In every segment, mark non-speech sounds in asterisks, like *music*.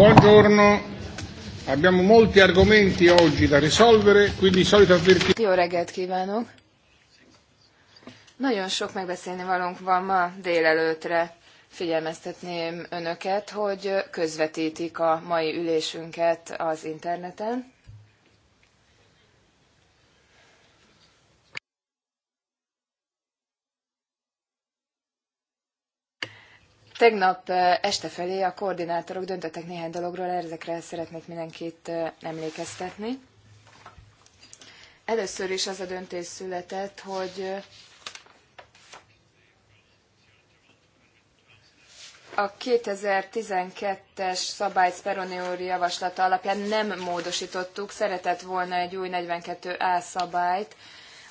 Buongiorno. Abbiamo molti argomenti oggi da risolvere, quindi solito avvertimento. Jó reggelt kívánok! Nagyon sok megbeszélni valónk van ma délelőtre. Figyelmeztetném önöket, hogy közvetítik a mai ülésünket az interneten. Tegnap eh, este felé a koordinátorok döntöttek néhány dologról, ezekre szeretnék mindenkit eh, emlékeztetni. Először is az a döntés született, hogy eh, a 2012-es szabály Speroni úr javaslata alapján nem módosítottuk, szeretett volna egy új 42A szabályt,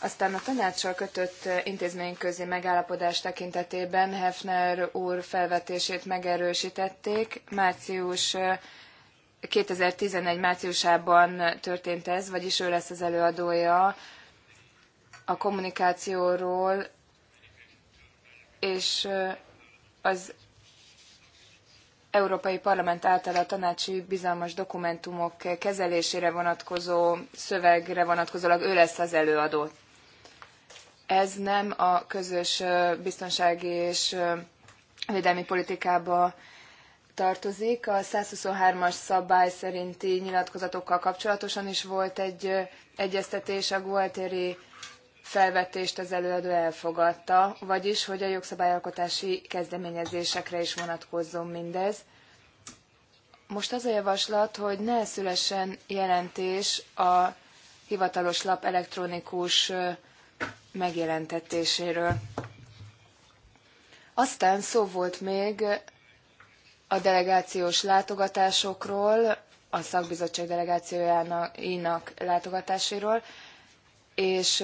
aztán a tanácssal kötött eh, intézményközi megállapodás tekintetében Hefner úr felvetését megerősítették. Március 2011 eh, márciusában történt ez, vagyis ő lesz az előadója a kommunikációról, és eh, az Európai Parlament által a tanácsi bizalmas dokumentumok kezelésére vonatkozó szövegre vonatkozólag ő lesz az előadó ez nem a közös biztonsági és védelmi politikába tartozik. A 123-as szabály szerinti nyilatkozatokkal kapcsolatosan is volt egy egyeztetés, a Gualtéri felvetést az előadó elfogadta, vagyis hogy a jogszabályalkotási kezdeményezésekre is vonatkozzon mindez. Most az a javaslat, hogy ne szülessen jelentés a hivatalos lap elektronikus megjelentetéséről. Aztán szó volt még a delegációs látogatásokról, a szakbizottság delegációjának látogatáséról, és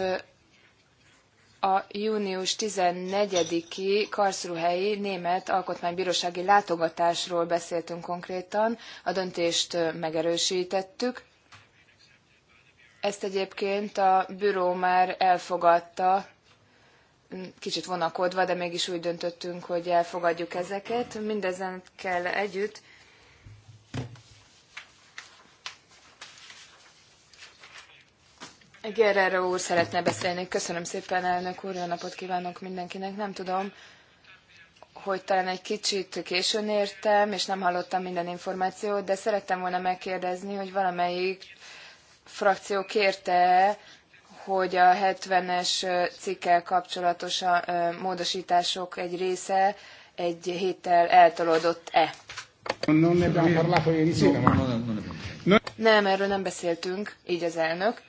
a június 14-i Karlsruhe-i német alkotmánybírósági látogatásról beszéltünk konkrétan, a döntést megerősítettük, ezt egyébként a büró már elfogadta, kicsit vonakodva, de mégis úgy döntöttünk, hogy elfogadjuk ezeket. Mindezen kell együtt. Gerrero úr szeretne beszélni. Köszönöm szépen, elnök úr, jó napot kívánok mindenkinek. Nem tudom, hogy talán egy kicsit későn értem, és nem hallottam minden információt, de szerettem volna megkérdezni, hogy valamelyik frakció kérte, hogy a 70-es cikkel kapcsolatos módosítások egy része egy héttel eltolódott-e? Nem, erről nem beszéltünk, így az elnök.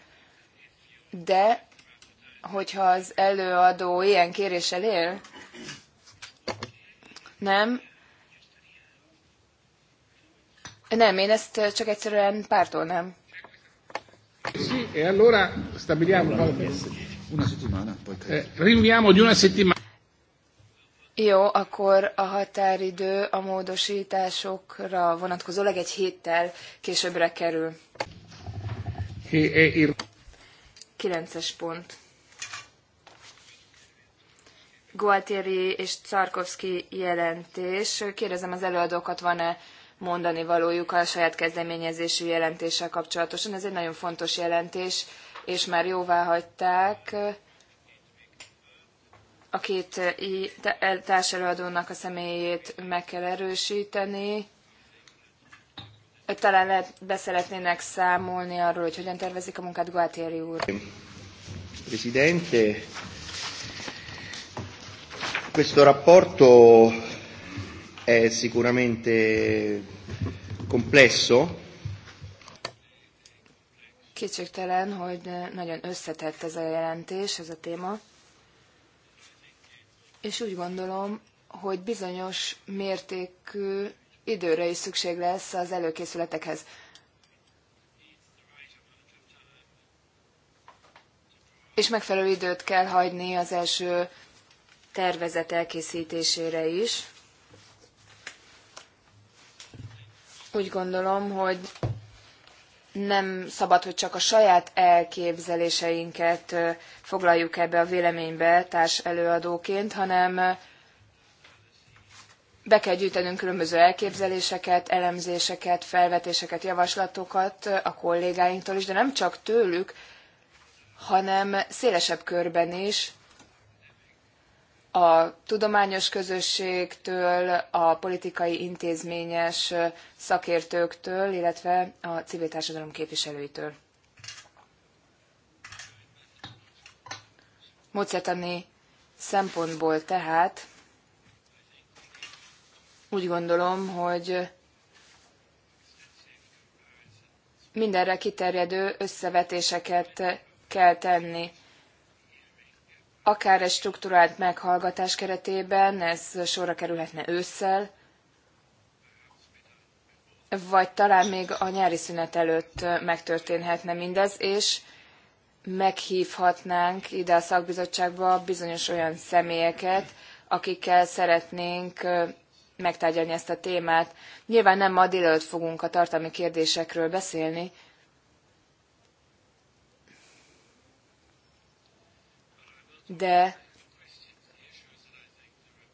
De, hogyha az előadó ilyen kéréssel él, nem, nem, én ezt csak egyszerűen pártolnám. Sì, e allora stabiliamo una settimana, poi eh, riuniamo di una settimana. Jó, akkor a határidő a módosításokra vonatkozólag egy héttel későbbre kerül. E Kilences pont. Gualtieri és Czarkovszki jelentés. Kérdezem az előadókat, van-e mondani valójuk a saját kezdeményezésű jelentéssel kapcsolatosan. Ez egy nagyon fontos jelentés, és már jóvá hagyták a két e, társelőadónak a személyét meg kell erősíteni. Talán lehet, beszeretnének számolni arról, hogy hogyan tervezik a munkát Guatieri úr. Presidente, questo rapporto è sicuramente complesso. Kétségtelen, hogy nagyon összetett ez a jelentés, ez a téma. És úgy gondolom, hogy bizonyos mértékű időre is szükség lesz az előkészületekhez. És megfelelő időt kell hagyni az első tervezet elkészítésére is. úgy gondolom, hogy nem szabad, hogy csak a saját elképzeléseinket foglaljuk ebbe a véleménybe társ előadóként, hanem be kell gyűjtenünk különböző elképzeléseket, elemzéseket, felvetéseket, javaslatokat a kollégáinktól is, de nem csak tőlük, hanem szélesebb körben is a tudományos közösségtől, a politikai intézményes szakértőktől, illetve a civil társadalom képviselőitől. Módszertani szempontból tehát úgy gondolom, hogy mindenre kiterjedő összevetéseket kell tenni akár egy strukturált meghallgatás keretében, ez sorra kerülhetne ősszel, vagy talán még a nyári szünet előtt megtörténhetne mindez, és meghívhatnánk ide a szakbizottságba bizonyos olyan személyeket, akikkel szeretnénk megtárgyalni ezt a témát. Nyilván nem ma délelőtt fogunk a tartalmi kérdésekről beszélni, de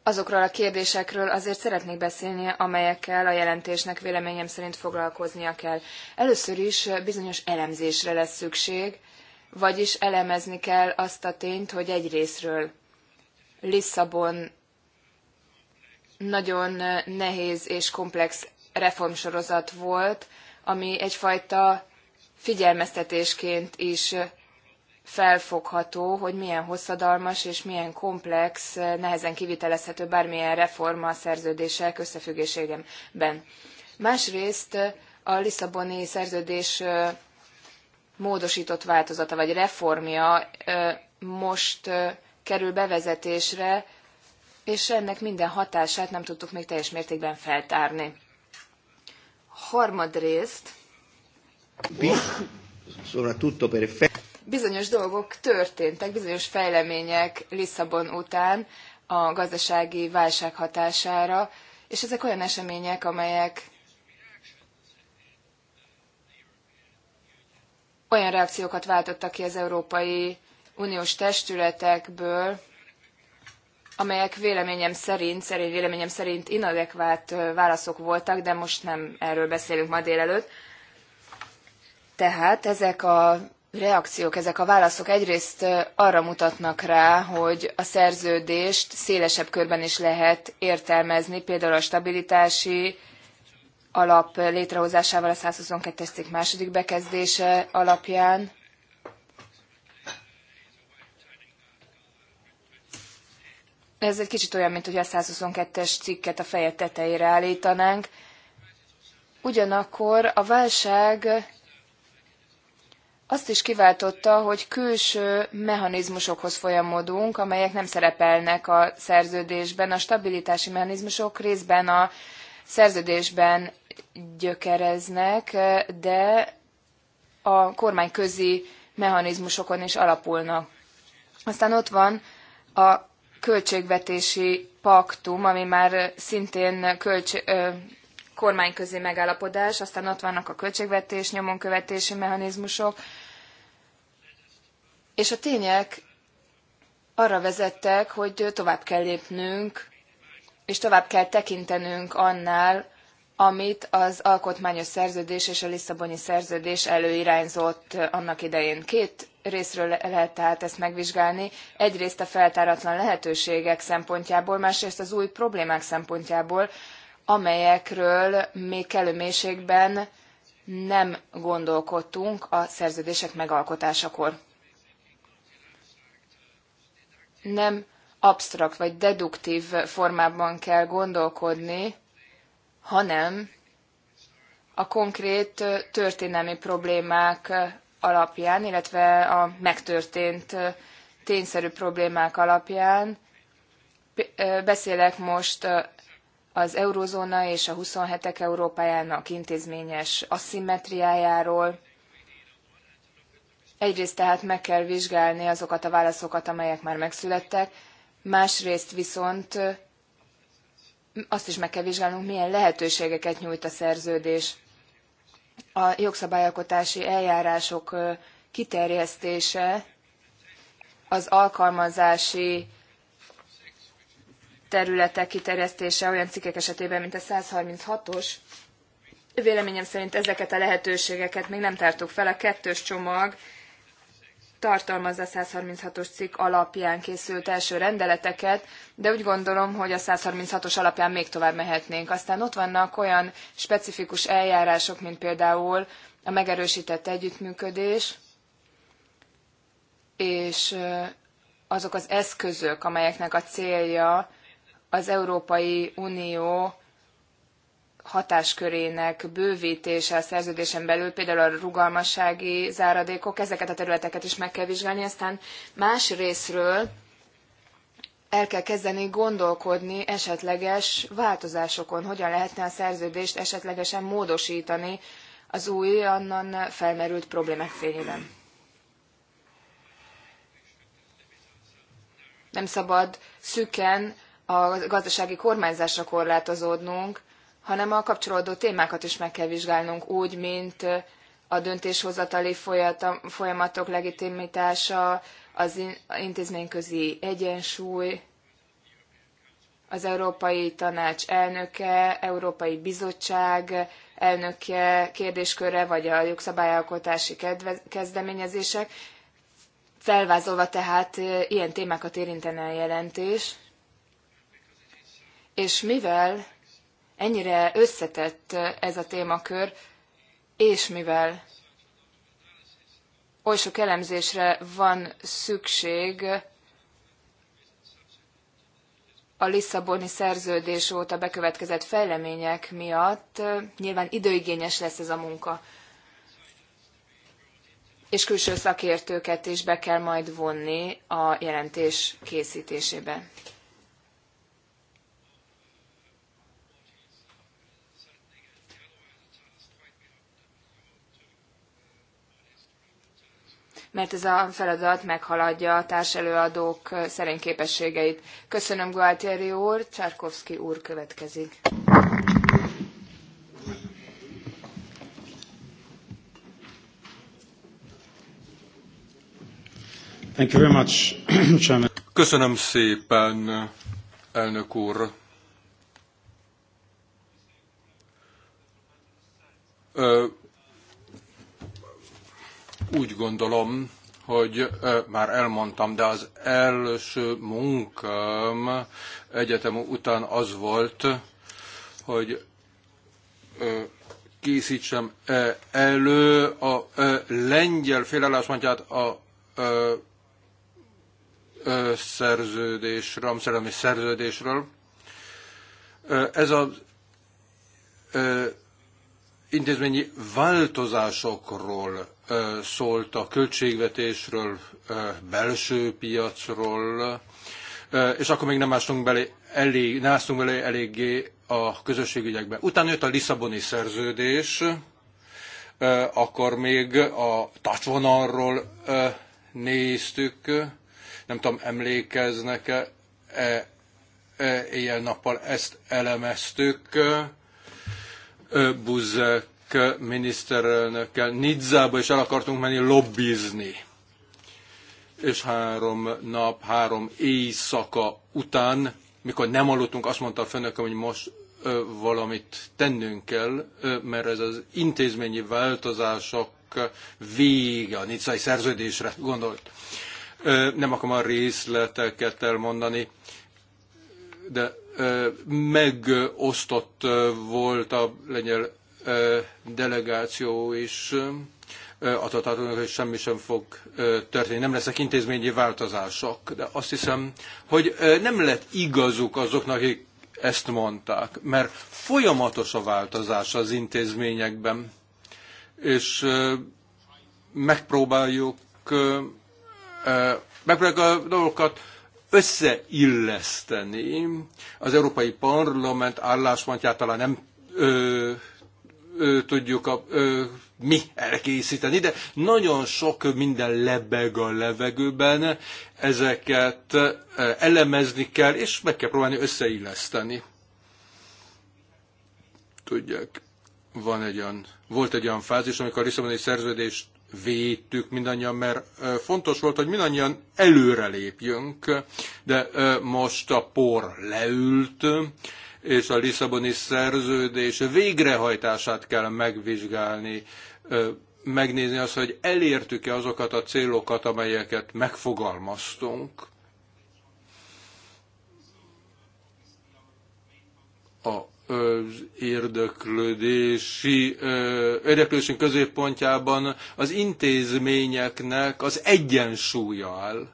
azokról a kérdésekről azért szeretnék beszélni, amelyekkel a jelentésnek véleményem szerint foglalkoznia kell. Először is bizonyos elemzésre lesz szükség, vagyis elemezni kell azt a tényt, hogy egyrésztről Lisszabon nagyon nehéz és komplex reformsorozat volt, ami egyfajta figyelmeztetésként is felfogható, hogy milyen hosszadalmas és milyen komplex, nehezen kivitelezhető bármilyen reforma a szerződések összefüggéségemben. Másrészt a Lisszaboni szerződés módosított változata vagy reformja most kerül bevezetésre, és ennek minden hatását nem tudtuk még teljes mértékben feltárni. Harmadrészt. Soprattutto bizonyos dolgok történtek, bizonyos fejlemények Lisszabon után a gazdasági válság hatására, és ezek olyan események, amelyek olyan reakciókat váltottak ki az Európai Uniós testületekből, amelyek véleményem szerint, szerint véleményem szerint inadekvát válaszok voltak, de most nem erről beszélünk ma délelőtt. Tehát ezek a reakciók, ezek a válaszok egyrészt arra mutatnak rá, hogy a szerződést szélesebb körben is lehet értelmezni, például a stabilitási alap létrehozásával a 122-es cikk második bekezdése alapján. Ez egy kicsit olyan, mint hogy a 122-es cikket a feje tetejére állítanánk. Ugyanakkor a válság azt is kiváltotta, hogy külső mechanizmusokhoz folyamodunk, amelyek nem szerepelnek a szerződésben. A stabilitási mechanizmusok részben a szerződésben gyökereznek, de a kormányközi mechanizmusokon is alapulnak. Aztán ott van a költségvetési paktum, ami már szintén költs- kormányközi megállapodás, aztán ott vannak a költségvetés nyomon követési mechanizmusok, és a tények arra vezettek, hogy tovább kell lépnünk, és tovább kell tekintenünk annál, amit az alkotmányos szerződés és a Lisszaboni szerződés előirányzott annak idején. Két részről lehet tehát ezt megvizsgálni. Egyrészt a feltáratlan lehetőségek szempontjából, másrészt az új problémák szempontjából, amelyekről még kellő mélységben nem gondolkodtunk a szerződések megalkotásakor nem absztrakt vagy deduktív formában kell gondolkodni, hanem a konkrét történelmi problémák alapján, illetve a megtörtént tényszerű problémák alapján. Beszélek most az eurozóna és a 27-ek Európájának intézményes asszimetriájáról, Egyrészt tehát meg kell vizsgálni azokat a válaszokat, amelyek már megszülettek, másrészt viszont azt is meg kell vizsgálnunk, milyen lehetőségeket nyújt a szerződés. A jogszabályalkotási eljárások kiterjesztése az alkalmazási területek kiterjesztése olyan cikkek esetében, mint a 136-os. Véleményem szerint ezeket a lehetőségeket még nem tártuk fel. A kettős csomag tartalmazza 136-os cikk alapján készült első rendeleteket, de úgy gondolom, hogy a 136-os alapján még tovább mehetnénk. Aztán ott vannak olyan specifikus eljárások, mint például a megerősített együttműködés, és azok az eszközök, amelyeknek a célja az Európai Unió hatáskörének bővítése a szerződésen belül, például a rugalmassági záradékok, ezeket a területeket is meg kell vizsgálni, aztán más részről el kell kezdeni gondolkodni esetleges változásokon, hogyan lehetne a szerződést esetlegesen módosítani az új, annan felmerült problémák fényében. Nem szabad szüken a gazdasági kormányzásra korlátozódnunk, hanem a kapcsolódó témákat is meg kell vizsgálnunk úgy, mint a döntéshozatali folyamatok legitimitása, az intézményközi egyensúly, az Európai Tanács elnöke, Európai Bizottság elnöke kérdésköre, vagy a jogszabályalkotási kezdeményezések. Felvázolva tehát ilyen témákat érintene a jelentés. És mivel ennyire összetett ez a témakör, és mivel oly sok elemzésre van szükség a Lisszaboni szerződés óta bekövetkezett fejlemények miatt, nyilván időigényes lesz ez a munka. És külső szakértőket is be kell majd vonni a jelentés készítésébe. mert ez a feladat meghaladja a társelőadók szerény képességeit. Köszönöm Gualtieri úr, Csárkovszki úr következik. Thank you very much, Chairman. Köszönöm szépen, elnök úr. Uh, úgy gondolom, hogy már elmondtam, de az első munkám egyetem után az volt, hogy készítsem elő a lengyel félállásmatját a szerződésről, amszerelmi szerződésről. Ez az intézményi változásokról szólt a költségvetésről, belső piacról, és akkor még nem ástunk bele elég, nem ástunk bele eléggé a közösségügyekbe. Utána jött a Lisszaboni szerződés, akkor még a tacsvonalról néztük, nem tudom, emlékeznek-e, e, e, éjjel-nappal ezt elemeztük, Buzek miniszterelnökkel Nidzába is el akartunk menni lobbizni. És három nap, három éjszaka után, mikor nem aludtunk, azt mondta a főnököm, hogy most ö, valamit tennünk kell, ö, mert ez az intézményi változások vége, a nicai szerződésre gondolt. Ö, nem akarom a részleteket elmondani, de megosztott volt a lengyel delegáció is a tartunk, hogy semmi sem fog történni, nem lesznek intézményi változások, de azt hiszem, hogy nem lett igazuk azoknak, akik ezt mondták, mert folyamatos a változás az intézményekben, és megpróbáljuk, megpróbáljuk a dolgokat összeilleszteni. Az Európai Parlament álláspontját talán nem tudjuk a, ö, mi elkészíteni, de nagyon sok minden lebeg a levegőben, ezeket elemezni kell, és meg kell próbálni összeilleszteni. Tudják, van egy olyan, volt egy olyan fázis, amikor a Lisszaboni szerződést védtük mindannyian, mert fontos volt, hogy mindannyian előrelépjünk, de most a por leült, és a Lisszaboni szerződés végrehajtását kell megvizsgálni, megnézni azt, hogy elértük-e azokat a célokat, amelyeket megfogalmaztunk. A az érdeklődési, érdeklődésünk középpontjában az intézményeknek az egyensúlya áll.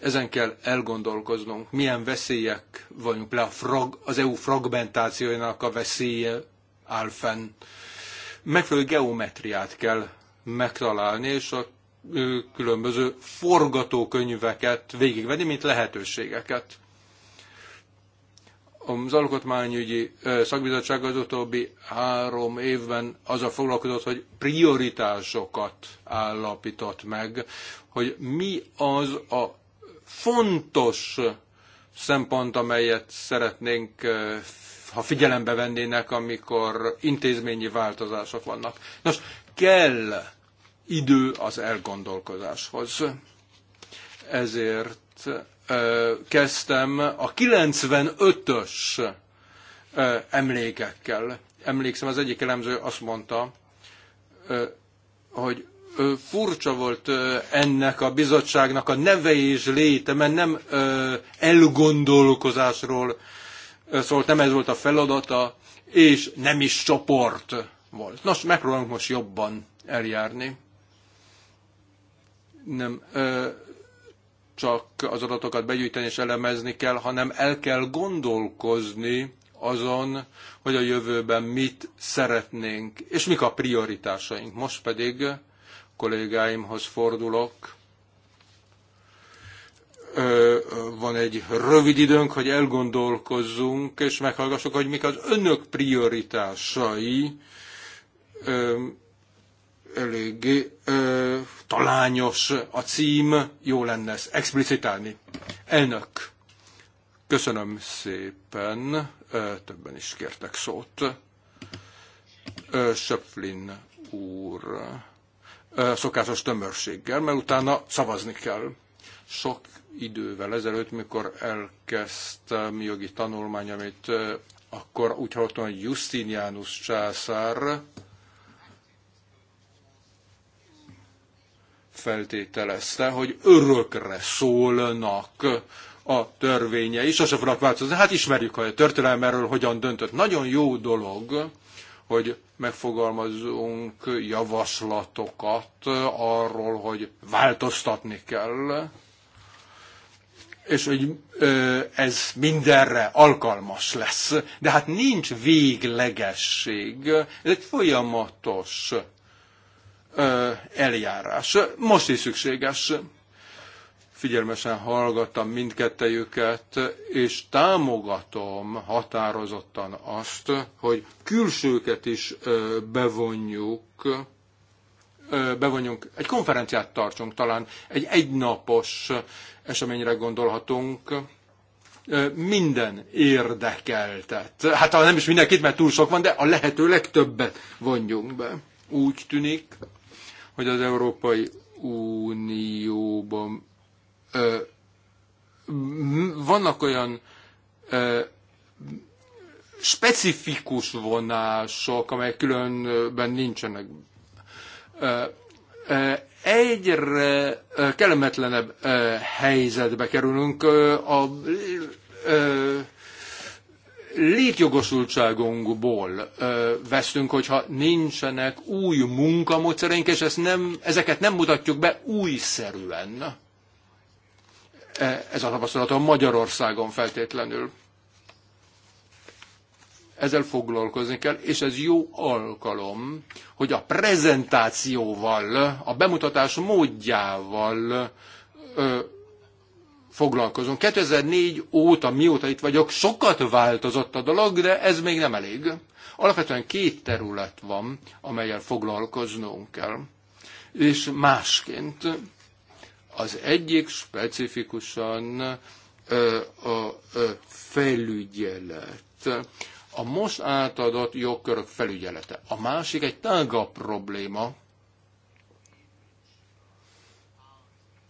Ezen kell elgondolkoznunk, milyen veszélyek vagyunk le, a frag, az EU fragmentációjának a veszélye áll fenn. Megfelelő geometriát kell megtalálni, és a különböző forgatókönyveket végigvenni, mint lehetőségeket. Az alkotmányügyi szakbizottság az utóbbi három évben azzal foglalkozott, hogy prioritásokat állapított meg, hogy mi az a fontos szempont, amelyet szeretnénk, ha figyelembe vennének, amikor intézményi változások vannak. Nos, kell idő az elgondolkozáshoz. Ezért kezdtem a 95-ös emlékekkel. Emlékszem, az egyik elemző azt mondta, hogy furcsa volt ennek a bizottságnak a neve és léte, mert nem elgondolkozásról szólt, nem ez volt a feladata, és nem is csoport volt. Nos, megpróbálunk most jobban eljárni. Nem csak az adatokat begyűjteni és elemezni kell, hanem el kell gondolkozni azon, hogy a jövőben mit szeretnénk, és mik a prioritásaink. Most pedig kollégáimhoz fordulok. Van egy rövid időnk, hogy elgondolkozzunk, és meghallgassuk, hogy mik az önök prioritásai. Eléggé talányos a cím, jó lenne ezt explicitálni. Elnök, köszönöm szépen, többen is kértek szót. Söpflin úr szokásos tömörséggel, mert utána szavazni kell. Sok idővel ezelőtt, mikor elkezdtem jogi tanulmányomat, akkor úgy hallottam, hogy Justinianus császár feltételezte, hogy örökre szólnak a törvénye is, sose fognak változni. Hát ismerjük a történelmerről, hogyan döntött. Nagyon jó dolog, hogy megfogalmazunk javaslatokat arról, hogy változtatni kell, és hogy ez mindenre alkalmas lesz. De hát nincs véglegesség, ez egy folyamatos eljárás. Most is szükséges Figyelmesen hallgattam mindkettejüket, és támogatom határozottan azt, hogy külsőket is bevonjuk, bevonjunk, egy konferenciát tartsunk talán, egy egynapos eseményre gondolhatunk, minden érdekeltet. Hát nem is mindenkit, mert túl sok van, de a lehető legtöbbet vonjunk be. Úgy tűnik, hogy az Európai Unióban vannak olyan specifikus vonások, amelyek különben nincsenek. Egyre kellemetlenebb helyzetbe kerülünk a létjogosultságunkból veszünk, hogyha nincsenek új munkamódszereink, és ezt nem, ezeket nem mutatjuk be újszerűen E, ez a tapasztalata Magyarországon feltétlenül. Ezzel foglalkozni kell, és ez jó alkalom, hogy a prezentációval, a bemutatás módjával ö, foglalkozom. 2004 óta, mióta itt vagyok, sokat változott a dolog, de ez még nem elég. Alapvetően két terület van, amelyel foglalkoznunk kell, és másként az egyik specifikusan a felügyelet, a most átadott jogkörök felügyelete. A másik egy tágabb probléma,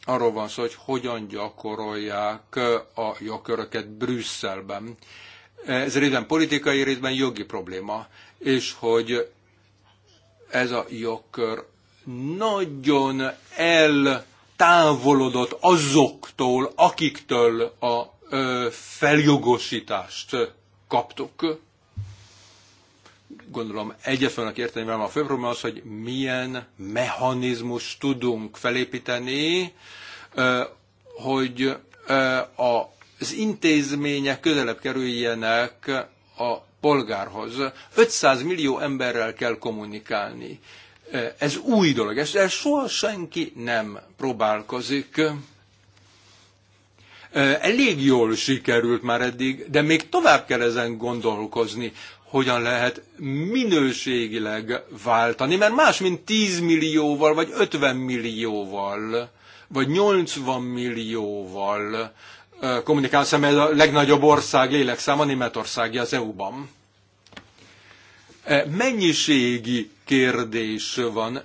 arról van szó, hogy hogyan gyakorolják a jogköröket Brüsszelben. Ez részben politikai, részben jogi probléma, és hogy ez a jogkör nagyon el távolodott azoktól, akiktől a feljogosítást kaptuk. Gondolom egyet fognak érteni velem a fő probléma az, hogy milyen mechanizmus tudunk felépíteni, hogy az intézmények közelebb kerüljenek a polgárhoz. 500 millió emberrel kell kommunikálni. Eh, ez új dolog, ezzel soha senki nem próbálkozik. Eh, elég jól sikerült már eddig, de még tovább kell ezen gondolkozni, hogyan lehet minőségileg váltani, mert más, mint 10 millióval, vagy 50 millióval, vagy 80 millióval eh, kommunikálsz, mert a legnagyobb ország lélekszáma Németországi az EU-ban. Mennyiségi kérdés van.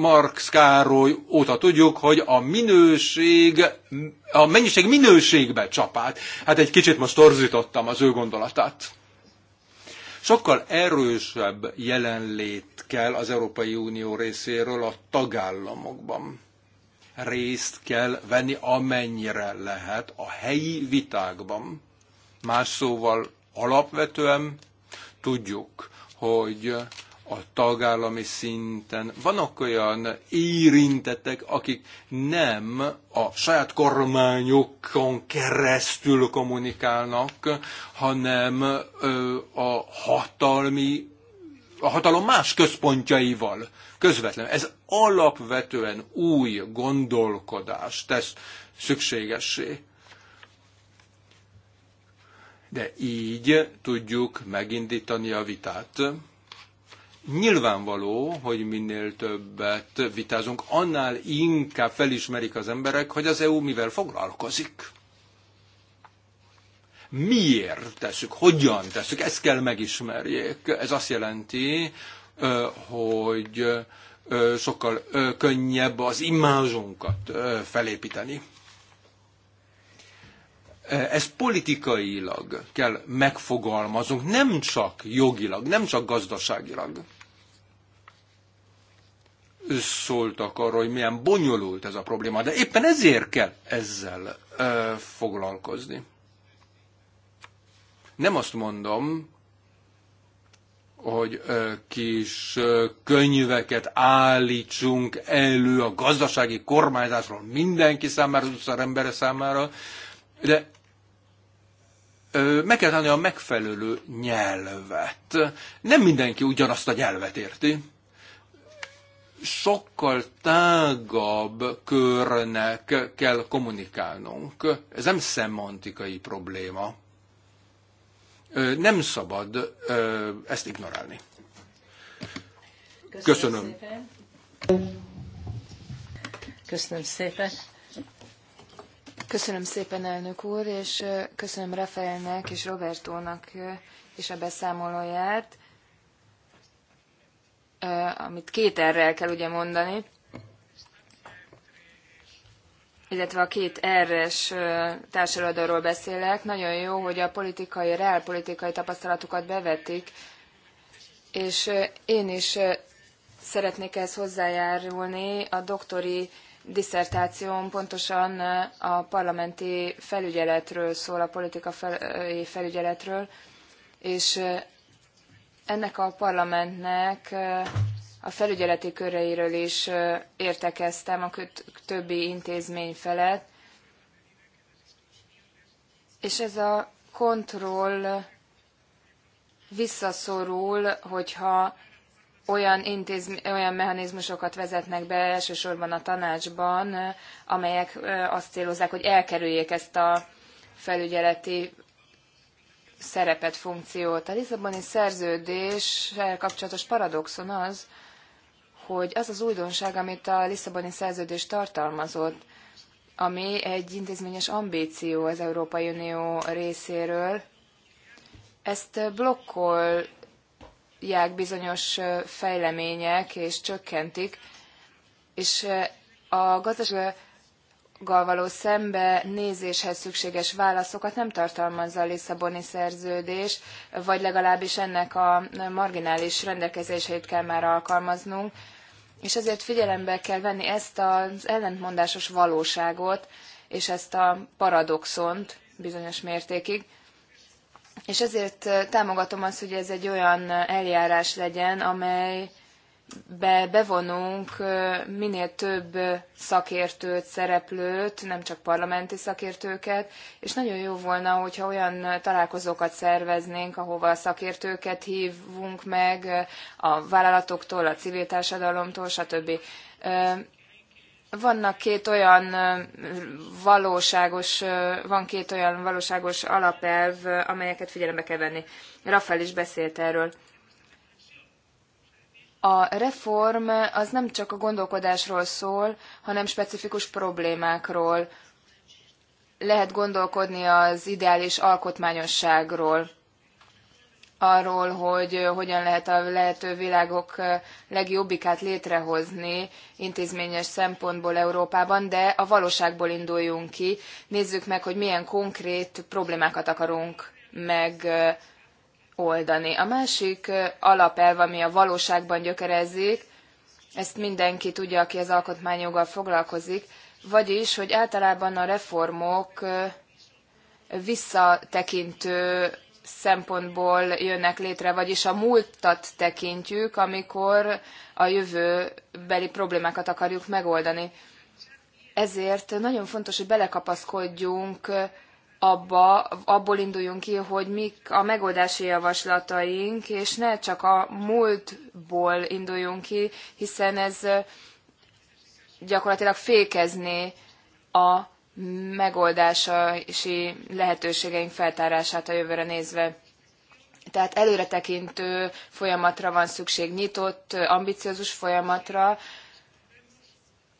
Marx Károly óta tudjuk, hogy a minőség, a mennyiség minőségbe csapát. Hát egy kicsit most torzítottam az ő gondolatát. Sokkal erősebb jelenlét kell az Európai Unió részéről a tagállamokban. Részt kell venni, amennyire lehet a helyi vitákban. Más szóval alapvetően tudjuk, hogy a tagállami szinten. Vannak olyan érintettek, akik nem a saját kormányokon keresztül kommunikálnak, hanem a hatalmi a hatalom más központjaival közvetlen. Ez alapvetően új gondolkodás, tesz szükségessé. De így tudjuk megindítani a vitát Nyilvánvaló, hogy minél többet vitázunk, annál inkább felismerik az emberek, hogy az EU mivel foglalkozik. Miért tesszük, hogyan tesszük, ezt kell megismerjék. Ez azt jelenti, hogy sokkal könnyebb az imázsunkat felépíteni. Ez politikailag kell megfogalmazunk, nem csak jogilag, nem csak gazdaságilag szóltak arról, hogy milyen bonyolult ez a probléma, de éppen ezért kell ezzel ö, foglalkozni. Nem azt mondom, hogy ö, kis ö, könyveket állítsunk elő a gazdasági kormányzásról mindenki számára, az utcára embere számára, de meg kell tenni a megfelelő nyelvet. Nem mindenki ugyanazt a nyelvet érti sokkal tágabb körnek kell kommunikálnunk. Ez nem szemantikai probléma. Nem szabad ezt ignorálni. Köszönöm. Köszönöm szépen. Köszönöm szépen. Köszönöm szépen, elnök úr, és köszönöm Rafaelnek és Robertónak is a beszámolóját amit két errel kell ugye mondani, illetve a két erres társadalomról beszélek. Nagyon jó, hogy a politikai, reálpolitikai tapasztalatukat bevetik, és én is szeretnék ezt hozzájárulni. A doktori diszertációm pontosan a parlamenti felügyeletről szól, a politikai felügyeletről, és ennek a parlamentnek a felügyeleti köreiről is értekeztem a többi intézmény felett, és ez a kontroll visszaszorul, hogyha olyan, intézmi, olyan mechanizmusokat vezetnek be elsősorban a tanácsban, amelyek azt célozzák, hogy elkerüljék ezt a felügyeleti szerepet, funkciót. A Lisszaboni szerződéssel kapcsolatos paradoxon az, hogy az az újdonság, amit a Lisszaboni szerződés tartalmazott, ami egy intézményes ambíció az Európai Unió részéről, ezt blokkolják bizonyos fejlemények és csökkentik, és a gazdaság való szembe nézéshez szükséges válaszokat nem tartalmazza a Lisszaboni szerződés, vagy legalábbis ennek a marginális rendelkezéseit kell már alkalmaznunk, és ezért figyelembe kell venni ezt az ellentmondásos valóságot, és ezt a paradoxont bizonyos mértékig. És ezért támogatom azt, hogy ez egy olyan eljárás legyen, amely be bevonunk minél több szakértőt, szereplőt, nem csak parlamenti szakértőket, és nagyon jó volna, hogyha olyan találkozókat szerveznénk, ahova a szakértőket hívunk meg, a vállalatoktól, a civil társadalomtól, stb. Vannak két olyan valóságos, van két olyan valóságos alapelv, amelyeket figyelembe kell venni. Rafael is beszélt erről a reform az nem csak a gondolkodásról szól, hanem specifikus problémákról. Lehet gondolkodni az ideális alkotmányosságról, arról, hogy hogyan lehet a lehető világok legjobbikát létrehozni intézményes szempontból Európában, de a valóságból induljunk ki. Nézzük meg, hogy milyen konkrét problémákat akarunk meg oldani. A másik alapelv, ami a valóságban gyökerezik, ezt mindenki tudja, aki az alkotmányjoggal foglalkozik, vagyis, hogy általában a reformok visszatekintő szempontból jönnek létre, vagyis a múltat tekintjük, amikor a jövőbeli problémákat akarjuk megoldani. Ezért nagyon fontos, hogy belekapaszkodjunk abba, abból induljunk ki, hogy mik a megoldási javaslataink, és ne csak a múltból induljunk ki, hiszen ez gyakorlatilag fékezné a megoldási lehetőségeink feltárását a jövőre nézve. Tehát előretekintő folyamatra van szükség, nyitott, ambiciózus folyamatra,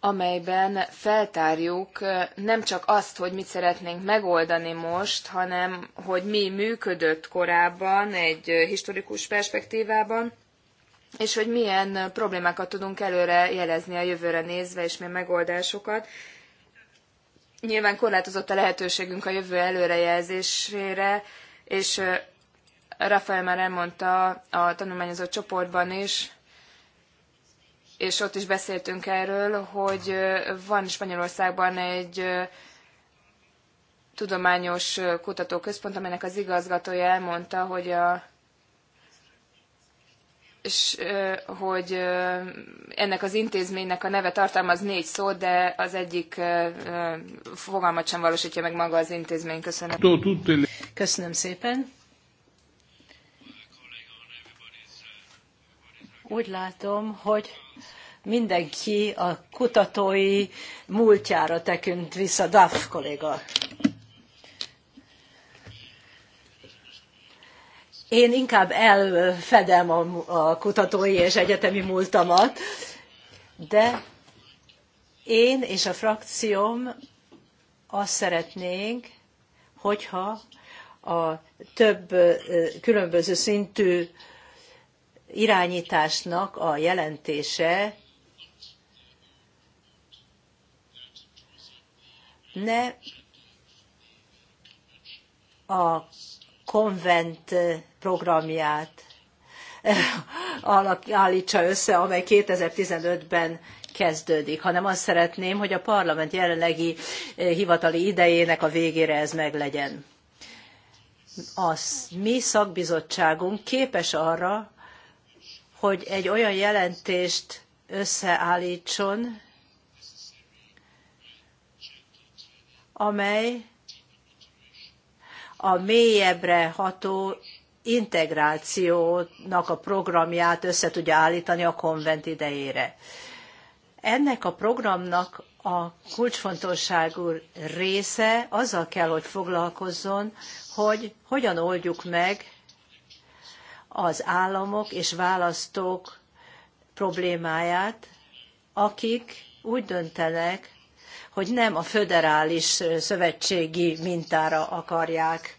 amelyben feltárjuk nem csak azt, hogy mit szeretnénk megoldani most, hanem hogy mi működött korábban egy historikus perspektívában, és hogy milyen problémákat tudunk előre jelezni a jövőre nézve, és milyen megoldásokat. Nyilván korlátozott a lehetőségünk a jövő előrejelzésére, és Rafael már elmondta a tanulmányozó csoportban is, és ott is beszéltünk erről, hogy van Spanyolországban egy tudományos kutatóközpont, amelynek az igazgatója elmondta, hogy a és, hogy ennek az intézménynek a neve tartalmaz négy szót, de az egyik fogalmat sem valósítja meg maga az intézmény. Köszönöm. Köszönöm szépen. Úgy látom, hogy mindenki a kutatói múltjára tekint vissza, Duff kolléga. Én inkább elfedem a, a kutatói és egyetemi múltamat, de én és a frakcióm azt szeretnénk, hogyha a több különböző szintű irányításnak a jelentése ne a konvent programját *laughs* állítsa össze, amely 2015-ben kezdődik, hanem azt szeretném, hogy a parlament jelenlegi eh, hivatali idejének a végére ez meglegyen. A mi szakbizottságunk képes arra, hogy egy olyan jelentést összeállítson, amely a mélyebbre ható integrációnak a programját össze tudja állítani a konvent idejére. Ennek a programnak a kulcsfontosságú része azzal kell, hogy foglalkozzon, hogy hogyan oldjuk meg az államok és választók problémáját, akik úgy döntenek, hogy nem a föderális szövetségi mintára akarják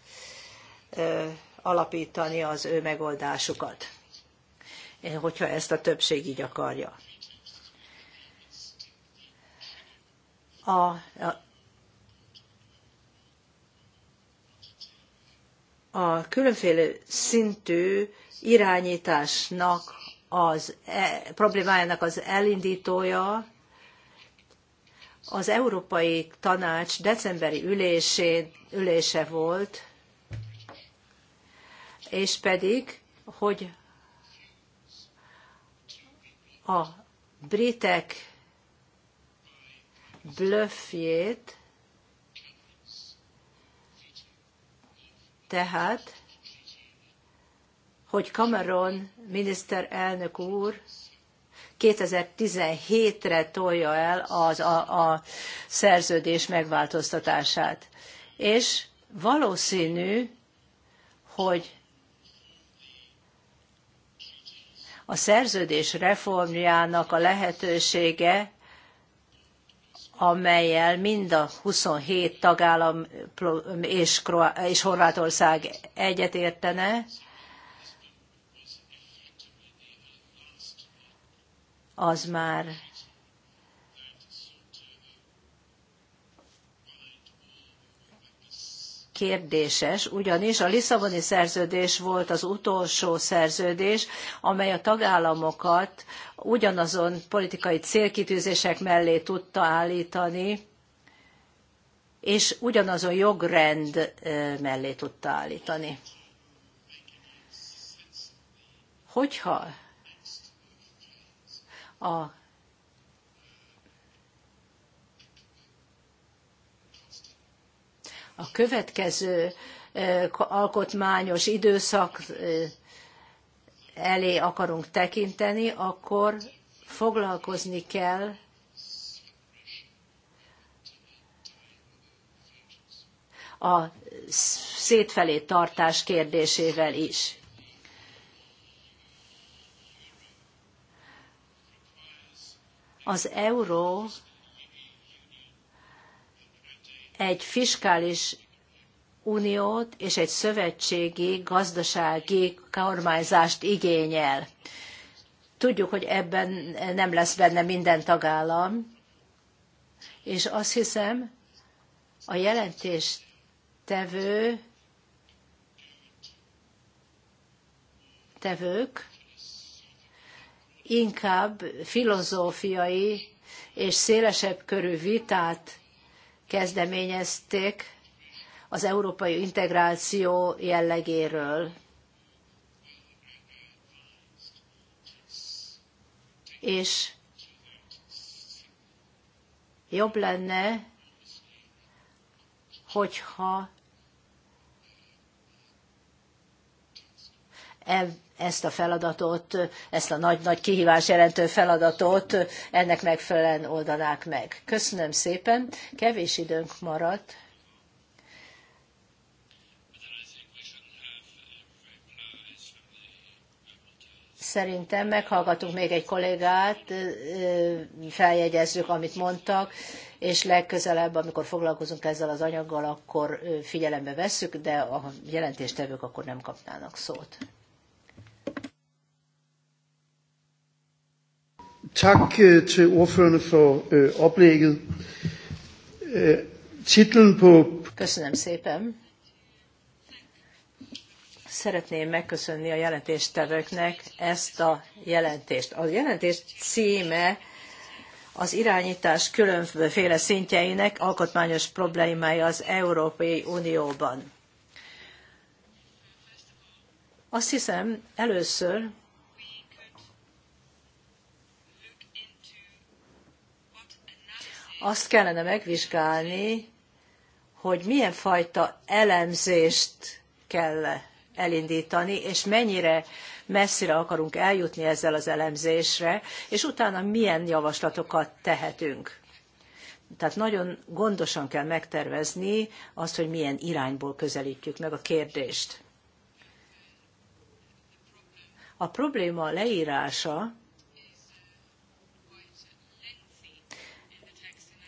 alapítani az ő megoldásukat, hogyha ezt a többség így akarja. A, a, a különféle szintű irányításnak az e, problémájának az elindítója az Európai Tanács decemberi ülésé, ülése volt, és pedig, hogy a britek blöffjét, tehát, hogy Cameron miniszterelnök úr 2017-re tolja el az, a, a szerződés megváltoztatását. És valószínű, hogy a szerződés reformjának a lehetősége, amelyel mind a 27 tagállam és, Horvátország egyetértene, az már kérdéses, ugyanis a Lisszaboni szerződés volt az utolsó szerződés, amely a tagállamokat ugyanazon politikai célkitűzések mellé tudta állítani, és ugyanazon jogrend mellé tudta állítani. Hogyha a a következő e, alkotmányos időszak e, elé akarunk tekinteni, akkor foglalkozni kell a szétfelé tartás kérdésével is. Az euró egy fiskális uniót és egy szövetségi gazdasági kormányzást igényel. Tudjuk, hogy ebben nem lesz benne minden tagállam, és azt hiszem, a jelentéstevő tevők inkább filozófiai és szélesebb körű vitát kezdeményezték az európai integráció jellegéről. És jobb lenne, hogyha ezt a feladatot, ezt a nagy-nagy kihívás jelentő feladatot ennek megfelelően oldanák meg. Köszönöm szépen, kevés időnk maradt. Szerintem meghallgatunk még egy kollégát, feljegyezzük, amit mondtak, és legközelebb, amikor foglalkozunk ezzel az anyaggal, akkor figyelembe vesszük, de a jelentéstevők akkor nem kapnának szót. Tak øh, til ordførende for øh, oplægget. Øh, titlen på... Köszönöm szépen. Szeretném megköszönni a jelentéstevőknek ezt a jelentést. A jelentés címe az irányítás különféle szintjeinek alkotmányos problémája az Európai Unióban. Azt hiszem, először azt kellene megvizsgálni, hogy milyen fajta elemzést kell elindítani, és mennyire messzire akarunk eljutni ezzel az elemzésre, és utána milyen javaslatokat tehetünk. Tehát nagyon gondosan kell megtervezni azt, hogy milyen irányból közelítjük meg a kérdést. A probléma leírása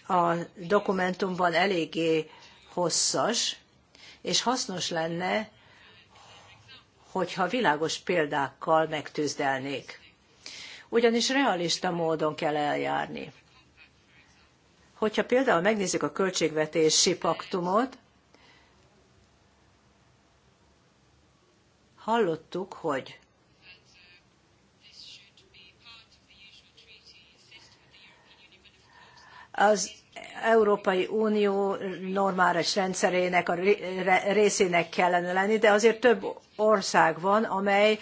a dokumentumban eléggé hosszas, és hasznos lenne, hogyha világos példákkal megtüzdelnék. Ugyanis realista módon kell eljárni. Hogyha például megnézzük a költségvetési paktumot, hallottuk, hogy az Európai Unió normális rendszerének a részének kellene lenni, de azért több ország van, amely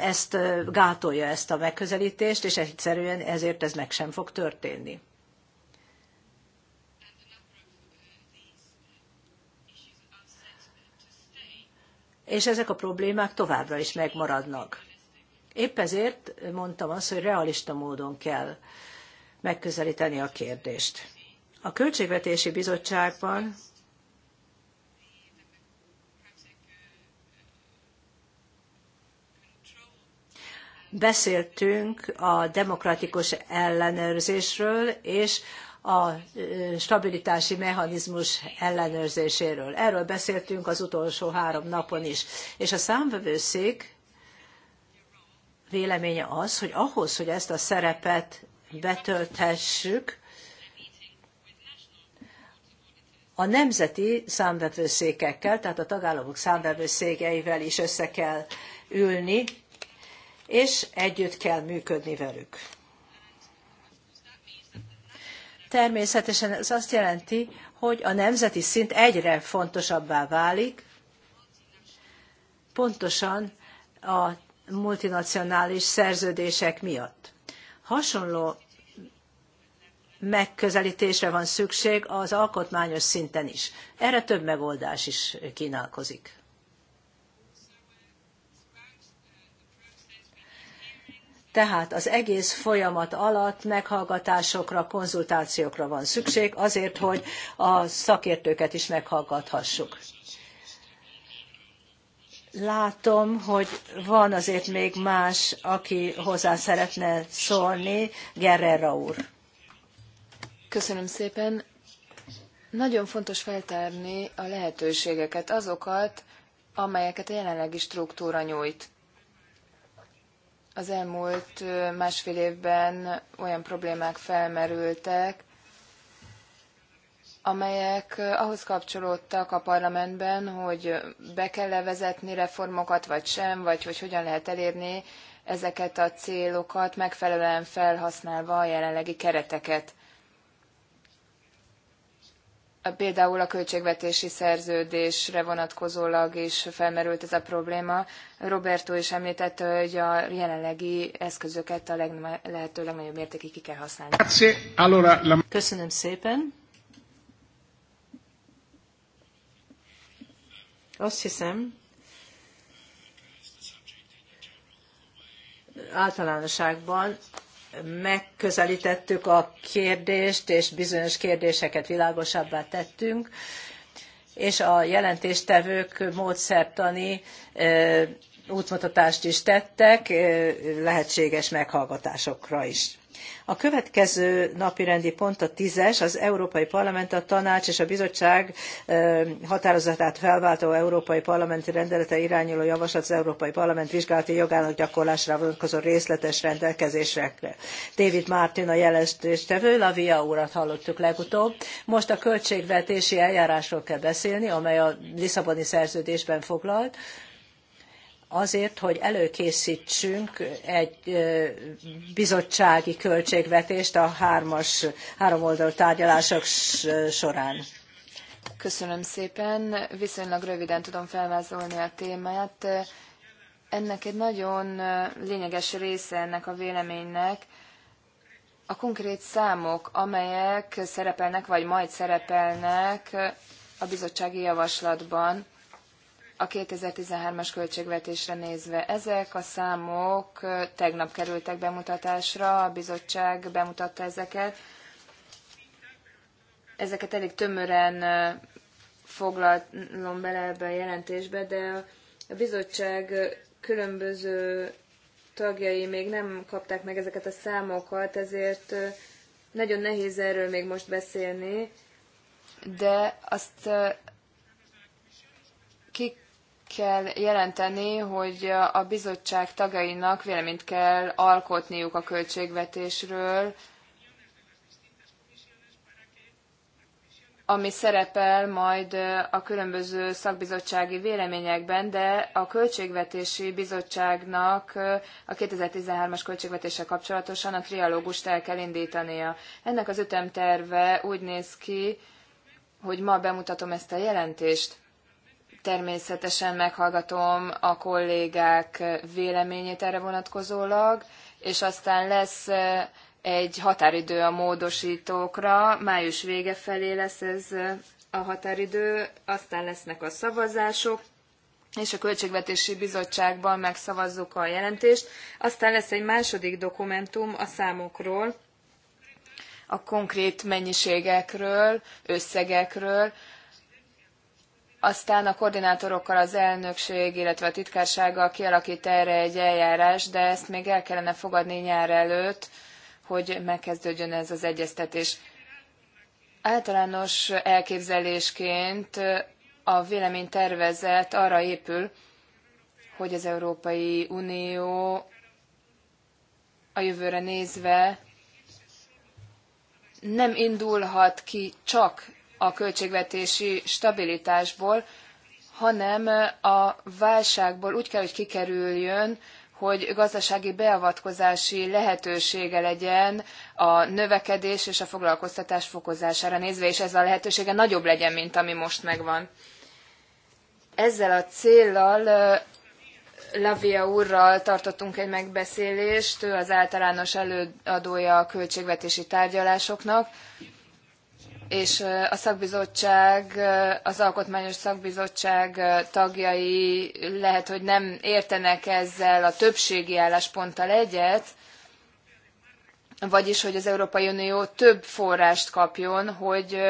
ezt gátolja, ezt a megközelítést, és egyszerűen ezért ez meg sem fog történni. És ezek a problémák továbbra is megmaradnak. Épp ezért mondtam azt, hogy realista módon kell megközelíteni a kérdést. A Költségvetési Bizottságban beszéltünk a demokratikus ellenőrzésről és a stabilitási mechanizmus ellenőrzéséről. Erről beszéltünk az utolsó három napon is. És a számvevőszék véleménye az, hogy ahhoz, hogy ezt a szerepet betölthessük a nemzeti számvevőszékekkel, tehát a tagállamok számvevőszékeivel is össze kell ülni, és együtt kell működni velük. Természetesen ez azt jelenti, hogy a nemzeti szint egyre fontosabbá válik, pontosan a multinacionális szerződések miatt. Hasonló megközelítésre van szükség az alkotmányos szinten is. Erre több megoldás is kínálkozik. Tehát az egész folyamat alatt meghallgatásokra, konzultációkra van szükség azért, hogy a szakértőket is meghallgathassuk. Látom, hogy van azért még más, aki hozzá szeretne szólni. Gerrera úr. Köszönöm szépen. Nagyon fontos feltárni a lehetőségeket, azokat, amelyeket a jelenlegi struktúra nyújt. Az elmúlt másfél évben olyan problémák felmerültek, amelyek eh, ahhoz kapcsolódtak a parlamentben, hogy be kell -e vezetni reformokat, vagy sem, vagy hogy hogyan lehet elérni ezeket a célokat, megfelelően felhasználva a jelenlegi kereteket. Például a költségvetési szerződésre vonatkozólag is felmerült ez a probléma. Roberto is említette, hogy a jelenlegi eszközöket a legnagyobb, lehető legnagyobb mértékig ki kell használni. Köszönöm szépen. Azt hiszem, általánosságban megközelítettük a kérdést, és bizonyos kérdéseket világosabbá tettünk, és a jelentéstevők módszertani útmutatást is tettek, lehetséges meghallgatásokra is. A következő napirendi pont a tízes, az Európai Parlament, a Tanács és a Bizottság határozatát felváltó Európai Parlamenti rendelete irányuló javaslat az Európai Parlament vizsgálati jogának gyakorlására vonatkozó részletes rendelkezésekre. David Martin a jelentéstevő, Lavia úrat hallottuk legutóbb. Most a költségvetési eljárásról kell beszélni, amely a Lisszaboni szerződésben foglalt azért, hogy előkészítsünk egy bizottsági költségvetést a hármas, háromoldalú tárgyalások során. Köszönöm szépen. Viszonylag röviden tudom felvázolni a témát. Ennek egy nagyon lényeges része ennek a véleménynek a konkrét számok, amelyek szerepelnek, vagy majd szerepelnek a bizottsági javaslatban a 2013-as költségvetésre nézve. Ezek a számok tegnap kerültek bemutatásra, a bizottság bemutatta ezeket. Ezeket elég tömören foglalom bele ebbe a jelentésbe, de a bizottság különböző tagjai még nem kapták meg ezeket a számokat, ezért nagyon nehéz erről még most beszélni, de azt ki kell jelenteni, hogy a bizottság tagjainak véleményt kell alkotniuk a költségvetésről, ami szerepel majd a különböző szakbizottsági véleményekben, de a Költségvetési Bizottságnak a 2013-as költségvetéssel kapcsolatosan a trialógust el kell indítania. Ennek az ütemterve úgy néz ki, hogy ma bemutatom ezt a jelentést. Természetesen meghallgatom a kollégák véleményét erre vonatkozólag, és aztán lesz egy határidő a módosítókra, május vége felé lesz ez a határidő, aztán lesznek a szavazások, és a Költségvetési Bizottságban megszavazzuk a jelentést. Aztán lesz egy második dokumentum a számokról, a konkrét mennyiségekről, összegekről, aztán a koordinátorokkal az elnökség, illetve a titkársággal kialakít erre egy eljárás, de ezt még el kellene fogadni nyár előtt, hogy megkezdődjön ez az egyeztetés. Általános elképzelésként a véleménytervezet arra épül, hogy az Európai Unió a jövőre nézve nem indulhat ki csak a költségvetési stabilitásból, hanem a válságból úgy kell, hogy kikerüljön, hogy gazdasági beavatkozási lehetősége legyen a növekedés és a foglalkoztatás fokozására nézve, és ez a lehetősége nagyobb legyen, mint ami most megvan. Ezzel a céllal Lavia úrral tartottunk egy megbeszélést, ő az általános előadója a költségvetési tárgyalásoknak, és a szakbizottság, az alkotmányos szakbizottság tagjai lehet, hogy nem értenek ezzel a többségi állásponttal egyet, vagyis, hogy az Európai Unió több forrást kapjon, hogy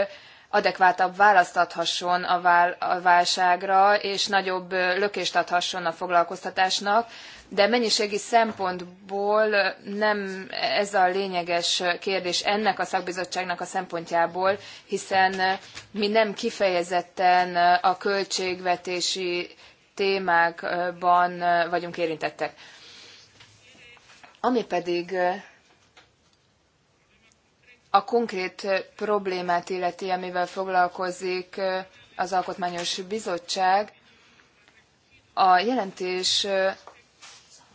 adekvátabb választ adhasson a, válságra, és nagyobb lökést adhasson a foglalkoztatásnak de mennyiségi szempontból nem ez a lényeges kérdés ennek a szakbizottságnak a szempontjából, hiszen mi nem kifejezetten a költségvetési témákban vagyunk érintettek. Ami pedig a konkrét problémát illeti, amivel foglalkozik az Alkotmányos Bizottság, a jelentés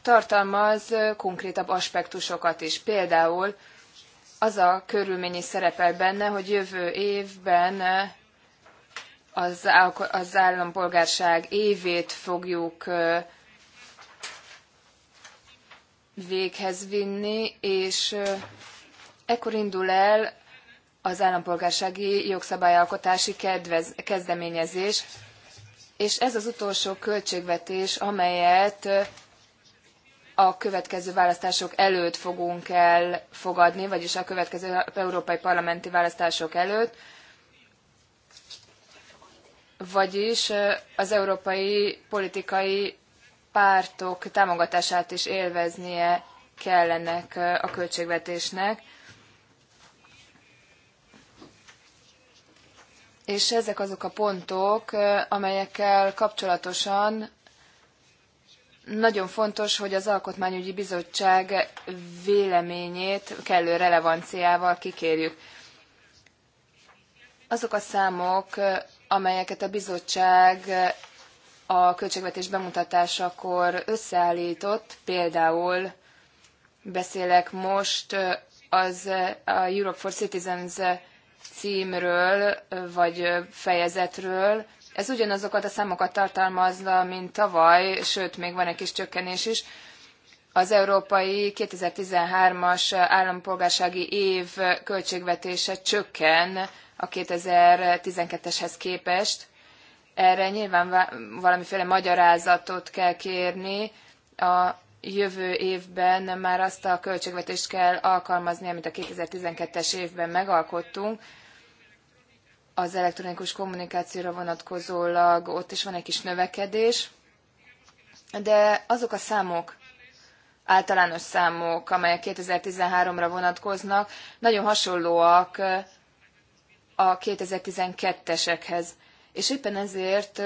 tartalmaz konkrétabb aspektusokat is. Például az a körülmény is szerepel benne, hogy jövő évben az, állampolgárság évét fogjuk véghez vinni, és ekkor indul el az állampolgársági jogszabályalkotási kedvez, kezdeményezés, és ez az utolsó költségvetés, amelyet a következő választások előtt fogunk elfogadni, vagyis a következő európai parlamenti választások előtt, vagyis az európai politikai pártok támogatását is élveznie kell ennek a költségvetésnek. És ezek azok a pontok, amelyekkel kapcsolatosan nagyon fontos, hogy az Alkotmányügyi Bizottság véleményét kellő relevanciával kikérjük. Azok a számok, amelyeket a bizottság a költségvetés bemutatásakor összeállított, például beszélek most az a Europe for Citizens címről, vagy fejezetről, ez ugyanazokat a számokat tartalmazza, mint tavaly, sőt, még van egy kis csökkenés is. Az európai 2013-as állampolgársági év költségvetése csökken a 2012-eshez képest. Erre nyilván valamiféle magyarázatot kell kérni. A jövő évben már azt a költségvetést kell alkalmazni, amit a 2012-es évben megalkottunk, az elektronikus kommunikációra vonatkozólag ott is van egy kis növekedés, de azok a számok, általános számok, amelyek 2013-ra vonatkoznak, nagyon hasonlóak a 2012-esekhez. És éppen ezért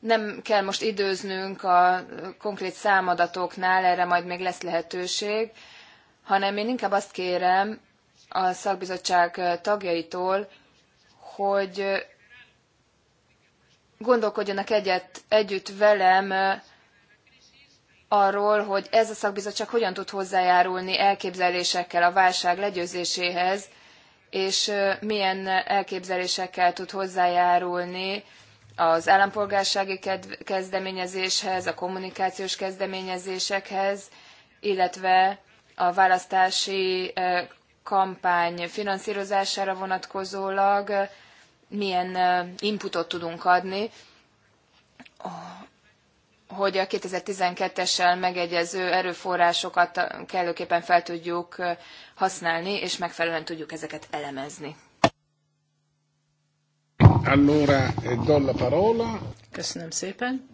nem kell most időznünk a konkrét számadatoknál, erre majd még lesz lehetőség, hanem én inkább azt kérem, a szakbizottság tagjaitól, hogy gondolkodjanak egyet, együtt velem arról, hogy ez a szakbizottság hogyan tud hozzájárulni elképzelésekkel a válság legyőzéséhez, és milyen elképzelésekkel tud hozzájárulni az állampolgársági kezdeményezéshez, a kommunikációs kezdeményezésekhez, illetve a választási kampány finanszírozására vonatkozólag eh, milyen eh, inputot tudunk adni, hogy a 2012-essel megegyező erőforrásokat kellőképpen fel tudjuk eh, használni, és megfelelően tudjuk ezeket elemezni. Allora, do la parola. Köszönöm szépen.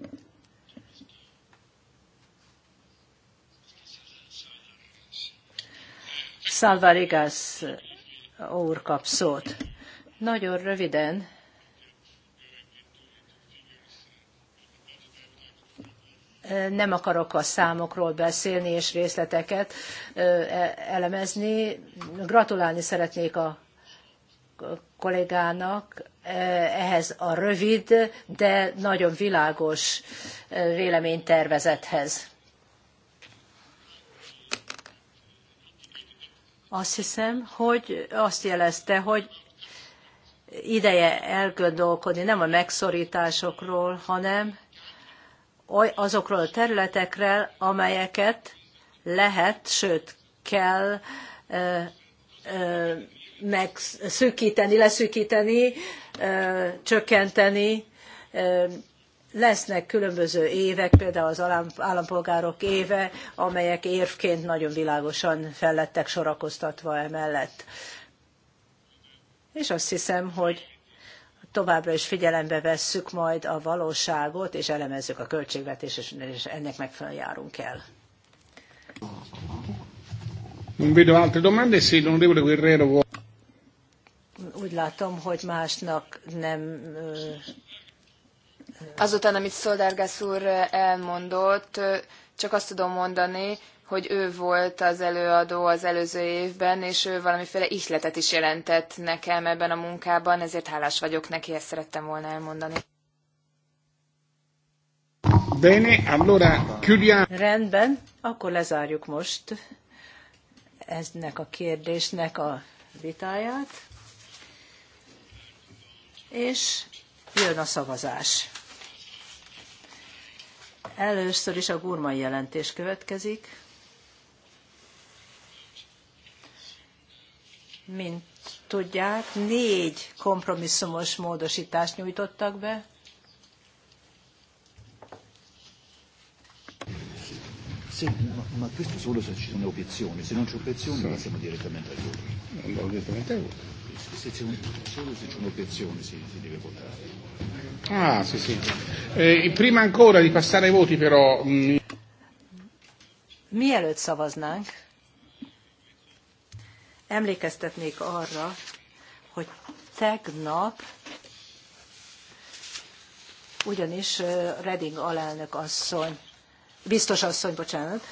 Szálvárigász úr kap szót. Nagyon röviden. Nem akarok a számokról beszélni és részleteket e, elemezni. Gratulálni szeretnék a kollégának ehhez a rövid, de nagyon világos véleménytervezethez. Azt hiszem, hogy azt jelezte, hogy ideje elgondolkodni nem a megszorításokról, hanem azokról a területekről, amelyeket lehet, sőt kell ö, ö, megszűkíteni, leszűkíteni, ö, csökkenteni, ö, Lesznek különböző évek, például az állampolgárok éve, amelyek érvként nagyon világosan fellettek sorakoztatva emellett. És azt hiszem, hogy továbbra is figyelembe vesszük majd a valóságot, és elemezzük a költségvetést, és ennek megfelelően járunk el. altre domande, Úgy látom, hogy másnak nem Azután, amit Szoldárgász úr elmondott, csak azt tudom mondani, hogy ő volt az előadó az előző évben, és ő valamiféle ihletet is jelentett nekem ebben a munkában, ezért hálás vagyok neki, ezt szerettem volna elmondani. Bene, allora, chiudiamo. Rendben, akkor lezárjuk most eznek a kérdésnek a vitáját, és jön a szavazás. Először is a gurmai jelentés következik. Mint tudják, négy kompromisszumos módosítást nyújtottak be. Sì, ma, ma questo solo se ci sono obiezioni, se non c'è obiezioni direttamente al voto. direttamente al voto se c'è un, solo se c'è un'obiezione si, si deve votare. Ah, sì, sì. Eh, prima ancora di passare ai voti però... Mm, Mielőtt szavaznánk, emlékeztetnék arra, hogy tegnap ugyanis eh, Reding alelnök asszony, biztos asszony, bocsánat,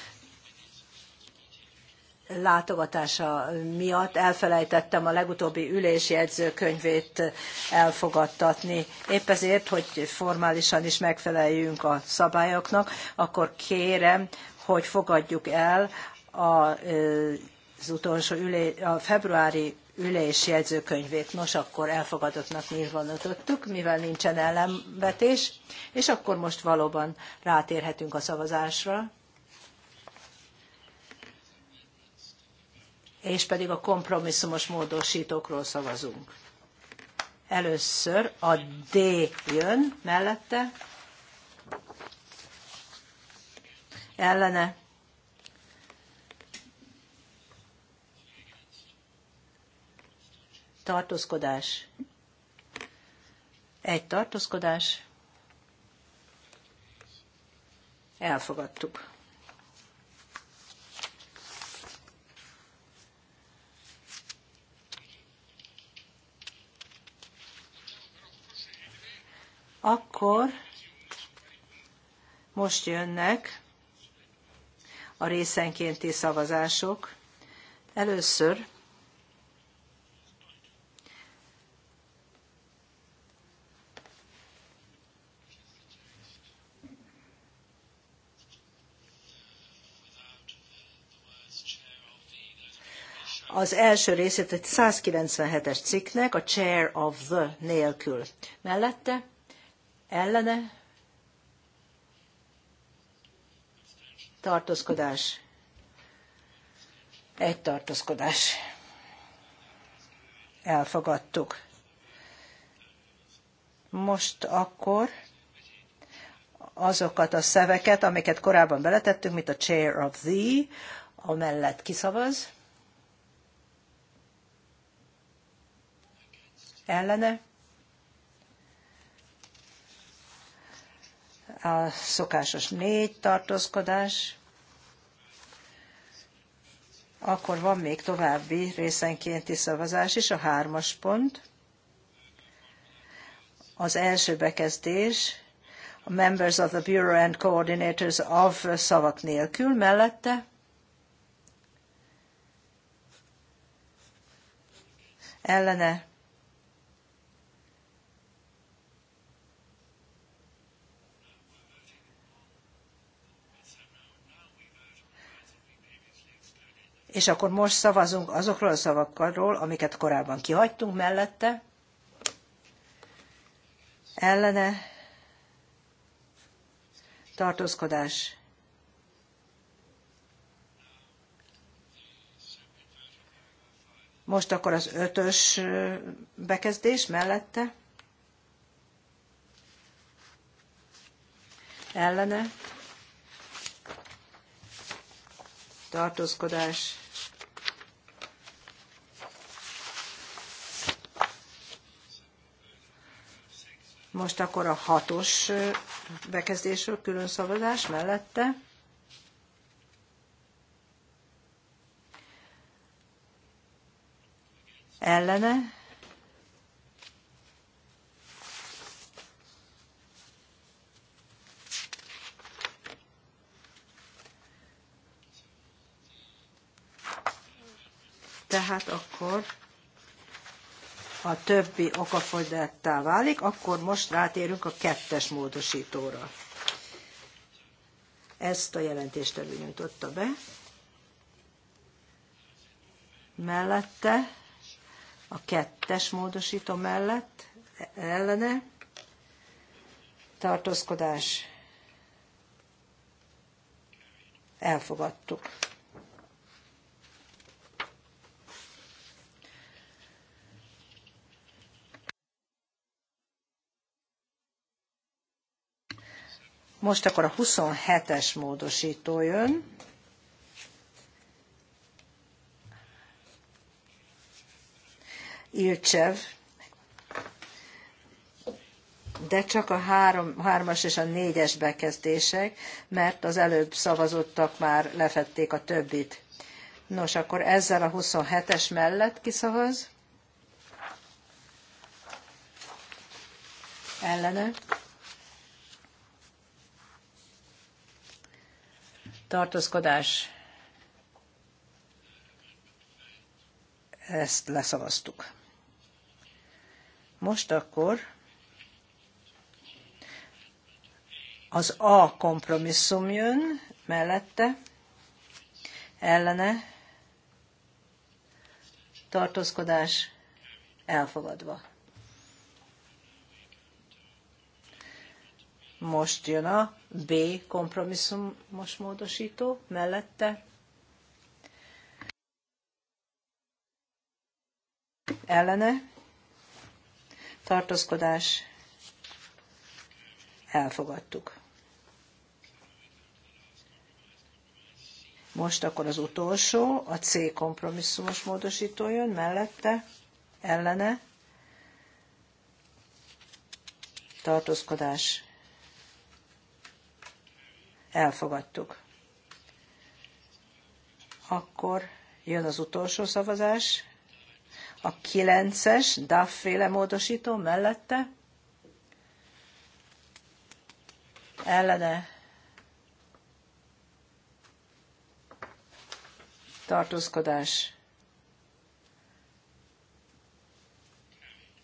látogatása miatt elfelejtettem a legutóbbi ülés jegyzőkönyvét elfogadtatni. Épp ezért, hogy formálisan is megfeleljünk a szabályoknak, akkor kérem, hogy fogadjuk el a, az utolsó ülé, a februári ülés jegyzőkönyvét. Nos, akkor elfogadottnak nyilvánítottuk, mivel nincsen ellenvetés, és akkor most valóban rátérhetünk a szavazásra. és pedig a kompromisszumos módosítókról szavazunk. Először a D jön mellette, ellene, tartózkodás, egy tartózkodás, elfogadtuk. Akkor most jönnek a részenkénti szavazások. Először az első részét egy 197-es cikknek, a Chair of the nélkül. Mellette ellene tartózkodás, egy tartózkodás. Elfogadtuk. Most akkor azokat a szeveket, amiket korábban beletettünk, mint a Chair of the, amellett kiszavaz. Ellene. a szokásos négy tartózkodás, akkor van még további részenkénti szavazás is, a hármas pont. Az első bekezdés, a members of the Bureau and coordinators of szavak nélkül mellette. Ellene És akkor most szavazunk azokról a szavakról, amiket korábban kihagytunk mellette. Ellene tartózkodás. Most akkor az ötös bekezdés mellette. Ellene. Tartózkodás. Most akkor a hatos bekezdésről külön szavazás mellette. Ellene. Tehát akkor a többi okafogyattá válik, akkor most rátérünk a kettes módosítóra. Ezt a jelentést előnyújtotta be. Mellette, a kettes módosító mellett, ellene, tartózkodás elfogadtuk. Most akkor a 27-es módosító jön. Ilcsev, de csak a három, hármas és a négyes bekezdések, mert az előbb szavazottak már lefették a többit. Nos, akkor ezzel a 27-es mellett kiszavaz. Ellene. tartózkodás. Ezt leszavaztuk. Most akkor az A kompromisszum jön mellette, ellene, tartózkodás elfogadva. Most jön a B kompromisszumos módosító mellette. Ellene. Tartózkodás. Elfogadtuk. Most akkor az utolsó, a C kompromisszumos módosító jön mellette, ellene, tartózkodás Elfogadtuk. Akkor jön az utolsó szavazás. A kilences DAF-féle módosító mellette. Ellene tartózkodás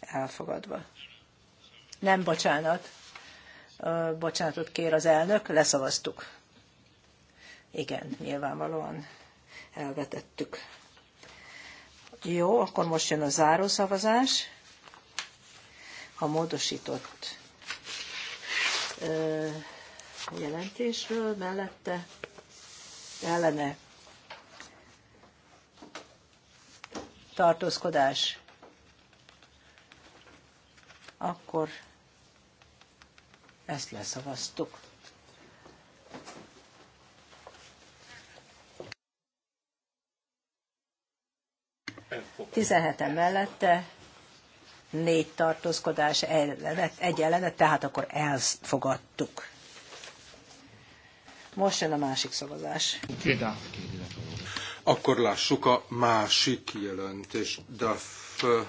elfogadva. Nem bocsánat. Bocsánatot kér az elnök, leszavaztuk. Igen, nyilvánvalóan elvetettük. Jó, akkor most jön a zárószavazás. A módosított ö, jelentésről mellette ellene tartózkodás. Akkor ezt leszavaztuk. Tizenheten mellette, négy tartózkodás, ellenet, egy ellenet, tehát akkor elfogadtuk. Most jön a másik szavazás. Akkor lássuk a másik jelentést. Daf uh,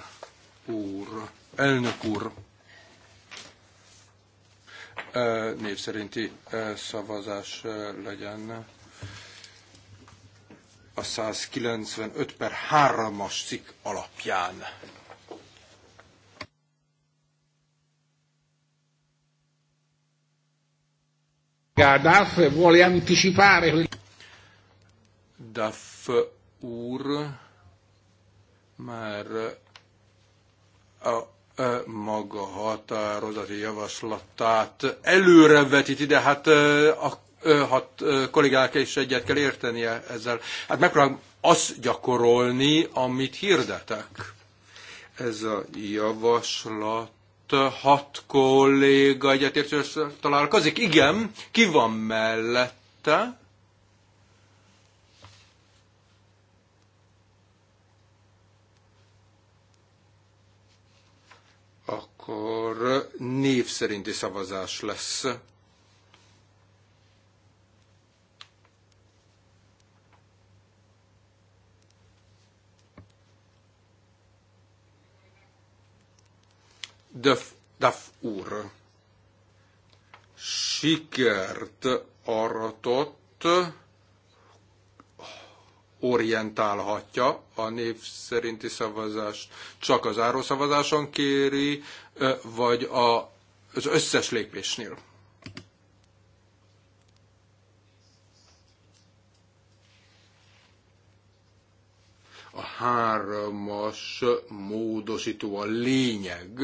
úr, elnök úr név szerinti szavazás legyen a 195 per 3-as cikk alapján. Duff vuole anticipare. Duff úr már a maga határozati javaslatát előrevetít ide, hát a hat kollégák is egyet kell értenie ezzel. Hát megpróbálom azt gyakorolni, amit hirdetek. Ez a javaslat hat kolléga egyetértésre találkozik. Igen, ki van mellette? akkor név szerinti szavazás lesz. Döf, Daf úr sikert aratott orientálhatja a név szerinti szavazást. Csak az árószavazáson kéri vagy a, az összes lépésnél. A hármas módosító a lényeg,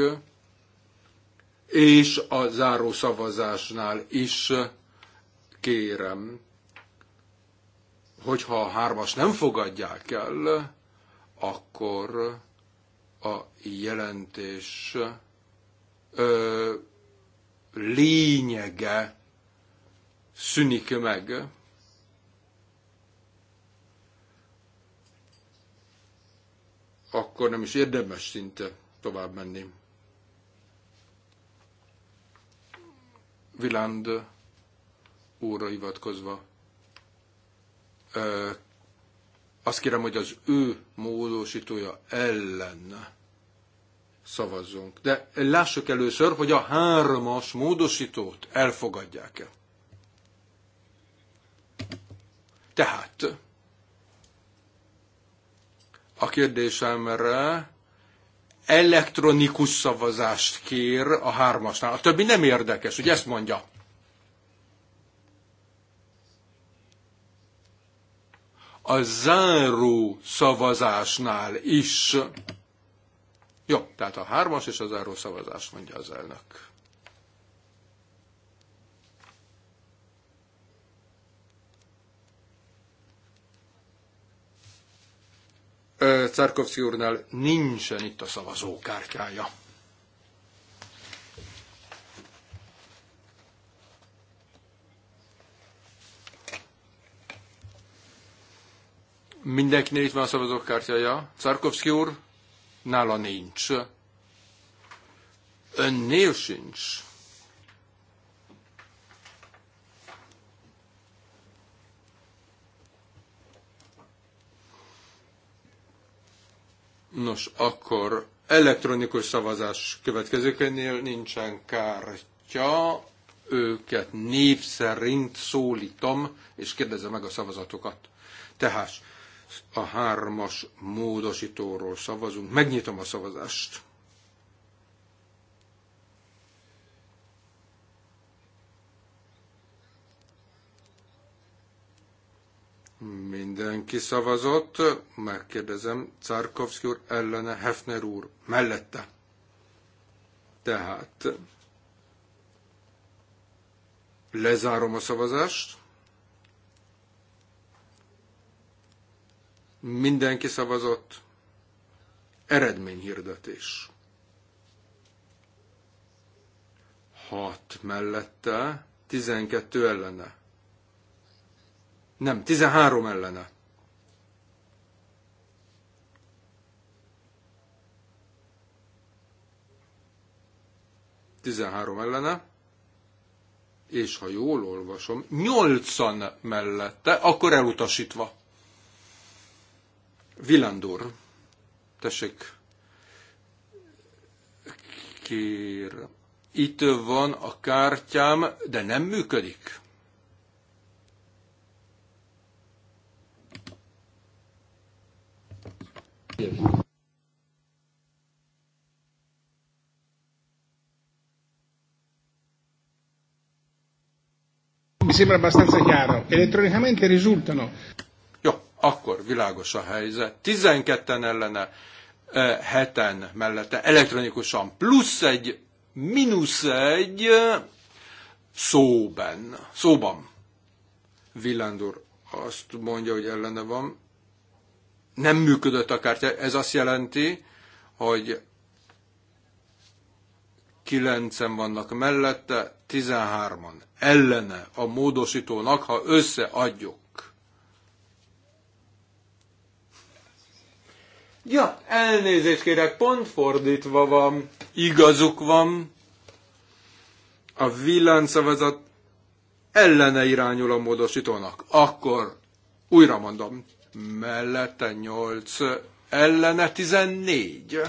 és a záró szavazásnál is kérem, hogyha a hármas nem fogadják el, akkor a jelentés ö, lényege szűnik meg. akkor nem is érdemes szinte tovább menni. Viland úrra hivatkozva. Ö, azt kérem, hogy az ő módosítója ellen szavazzunk. De lássuk először, hogy a hármas módosítót elfogadják-e. Tehát a kérdésemre elektronikus szavazást kér a hármasnál. A többi nem érdekes, hogy ezt mondja. A záró szavazásnál is jó, tehát a hármas és az záró szavazás, mondja az elnök. Czárkovszki úrnál nincsen itt a szavazókártyája. Mindenkinél itt van a szavazókártyája. Czárkovszki úr, nála nincs. Önnél sincs. Nos, akkor elektronikus szavazás következik, ennél nincsen kártya, őket név szerint szólítom, és kérdezem meg a szavazatokat. Tehát a hármas módosítóról szavazunk. Megnyitom a szavazást. Mindenki szavazott, megkérdezem, Czarkovszki úr ellene, Hefner úr mellette. Tehát lezárom a szavazást. Mindenki szavazott. Eredményhirdetés. Hat mellette, tizenkettő ellene. Nem, tizenhárom ellene. Tizenhárom ellene, és ha jól olvasom, nyolcan mellette, akkor elutasítva. Villandur, tessék, kér Itt van a kártyám, de nem működik. mi sembra abbastanza chiaro. Elettronicamente risultano akkor világos a helyzet, 12 ellene, heten mellette elektronikusan, plusz egy, mínusz egy szóben, szóban. Villándor azt mondja, hogy ellene van. Nem működött a kártya. Ez azt jelenti, hogy kilencen vannak mellette, 13-an ellene a módosítónak, ha összeadjuk. Ja, elnézést kérek, pont fordítva van. Igazuk van. A villanszavazat ellene irányul a módosítónak. Akkor újra mondom, mellette 8, ellene 14.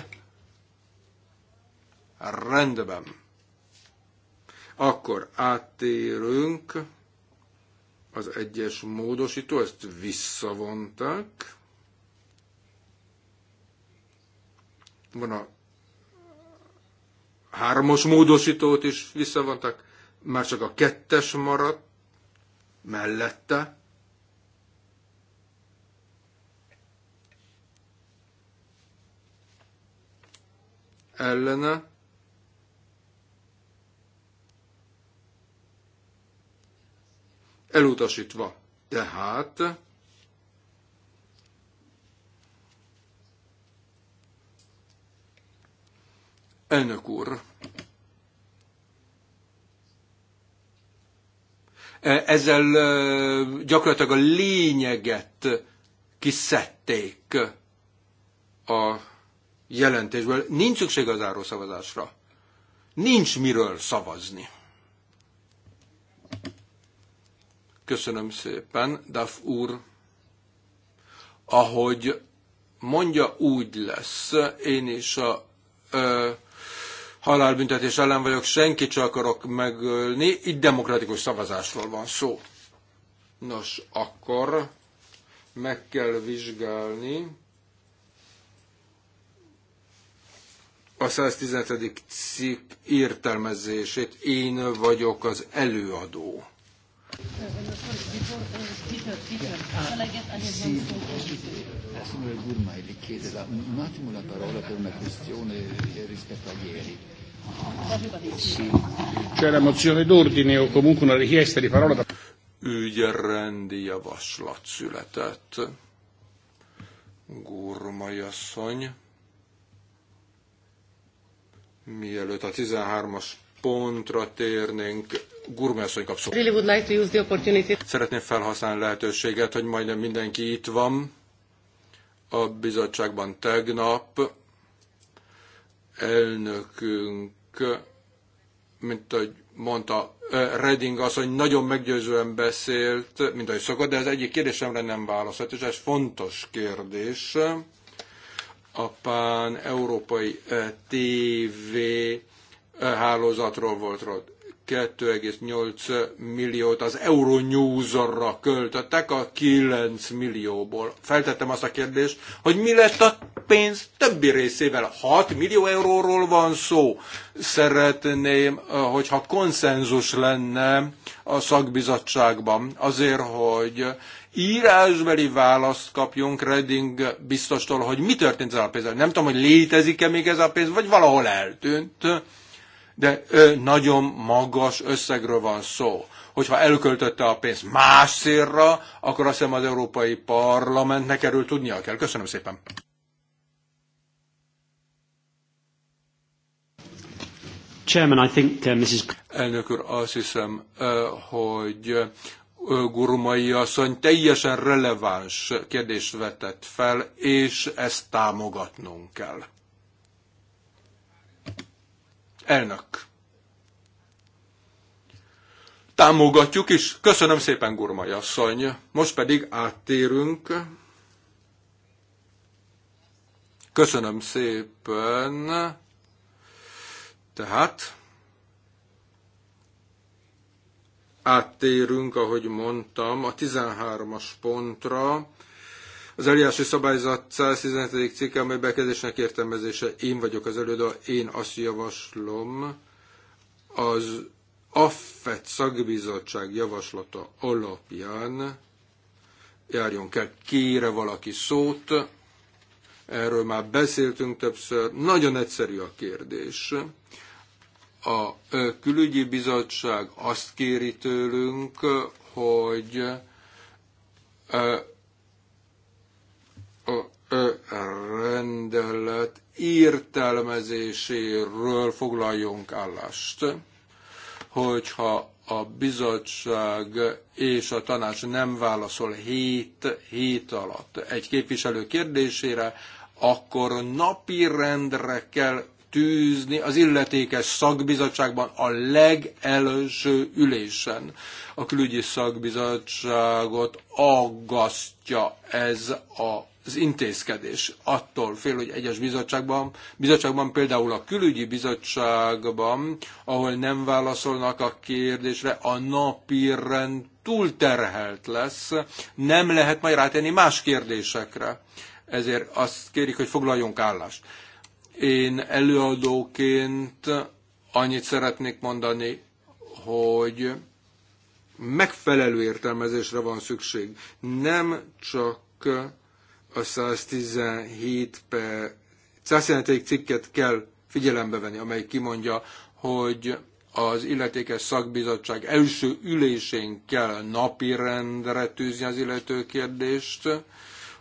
Rendben. Akkor áttérünk az egyes módosító, ezt visszavonták. van a hármas módosítót is visszavontak, már csak a kettes maradt mellette. Ellene. Elutasítva. Tehát Elnök úr, e, ezzel e, gyakorlatilag a lényeget kiszedték a jelentésből. Nincs szükség az árószavazásra. Nincs miről szavazni. Köszönöm szépen, Daf úr. Ahogy mondja, úgy lesz. Én is a ö, e, halálbüntetés ellen vagyok, senkit sem akarok megölni, itt demokratikus szavazásról van szó. Nos, akkor meg kell vizsgálni a 115. cikk értelmezését. Én vagyok az előadó. Signore Gurmai, chiede un attimo la parola per una questione rispetto a ieri. C'è la mozione d'ordine o comunque una richiesta di parola Ügyrendi javaslat született. Gurmai asszony. Mielőtt a 13-as pontra térnénk, Gurmelszony kap szó. Really would like to use the opportunity. Szeretném felhasználni lehetőséget, hogy majdnem mindenki itt van a bizottságban tegnap. Elnökünk mint ahogy mondta Redding, az, hogy nagyon meggyőzően beszélt, mint ahogy szokott, de az egyik kérdésemre nem válaszolt, és ez fontos kérdés. A pán-európai TV hálózatról volt rott. 2,8 milliót az Euronews-ra költöttek a 9 millióból. Feltettem azt a kérdést, hogy mi lett a pénz többi részével. 6 millió euróról van szó. Szeretném, hogyha konszenzus lenne a szakbizottságban azért, hogy írásbeli választ kapjunk Redding biztostól, hogy mi történt ezzel a pénzzel. Nem tudom, hogy létezik-e még ez a pénz, vagy valahol eltűnt de nagyon magas összegről van szó. Hogyha elköltötte a pénzt más szélra, akkor azt hiszem az Európai Parlamentnek erről tudnia kell. Köszönöm szépen. Chairman, I think, uh, Mrs. Elnök úr, azt hiszem, hogy Gurumai asszony teljesen releváns kérdést vetett fel, és ezt támogatnunk kell. Elnök. Támogatjuk is. Köszönöm szépen, Gurmai asszony. Most pedig áttérünk. Köszönöm szépen. Tehát áttérünk, ahogy mondtam, a 13-as pontra, az eljárási szabályzat 115. cikke, amely bekezdésnek értelmezése, én vagyok az előadó, én azt javaslom, az AFET szakbizottság javaslata alapján járjon kell, kére valaki szót, erről már beszéltünk többször, nagyon egyszerű a kérdés. A külügyi bizottság azt kéri tőlünk, hogy a rendelet értelmezéséről foglaljunk állást, hogyha a bizottság és a tanács nem válaszol hét hét alatt egy képviselő kérdésére, akkor napi rendre kell tűzni az illetékes szakbizottságban a legelső ülésen. A külügyi szakbizottságot aggasztja ez a az intézkedés. Attól fél, hogy egyes bizottságban, bizottságban például a külügyi bizottságban, ahol nem válaszolnak a kérdésre, a napi rend túlterhelt lesz, nem lehet majd rátenni más kérdésekre. Ezért azt kérik, hogy foglaljunk állást. Én előadóként annyit szeretnék mondani, hogy megfelelő értelmezésre van szükség. Nem csak a 117 per 117. cikket kell figyelembe venni, amely kimondja, hogy az illetékes szakbizottság első ülésén kell napirendre tűzni az illető kérdést,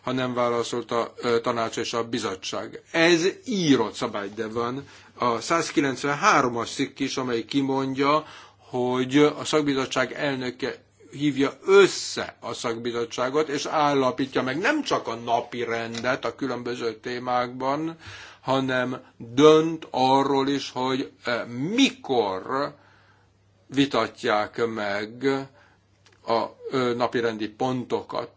ha nem válaszolt a tanács és a bizottság. Ez írott szabály, de van. A 193-as cikk is, amely kimondja, hogy a szakbizottság elnöke hívja össze a szakbizottságot, és állapítja meg nem csak a napi rendet a különböző témákban, hanem dönt arról is, hogy eh, mikor vitatják meg a napirendi pontokat.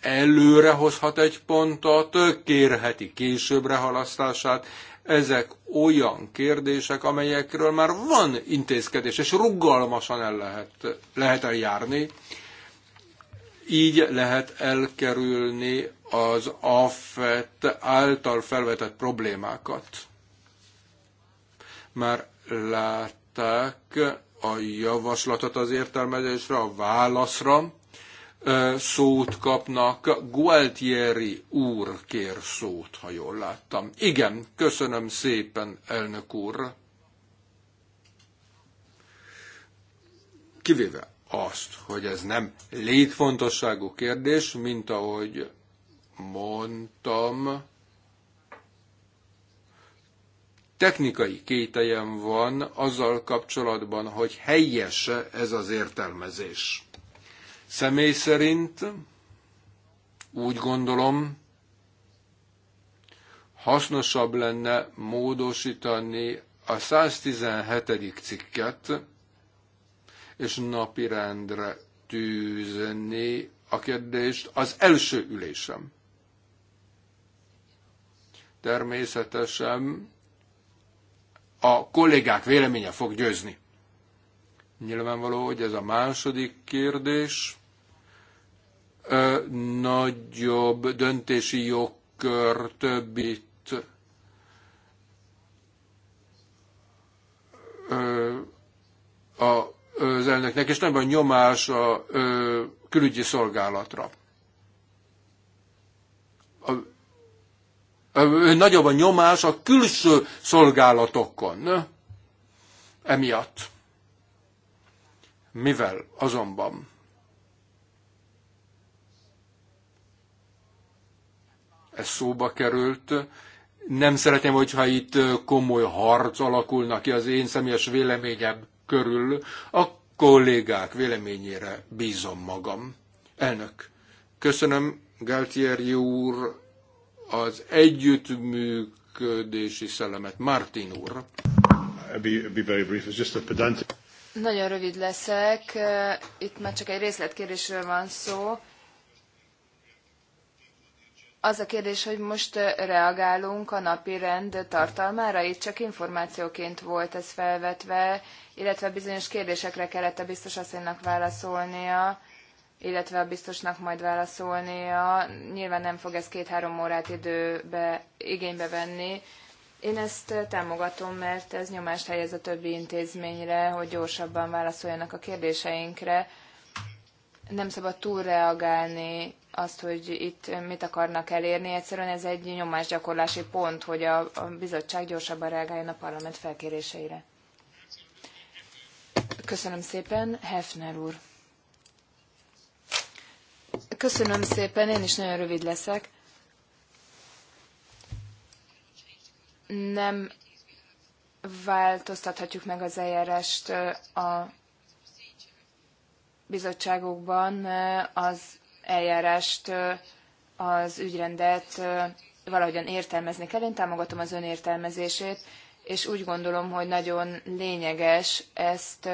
Előre hozhat egy pontot, kérheti későbbre halasztását, ezek olyan kérdések, amelyekről már van intézkedés, és rugalmasan el lehet, lehet eljárni. Így lehet elkerülni az AFET által felvetett problémákat. Már látták a javaslatot az értelmezésre, a válaszra, szót kapnak. Gualtieri úr kér szót, ha jól láttam. Igen, köszönöm szépen, elnök úr. Kivéve azt, hogy ez nem létfontosságú kérdés, mint ahogy mondtam, technikai kételjem van azzal kapcsolatban, hogy helyese ez az értelmezés. Személy szerint úgy gondolom, hasznosabb lenne módosítani a 117. cikket, és napirendre tűzni a kérdést az első ülésem. Természetesen a kollégák véleménye fog győzni. Nyilvánvaló, hogy ez a második kérdés nagyobb döntési jogkör, többit a az elnöknek, és nem van nyomás a ö, külügyi szolgálatra. A, ö, nagyobb a nyomás a külső szolgálatokon, ne? emiatt. Mivel azonban ez szóba került. Nem szeretném, hogyha itt komoly harc alakulna ki az én személyes véleményem körül. A kollégák véleményére bízom magam. Elnök, köszönöm Galtier úr az együttműködési szellemet. Martin úr. Nagyon rövid leszek. Itt már csak egy részletkérdésről van szó. Az a kérdés, hogy most reagálunk a napi rend tartalmára, itt csak információként volt ez felvetve, illetve bizonyos kérdésekre kellett a biztos asszonynak válaszolnia, illetve a biztosnak majd válaszolnia. Nyilván nem fog ez két-három órát időbe igénybe venni. Én ezt támogatom, mert ez nyomást helyez a többi intézményre, hogy gyorsabban válaszoljanak a kérdéseinkre. Nem szabad túlreagálni azt, hogy itt mit akarnak elérni. Egyszerűen ez egy nyomásgyakorlási pont, hogy a, a bizottság gyorsabban reagáljon a parlament felkéréseire. Köszönöm szépen, Hefner úr. Köszönöm szépen, én is nagyon rövid leszek. Nem változtathatjuk meg az eljárást a bizottságokban az eljárást, az ügyrendet valahogyan értelmezni kell. Én támogatom az ön értelmezését, és úgy gondolom, hogy nagyon lényeges ezt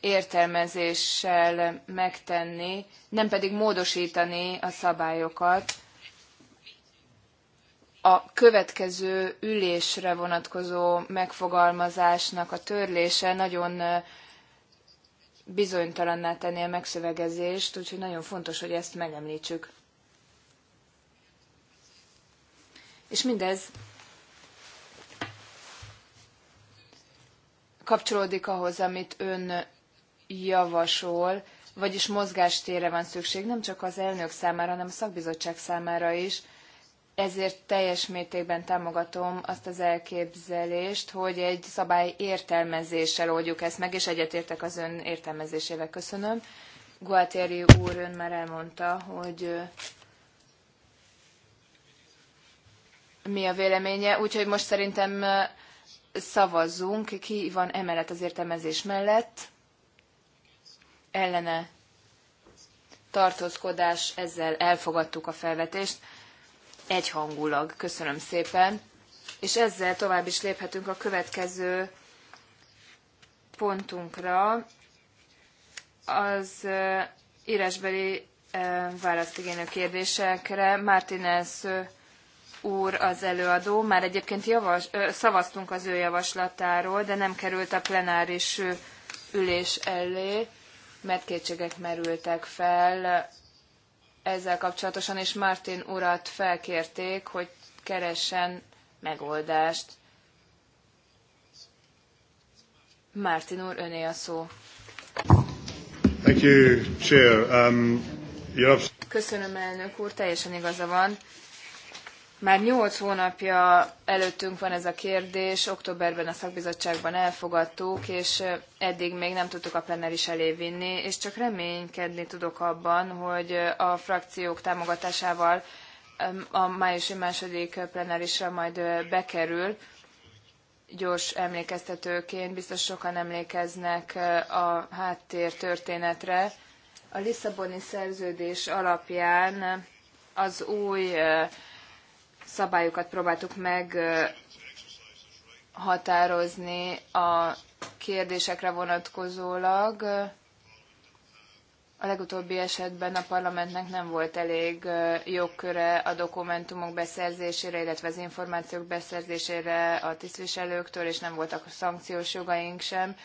értelmezéssel megtenni, nem pedig módosítani a szabályokat. A következő ülésre vonatkozó megfogalmazásnak a törlése nagyon bizonytalanná tenni a megszövegezést, úgyhogy nagyon fontos, hogy ezt megemlítsük. És mindez kapcsolódik ahhoz, amit ön javasol, vagyis mozgástérre van szükség, nem csak az elnök számára, hanem a szakbizottság számára is, ezért teljes mértékben támogatom azt az elképzelést, hogy egy szabály értelmezéssel oldjuk ezt meg, és egyetértek az ön értelmezésével. Köszönöm. Gualtieri úr ön már elmondta, hogy mi a véleménye, úgyhogy most szerintem szavazzunk, ki van emellett az értelmezés mellett, ellene tartózkodás, ezzel elfogadtuk a felvetést egyhangulag. Köszönöm szépen. És ezzel tovább is léphetünk a következő pontunkra. Az eh, írásbeli eh, választ kérdésekre Martinez eh, úr az előadó. Már egyébként javas, szavaztunk az ő javaslatáról, de nem került a plenáris ülés elé, mert kétségek merültek fel ezzel kapcsolatosan, és Martin urat felkérték, hogy keressen megoldást. Martin úr, öné a szó. Thank you, Chair. Um, Köszönöm, elnök úr, teljesen igaza van. Már nyolc hónapja előttünk van ez a kérdés, októberben a szakbizottságban elfogadtuk, és eddig még nem tudtuk a plenáris is elévinni, és csak reménykedni tudok abban, hogy a frakciók támogatásával a májusi második plenárisra majd bekerül. Gyors emlékeztetőként biztos sokan emlékeznek a háttér történetre. A Lisszaboni szerződés alapján az új szabályokat próbáltuk meg határozni a kérdésekre vonatkozólag. A legutóbbi esetben a parlamentnek nem volt elég jogköre a dokumentumok beszerzésére, illetve az információk beszerzésére a tisztviselőktől, és nem voltak a szankciós jogaink sem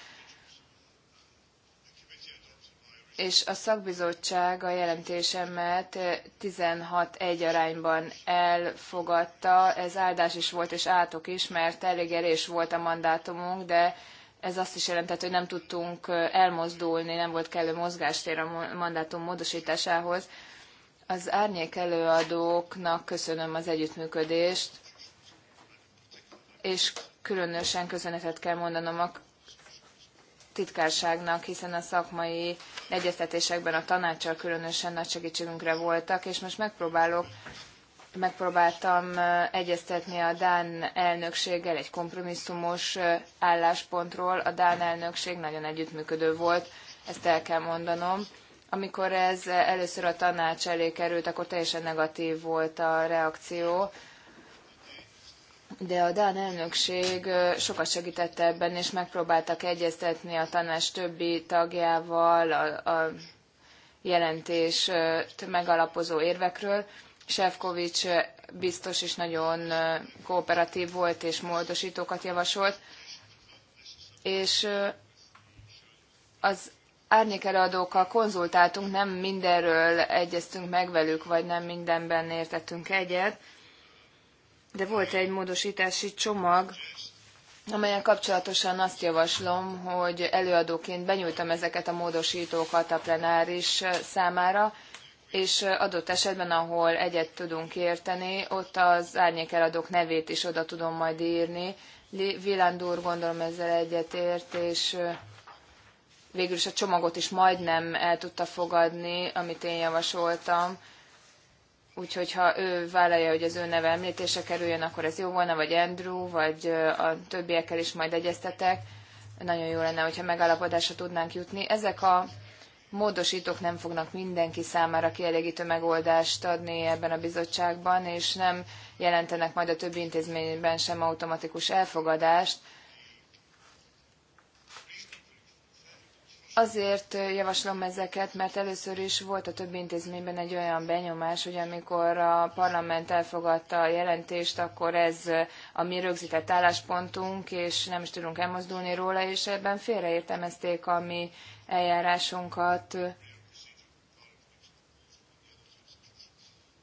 és a szakbizottság a jelentésemet 16-1 arányban elfogadta. Ez áldás is volt, és átok is, mert elég erős volt a mandátumunk, de ez azt is jelentett, hogy nem tudtunk elmozdulni, nem volt kellő mozgástér a mandátum módosításához. Az árnyék előadóknak köszönöm az együttműködést, és különösen köszönetet kell mondanom a titkárságnak, hiszen a szakmai egyeztetésekben a tanácsal különösen nagy segítségünkre voltak, és most megpróbálok, megpróbáltam egyeztetni a Dán elnökséggel egy kompromisszumos álláspontról. A Dán elnökség nagyon együttműködő volt, ezt el kell mondanom. Amikor ez először a tanács elé került, akkor teljesen negatív volt a reakció de a Dán elnökség sokat segített ebben, és megpróbáltak egyeztetni a tanács többi tagjával a, a jelentést megalapozó érvekről. Sefcovics biztos is nagyon kooperatív volt, és módosítókat javasolt, és az árnyékelőadókkal konzultáltunk, nem mindenről egyeztünk meg velük, vagy nem mindenben értettünk egyet, de volt egy módosítási csomag, amelyen kapcsolatosan azt javaslom, hogy előadóként benyújtam ezeket a módosítókat a plenáris számára, és adott esetben, ahol egyet tudunk érteni, ott az árnyékeladók nevét is oda tudom majd írni. Viland úr gondolom ezzel egyetért, és végül is a csomagot is majdnem el tudta fogadni, amit én javasoltam Úgyhogy ha ő vállalja, hogy az ő neve említése kerüljön, akkor ez jó volna, vagy Andrew, vagy a többiekkel is majd egyeztetek. Nagyon jó lenne, hogyha megállapodásra tudnánk jutni. Ezek a módosítók nem fognak mindenki számára kielégítő megoldást adni ebben a bizottságban, és nem jelentenek majd a többi intézményben sem automatikus elfogadást, Azért javaslom ezeket, mert először is volt a több intézményben egy olyan benyomás, hogy amikor a parlament elfogadta a jelentést, akkor ez a mi rögzített álláspontunk, és nem is tudunk elmozdulni róla, és ebben félreértelmezték a mi eljárásunkat.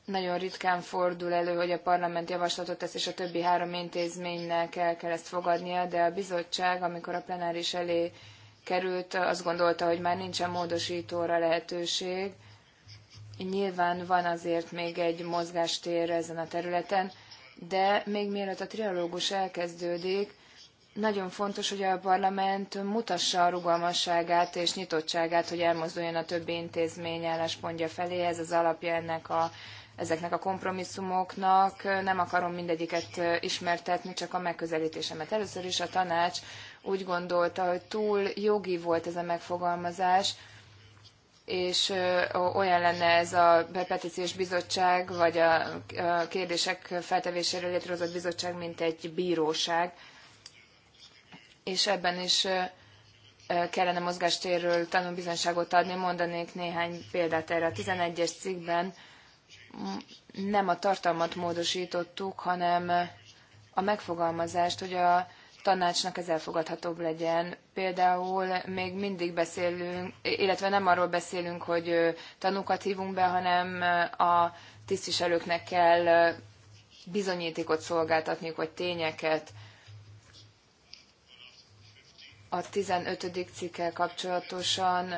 Nagyon ritkán fordul elő, hogy a parlament javaslatot tesz, és a többi három intézménynek el kell ezt fogadnia, de a bizottság, amikor a plenáris elé került, azt gondolta, hogy már nincsen módosítóra lehetőség. Nyilván van azért még egy mozgástér ezen a területen, de még mielőtt a trialógus elkezdődik, nagyon fontos, hogy a parlament mutassa a rugalmasságát és nyitottságát, hogy elmozduljon a többi intézmény álláspontja felé. Ez az alapja ennek a, ezeknek a kompromisszumoknak. Nem akarom mindegyiket ismertetni, csak a megközelítésemet. Először is a tanács úgy gondolta, hogy túl jogi volt ez a megfogalmazás, és olyan lenne ez a bepetíciós bizottság, vagy a kérdések feltevésére létrehozott bizottság, mint egy bíróság. És ebben is kellene mozgástérről tanúbizonyságot adni, mondanék néhány példát erre. A 11-es cikkben nem a tartalmat módosítottuk, hanem a megfogalmazást, hogy a tanácsnak ez elfogadhatóbb legyen. Például még mindig beszélünk, illetve nem arról beszélünk, hogy tanúkat hívunk be, hanem a tisztviselőknek kell bizonyítékot szolgáltatniuk, vagy tényeket. A 15. cikkel kapcsolatosan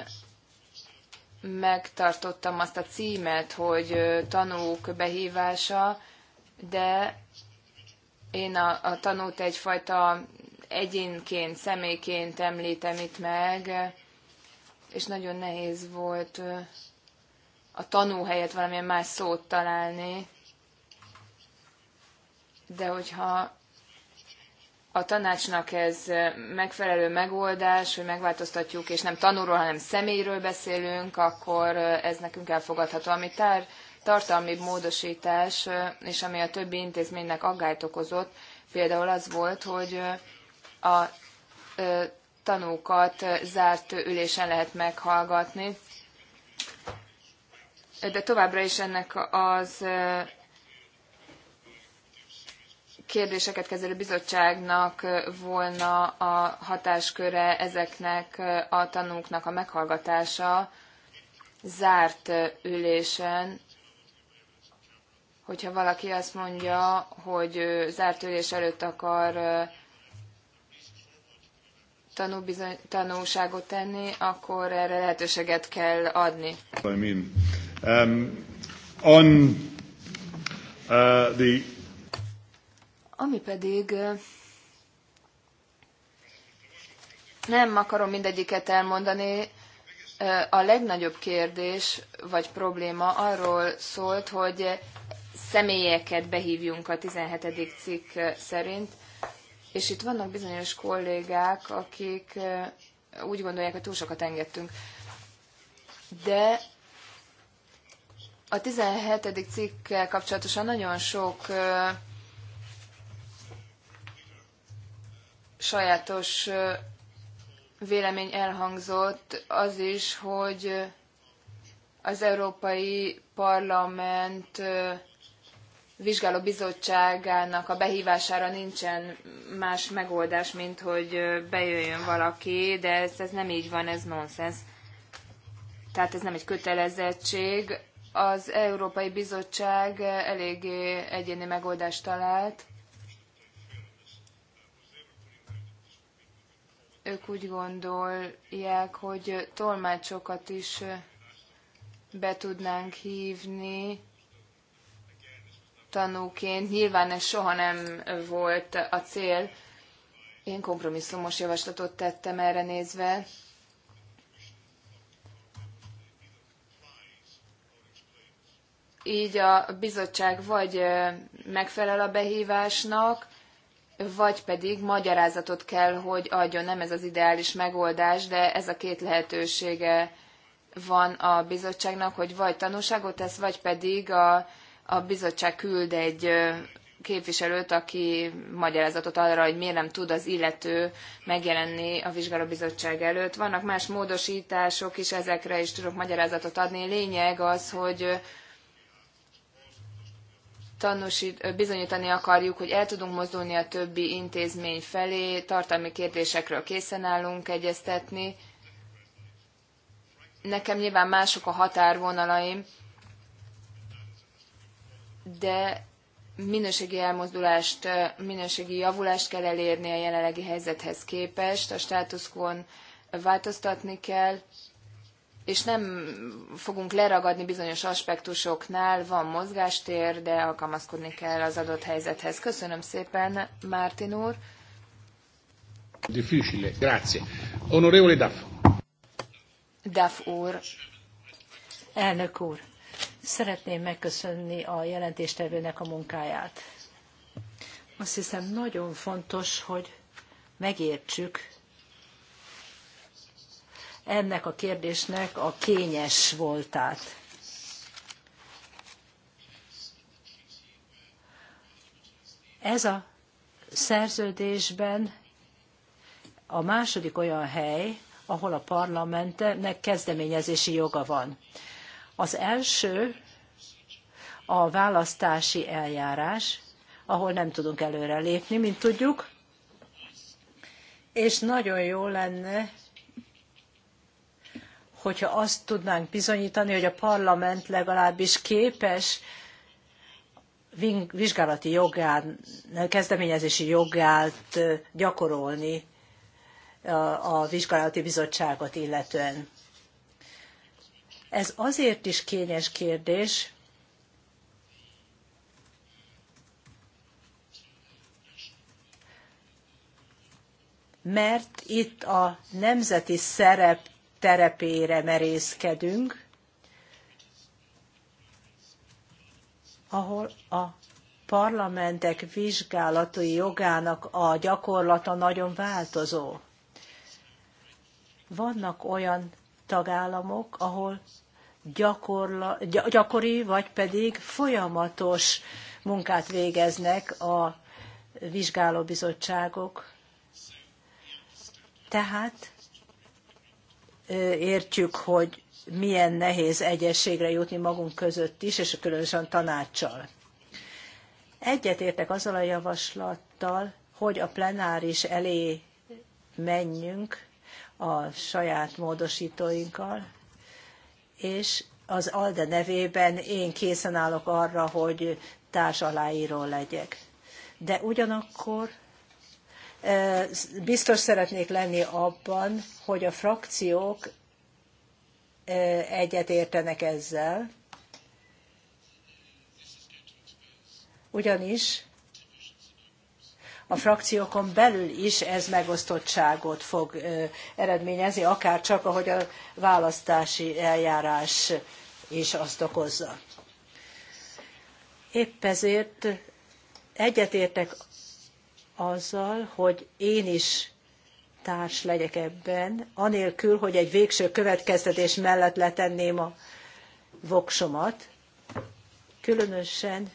megtartottam azt a címet, hogy tanúk behívása, de én a, a tanút egyfajta egyénként, személyként említem itt meg, és nagyon nehéz volt a tanú helyett valamilyen más szót találni. De hogyha a tanácsnak ez megfelelő megoldás, hogy megváltoztatjuk, és nem tanúról, hanem személyről beszélünk, akkor ez nekünk elfogadható. Amit tár tartalmi módosítás, és ami a többi intézménynek aggályt okozott, például az volt, hogy a tanúkat zárt ülésen lehet meghallgatni, de továbbra is ennek az kérdéseket kezelő bizottságnak volna a hatásköre ezeknek a tanúknak a meghallgatása zárt ülésen, hogyha valaki azt mondja, hogy zárt ülés előtt akar tanúbizony, tanúságot tenni, akkor erre lehetőséget kell adni. I mean, um, on, uh, the... Ami pedig nem akarom mindegyiket elmondani, a legnagyobb kérdés vagy probléma arról szólt, hogy személyeket behívjunk a 17. cikk eh, szerint, és itt vannak bizonyos kollégák, akik eh, úgy gondolják, hogy túl sokat engedtünk. De a 17. cikkkel kapcsolatosan nagyon sok eh, sajátos vélemény elhangzott, az is, hogy az Európai Parlament vizsgáló bizottságának a behívására nincsen más megoldás, mint hogy bejöjjön valaki, de ez, ez nem így van, ez nonsens. Tehát ez nem egy kötelezettség. Az Európai Bizottság eléggé egyéni megoldást talált. Ők úgy gondolják, hogy tolmácsokat is be tudnánk hívni, tanúként. Nyilván ez soha nem volt a cél. Én kompromisszumos javaslatot tettem erre nézve. Így a bizottság vagy megfelel a behívásnak, vagy pedig magyarázatot kell, hogy adjon. Nem ez az ideális megoldás, de ez a két lehetősége van a bizottságnak, hogy vagy tanúságot tesz, vagy pedig a a bizottság küld egy képviselőt, aki magyarázatot arra, hogy miért nem tud az illető megjelenni a vizsgálóbizottság előtt. Vannak más módosítások is, ezekre is tudok magyarázatot adni. Lényeg az, hogy tanúsít, bizonyítani akarjuk, hogy el tudunk mozdulni a többi intézmény felé, tartalmi kérdésekről készen állunk egyeztetni. Nekem nyilván mások a határvonalaim, de minőségi elmozdulást, minőségi javulást kell elérni a jelenlegi helyzethez képest, a státuszkon változtatni kell, és nem fogunk leragadni bizonyos aspektusoknál, van mozgástér, de alkalmazkodni kell az adott helyzethez. Köszönöm szépen, Mártin úr. Difficile, grazie. Onorevole Daf. Daf úr. Elnök úr. Szeretném megköszönni a jelentéstevőnek a munkáját. Azt hiszem nagyon fontos, hogy megértsük ennek a kérdésnek a kényes voltát. Ez a szerződésben a második olyan hely, ahol a parlamentnek kezdeményezési joga van. Az első a választási eljárás, ahol nem tudunk előrelépni, mint tudjuk, és nagyon jó lenne, hogyha azt tudnánk bizonyítani, hogy a parlament legalábbis képes vizsgálati jogát, kezdeményezési jogát gyakorolni a vizsgálati bizottságot illetően. Ez azért is kényes kérdés, mert itt a nemzeti szerep terepére merészkedünk, ahol a parlamentek vizsgálatai jogának a gyakorlata nagyon változó. Vannak olyan tagállamok, ahol gyakorla, gyakori, vagy pedig folyamatos munkát végeznek a vizsgálóbizottságok. Tehát értjük, hogy milyen nehéz egyességre jutni magunk között is, és különösen tanácssal. Egyetértek azzal a javaslattal, hogy a plenáris elé menjünk a saját módosítóinkkal, és az ALDE nevében én készen állok arra, hogy társ aláíró legyek. De ugyanakkor biztos szeretnék lenni abban, hogy a frakciók egyet értenek ezzel, ugyanis a frakciókon belül is ez megosztottságot fog eredményezni, akár csak ahogy a választási eljárás is azt okozza. Épp ezért egyetértek azzal, hogy én is társ legyek ebben, anélkül, hogy egy végső következtetés mellett letenném a voksomat, különösen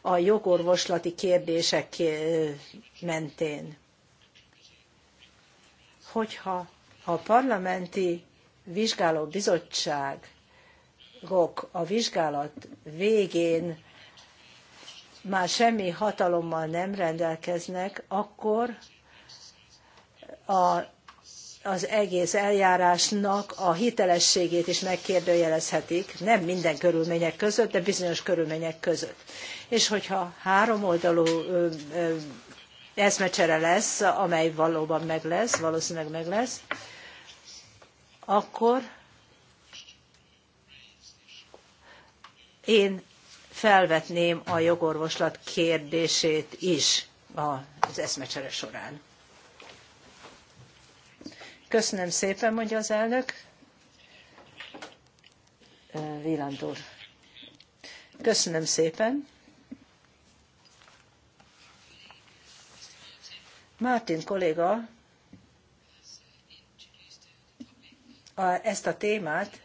a jogorvoslati kérdések eh, mentén. Hogyha a parlamenti vizsgálóbizottságok a vizsgálat végén már semmi hatalommal nem rendelkeznek, akkor a az egész eljárásnak a hitelességét is megkérdőjelezhetik, nem minden körülmények között, de bizonyos körülmények között. És hogyha háromoldalú eszmecsere lesz, amely valóban meg lesz, valószínűleg meg lesz, akkor én felvetném a jogorvoslat kérdését is az eszmecsere során. Köszönöm szépen, mondja az elnök. Véland úr. Köszönöm szépen. Mártin kolléga ezt a témát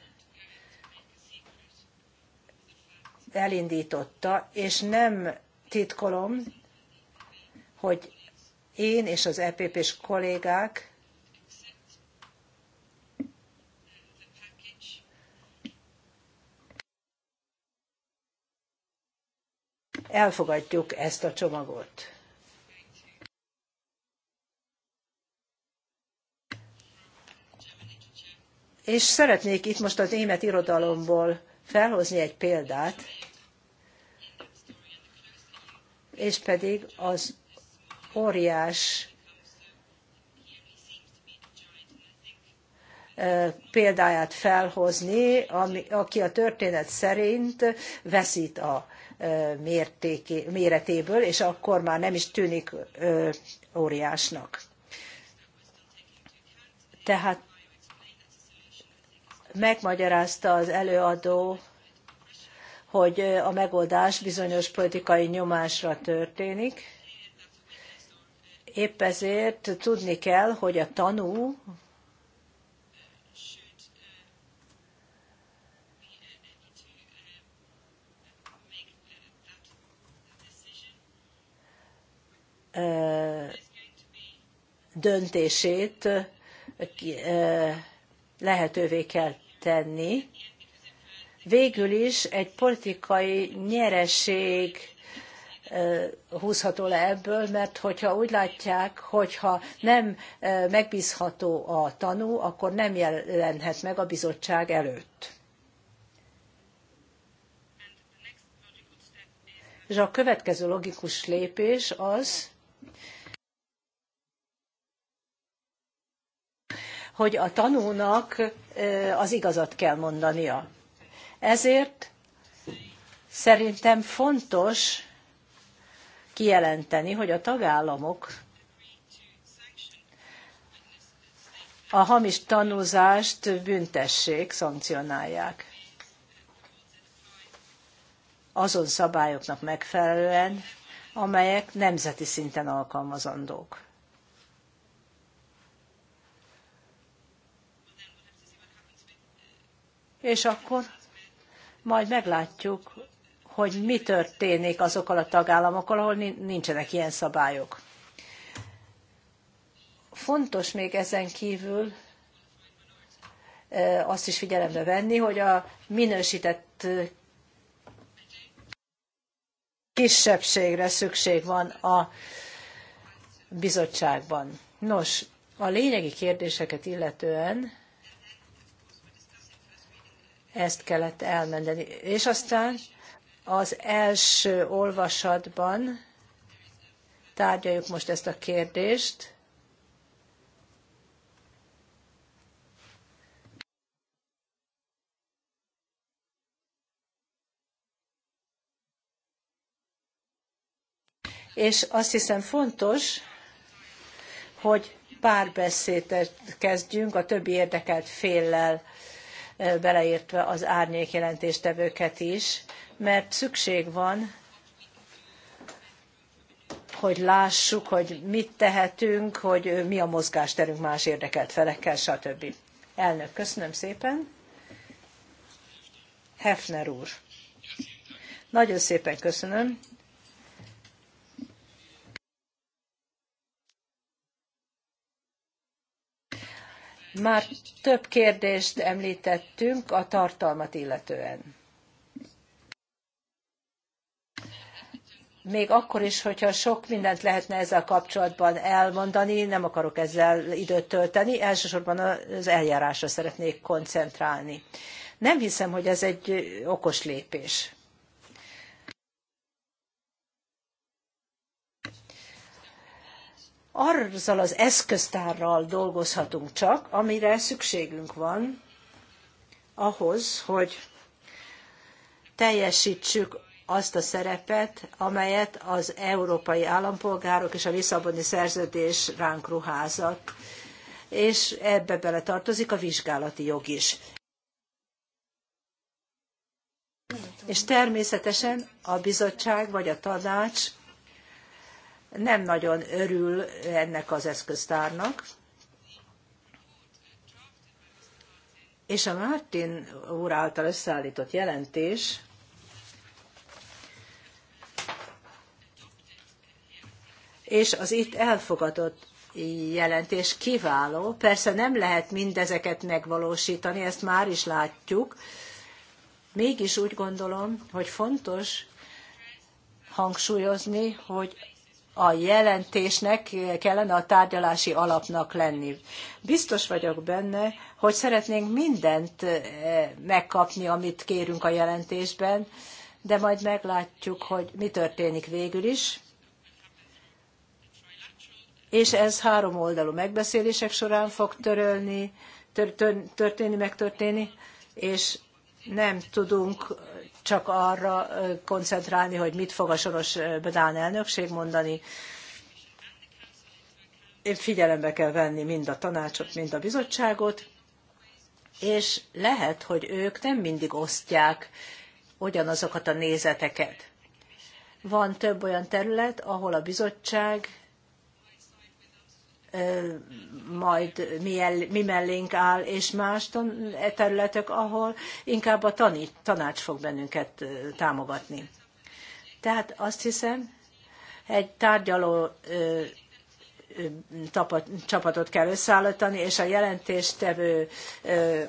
elindította, és nem titkolom, hogy én és az EPP-s kollégák elfogadjuk ezt a csomagot. És szeretnék itt most az német irodalomból felhozni egy példát, és pedig az óriás példáját felhozni, ami, aki a történet szerint veszít a mértéki, méretéből, és akkor már nem is tűnik óriásnak. Tehát megmagyarázta az előadó, hogy a megoldás bizonyos politikai nyomásra történik. Épp ezért tudni kell, hogy a tanú döntését lehetővé kell tenni. Végül is egy politikai nyereség húzható le ebből, mert hogyha úgy látják, hogyha nem megbízható a tanú, akkor nem jelenhet meg a bizottság előtt. És a következő logikus lépés az, hogy a tanúnak az igazat kell mondania. Ezért szerintem fontos kijelenteni, hogy a tagállamok a hamis tanúzást büntessék, szankcionálják. Azon szabályoknak megfelelően, amelyek nemzeti szinten alkalmazandók. és akkor majd meglátjuk, hogy mi történik azokkal a tagállamokkal, ahol nincsenek ilyen szabályok. Fontos még ezen kívül azt is figyelembe venni, hogy a minősített kisebbségre szükség van a bizottságban. Nos, a lényegi kérdéseket illetően ezt kellett elmondani. És aztán az első olvasatban tárgyaljuk most ezt a kérdést. És azt hiszem fontos, hogy párbeszédet kezdjünk a többi érdekelt féllel beleértve az árnyék jelentéstevőket is, mert szükség van, hogy lássuk, hogy mit tehetünk, hogy mi a mozgásterünk más érdekelt felekkel, stb. Elnök, köszönöm szépen. Hefner úr. Nagyon szépen köszönöm. Már több kérdést említettünk a tartalmat illetően. Még akkor is, hogyha sok mindent lehetne ezzel kapcsolatban elmondani, nem akarok ezzel időt tölteni, elsősorban az eljárásra szeretnék koncentrálni. Nem hiszem, hogy ez egy okos lépés azzal az eszköztárral dolgozhatunk csak, amire szükségünk van ahhoz, hogy teljesítsük azt a szerepet, amelyet az európai állampolgárok és a Lisszaboni szerződés ránk ruházott, és ebbe bele tartozik a vizsgálati jog is. És természetesen a bizottság vagy a tanács nem nagyon örül ennek az eszköztárnak. És a Martin úr által összeállított jelentés és az itt elfogadott jelentés kiváló. Persze nem lehet mindezeket megvalósítani, ezt már is látjuk. Mégis úgy gondolom, hogy fontos hangsúlyozni, hogy a jelentésnek kellene a tárgyalási alapnak lenni. Biztos vagyok benne, hogy szeretnénk mindent eh, megkapni, amit kérünk a jelentésben, de majd meglátjuk, hogy mi történik végül is. És ez három oldalú megbeszélések során fog törölni, tör, tör, történni, megtörténni, és nem tudunk csak arra koncentrálni, hogy mit fog a soros Dán elnökség mondani. Én figyelembe kell venni mind a tanácsot, mind a bizottságot, és lehet, hogy ők nem mindig osztják ugyanazokat a nézeteket. Van több olyan terület, ahol a bizottság majd mi mellénk áll, és más e területek, ahol inkább a tanít, tanács fog bennünket támogatni. Tehát azt hiszem, egy tárgyaló csapatot kell összeállítani, és a jelentéstevő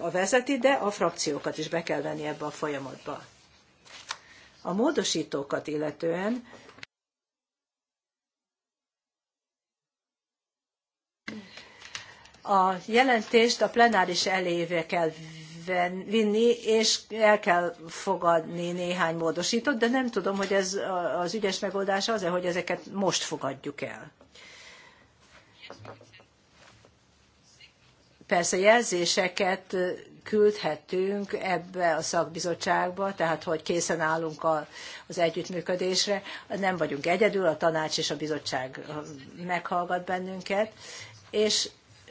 a vezeti, de a frakciókat is be kell venni ebbe a folyamatba. A módosítókat illetően A jelentést a plenáris elévé kell vinni, és el kell fogadni néhány módosítót, de nem tudom, hogy ez az ügyes megoldás az-e, hogy ezeket most fogadjuk el. Persze jelzéseket küldhetünk ebbe a szakbizottságba, tehát hogy készen állunk a, az együttműködésre. Nem vagyunk egyedül, a tanács és a bizottság meghallgat bennünket, és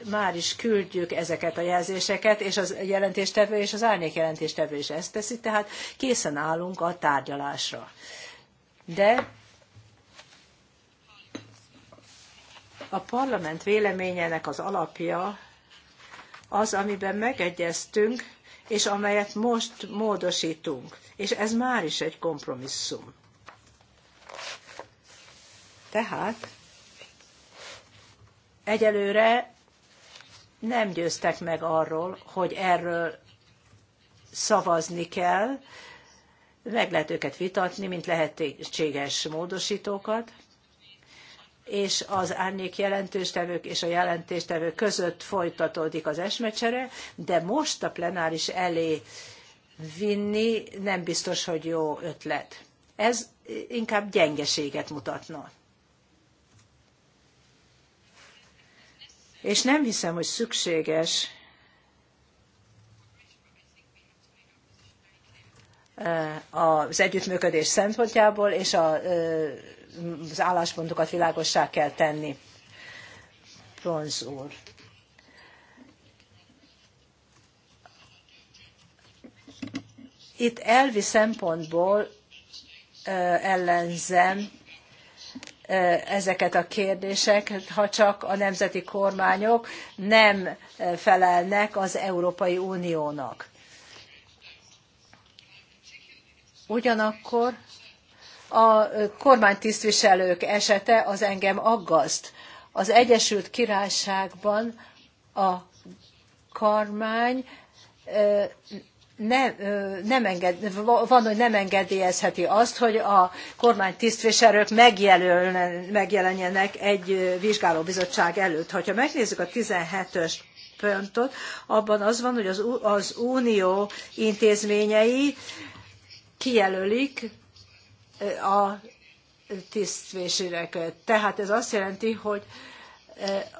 már is küldjük ezeket a jelzéseket, és az jelentéstevő és az árnyék jelentéstevő is ezt teszi, tehát készen állunk a tárgyalásra. De a parlament véleményének az alapja az, amiben megegyeztünk, és amelyet most módosítunk. És ez már is egy kompromisszum. Tehát egyelőre nem győztek meg arról, hogy erről szavazni kell, meg lehet őket vitatni, mint lehetséges módosítókat, és az árnyék jelentéstevők és a jelentéstevők között folytatódik az esmecsere, de most a plenáris elé vinni nem biztos, hogy jó ötlet. Ez inkább gyengeséget mutatna. És nem hiszem, hogy szükséges eh, az együttműködés szempontjából, és a, eh, az álláspontokat világossá kell tenni. Bronz úr. Itt elvi szempontból eh, ellenzem ezeket a kérdéseket, ha csak a nemzeti kormányok nem felelnek az Európai Uniónak. Ugyanakkor a kormánytisztviselők esete az engem aggaszt. Az Egyesült Királyságban a kormány nem, nem enged, van, hogy nem engedélyezheti azt, hogy a kormány tisztviselők megjelenjenek egy vizsgálóbizottság előtt. Ha megnézzük a 17-ös pontot, abban az van, hogy az, az unió intézményei kijelölik a tisztviselőket. Tehát ez azt jelenti, hogy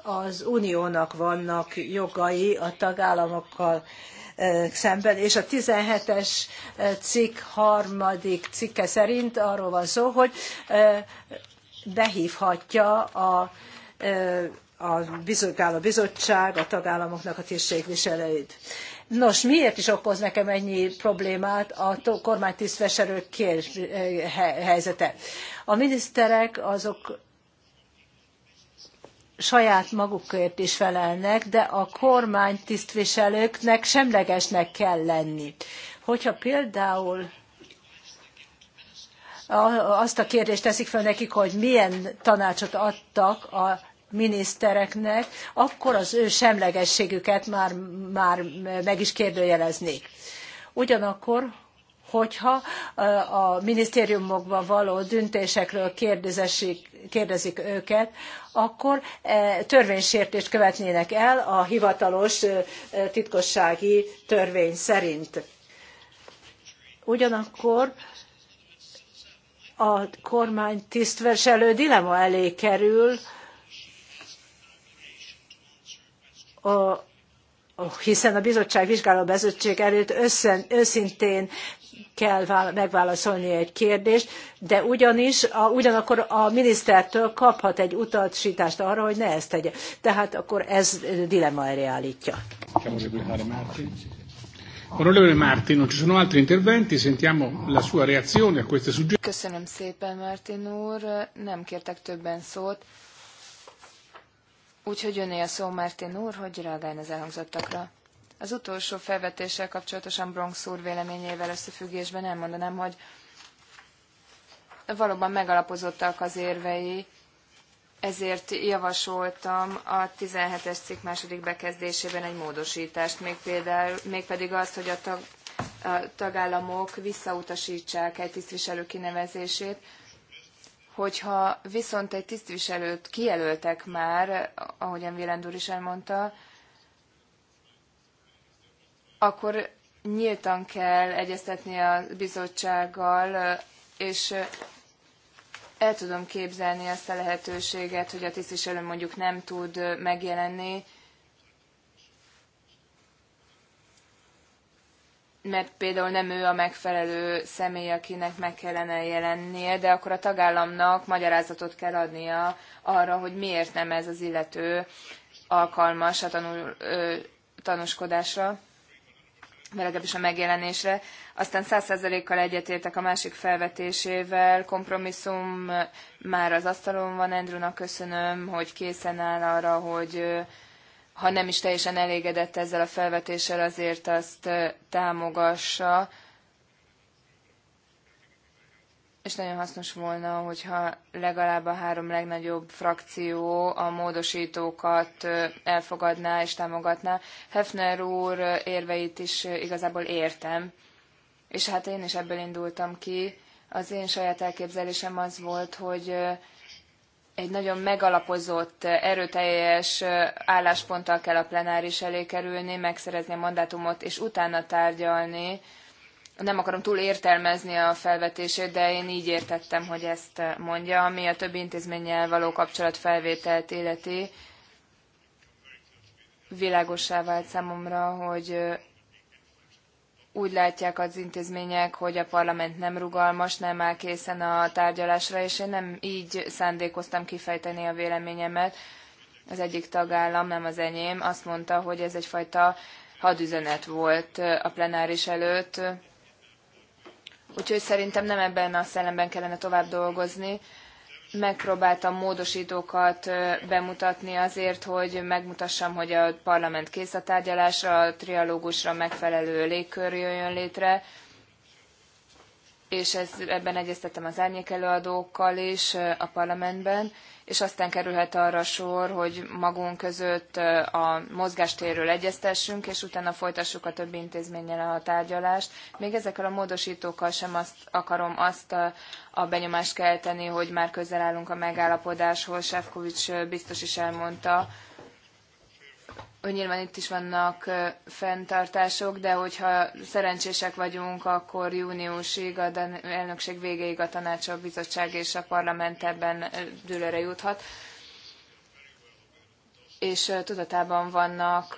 az uniónak vannak jogai a tagállamokkal szemben, és a 17-es cikk harmadik cikke szerint arról van szó, hogy behívhatja a a bizottság, a bizottság, a tagállamoknak a tisztségviselőit. Nos, miért is okoz nekem ennyi problémát a kormánytisztviselők helyzete? A miniszterek azok saját magukért is felelnek, de a kormány tisztviselőknek semlegesnek kell lenni. Hogyha például azt a kérdést teszik fel nekik, hogy milyen tanácsot adtak a minisztereknek, akkor az ő semlegességüket már, már meg is kérdőjeleznék. Ugyanakkor, hogyha a minisztériumokban való döntésekről kérdezik őket, akkor e, törvénysértést követnének el a hivatalos titkossági törvény szerint. Ugyanakkor a kormány tisztviselő dilema elé kerül, a, hiszen a bizottság vizsgáló előtt összen, őszintén kell megválaszolni egy kérdést, de ugyanis a, ugyanakkor a minisztertől kaphat egy utasítást arra, hogy ne ezt tegye. Tehát akkor ez dilemma erre állítja. Onorevole Martin, non ci sono altri interventi, sentiamo la sua reazione a queste suggerimenti. Köszönöm szépen, Martin úr, nem kértek többen szót. Úgyhogy jönné a szó Martin úr, hogy reagáljon az elhangzottakra. Az utolsó felvetéssel kapcsolatosan Bronx úr véleményével összefüggésben elmondanám, hogy valóban megalapozottak az érvei, ezért javasoltam a 17-es cikk második bekezdésében egy módosítást, még például, mégpedig azt, hogy a, tag, a tagállamok visszautasítsák egy tisztviselő kinevezését, hogyha viszont egy tisztviselőt kijelöltek már, ahogyan Vélendúr is elmondta, akkor nyíltan kell egyeztetni a bizottsággal, és el tudom képzelni azt a lehetőséget, hogy a tisztviselő mondjuk nem tud megjelenni, mert például nem ő a megfelelő személy, akinek meg kellene jelennie, de akkor a tagállamnak magyarázatot kell adnia arra, hogy miért nem ez az illető alkalmas a tanul, ö, tanúskodásra legalábbis a megjelenésre. Aztán száz százalékkal egyetértek a másik felvetésével, kompromisszum már az asztalon van, Andrewnak köszönöm, hogy készen áll arra, hogy ha nem is teljesen elégedett ezzel a felvetéssel, azért azt támogassa, és nagyon hasznos volna, hogyha legalább a három legnagyobb frakció a módosítókat elfogadná és támogatná. Hefner úr érveit is igazából értem, és hát én is ebből indultam ki. Az én saját elképzelésem az volt, hogy egy nagyon megalapozott, erőteljes állásponttal kell a plenáris elé kerülni, megszerezni a mandátumot, és utána tárgyalni, nem akarom túl értelmezni a felvetését, de én így értettem, hogy ezt mondja, ami a többi intézménnyel való kapcsolatfelvételt életi. Világossá vált számomra, hogy úgy látják az intézmények, hogy a parlament nem rugalmas, nem áll készen a tárgyalásra, és én nem így szándékoztam kifejteni a véleményemet. Az egyik tagállam, nem az enyém, azt mondta, hogy ez egyfajta hadüzenet volt a plenáris előtt, Úgyhogy szerintem nem ebben a szellemben kellene tovább dolgozni. Megpróbáltam módosítókat bemutatni azért, hogy megmutassam, hogy a parlament kész a tárgyalásra, a trialógusra megfelelő légkör jöjjön létre, és ez, ebben egyeztettem az árnyék előadókkal is a parlamentben, és aztán kerülhet arra sor, hogy magunk között a mozgástéről egyeztessünk, és utána folytassuk a többi intézménnyel a tárgyalást. Még ezekkel a módosítókkal sem azt akarom azt a, a benyomást kelteni, hogy már közel állunk a megállapodáshoz. Sefkovics biztos is elmondta, hogy nyilván itt is vannak fenntartások, de hogyha szerencsések vagyunk, akkor júniusig, a elnökség végéig a tanács, a bizottság és a parlament ebben dőlőre juthat. És tudatában vannak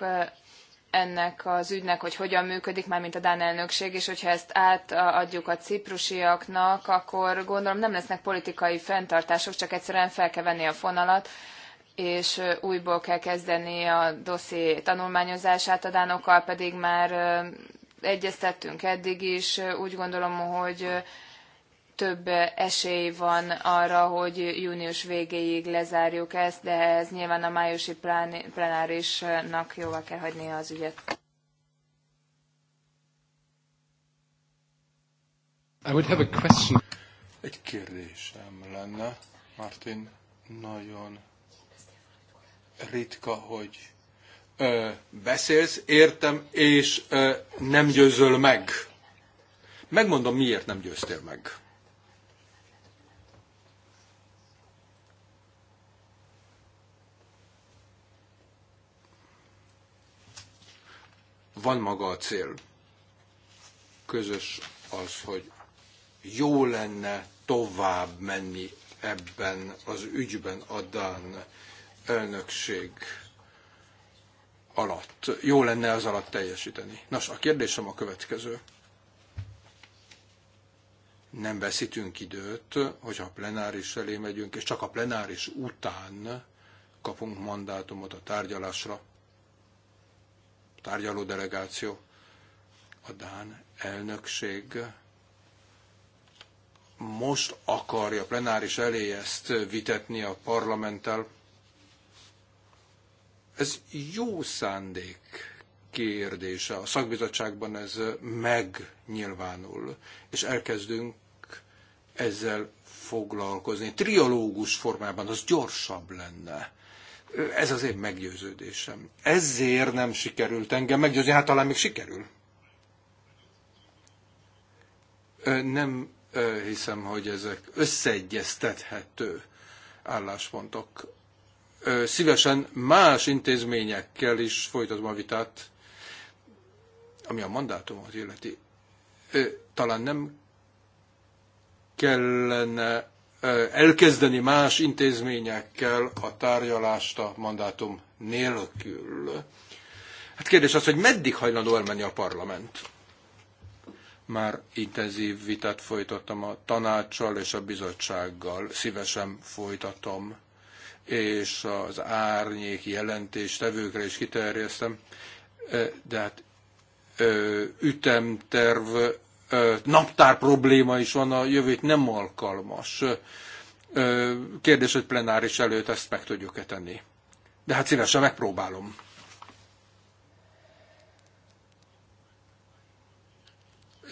ennek az ügynek, hogy hogyan működik, már mint a Dán elnökség, és hogyha ezt átadjuk a ciprusiaknak, akkor gondolom nem lesznek politikai fenntartások, csak egyszerűen fel kell venni a fonalat, és újból kell kezdeni a dosszié tanulmányozását, a dánokkal pedig már egyeztettünk eddig is. Úgy gondolom, hogy több esély van arra, hogy június végéig lezárjuk ezt, de ez nyilván a májusi plenárisnak jóvá kell hagynia az ügyet. I would have a question. Egy kérdésem lenne, Martin, nagyon ritka, hogy ö, beszélsz, értem, és ö, nem győzöl meg. Megmondom, miért nem győztél meg. Van maga a cél. Közös az, hogy jó lenne tovább menni ebben az ügyben, adán elnökség alatt. Jó lenne az alatt teljesíteni. Nos, a kérdésem a következő. Nem veszítünk időt, hogyha a plenáris elé megyünk, és csak a plenáris után kapunk mandátumot a tárgyalásra. A tárgyaló delegáció, a Dán elnökség most akarja plenáris elé ezt vitetni a parlamenttel, ez jó szándék kérdése. A szakbizottságban ez megnyilvánul, és elkezdünk ezzel foglalkozni. Triológus formában az gyorsabb lenne. Ez az én meggyőződésem. Ezért nem sikerült engem meggyőzni, hát talán még sikerül. Nem hiszem, hogy ezek összeegyeztethető álláspontok szívesen más intézményekkel is folytatom a vitát, ami a mandátumot illeti. Talán nem kellene elkezdeni más intézményekkel a tárgyalást a mandátum nélkül. Hát kérdés az, hogy meddig hajlandó elmenni a parlament? Már intenzív vitát folytattam a tanácssal és a bizottsággal. Szívesen folytatom és az árnyék jelentéstevőkre is kiterjesztem, de hát ütemterv, naptár probléma is van, a jövőt nem alkalmas. Kérdés, hogy plenáris előtt ezt meg tudjuk-e tenni. De hát szívesen megpróbálom.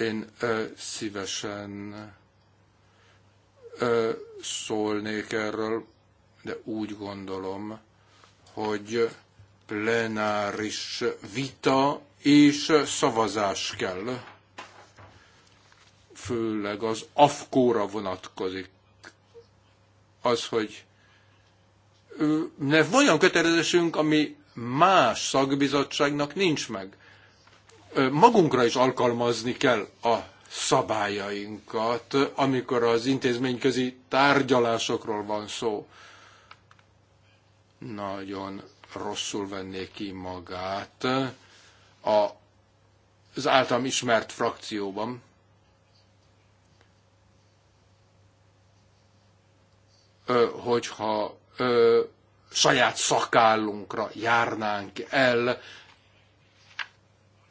Én ö, szívesen ö, szólnék erről de úgy gondolom, hogy plenáris vita és szavazás kell, főleg az afkóra vonatkozik. Az, hogy ne olyan kötelezésünk, ami más szakbizottságnak nincs meg. Magunkra is alkalmazni kell a szabályainkat, amikor az intézményközi tárgyalásokról van szó nagyon rosszul venné ki magát a, az általam ismert frakcióban. hogyha ö, saját szakállunkra járnánk el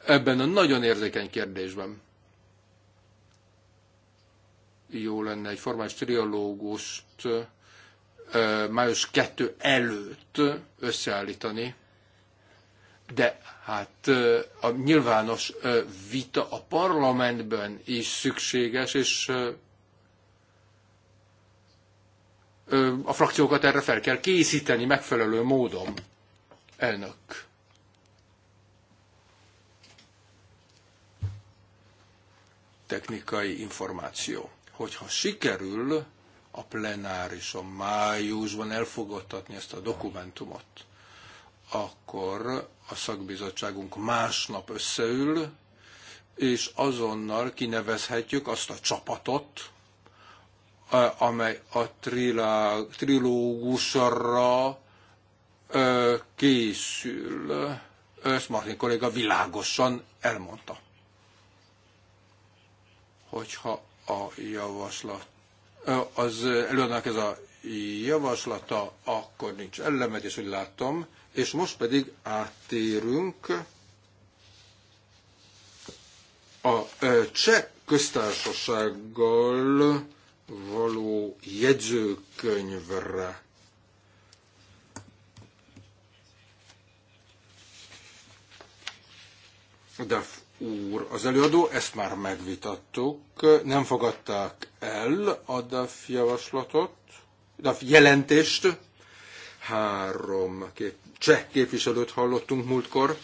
ebben a nagyon érzékeny kérdésben. Jó lenne egy formális triológust május 2 előtt összeállítani, de hát a nyilvános vita a parlamentben is szükséges, és a frakciókat erre fel kell készíteni megfelelő módon. Elnök. Technikai információ. Hogyha sikerül a plenárison májusban elfogadtatni ezt a dokumentumot, akkor a szakbizottságunk másnap összeül, és azonnal kinevezhetjük azt a csapatot, amely a trilá, trilógusra ö, készül. Ezt Martin kolléga világosan elmondta. Hogyha a javaslat az előadnak ez a javaslata, akkor nincs ellenvetés, hogy látom és most pedig áttérünk a cseh köztársasággal való jegyzőkönyvre. De úr az előadó, ezt már megvitattuk, nem fogadták el a DAF javaslatot, DAF jelentést, három kép, cseh képviselőt hallottunk múltkor,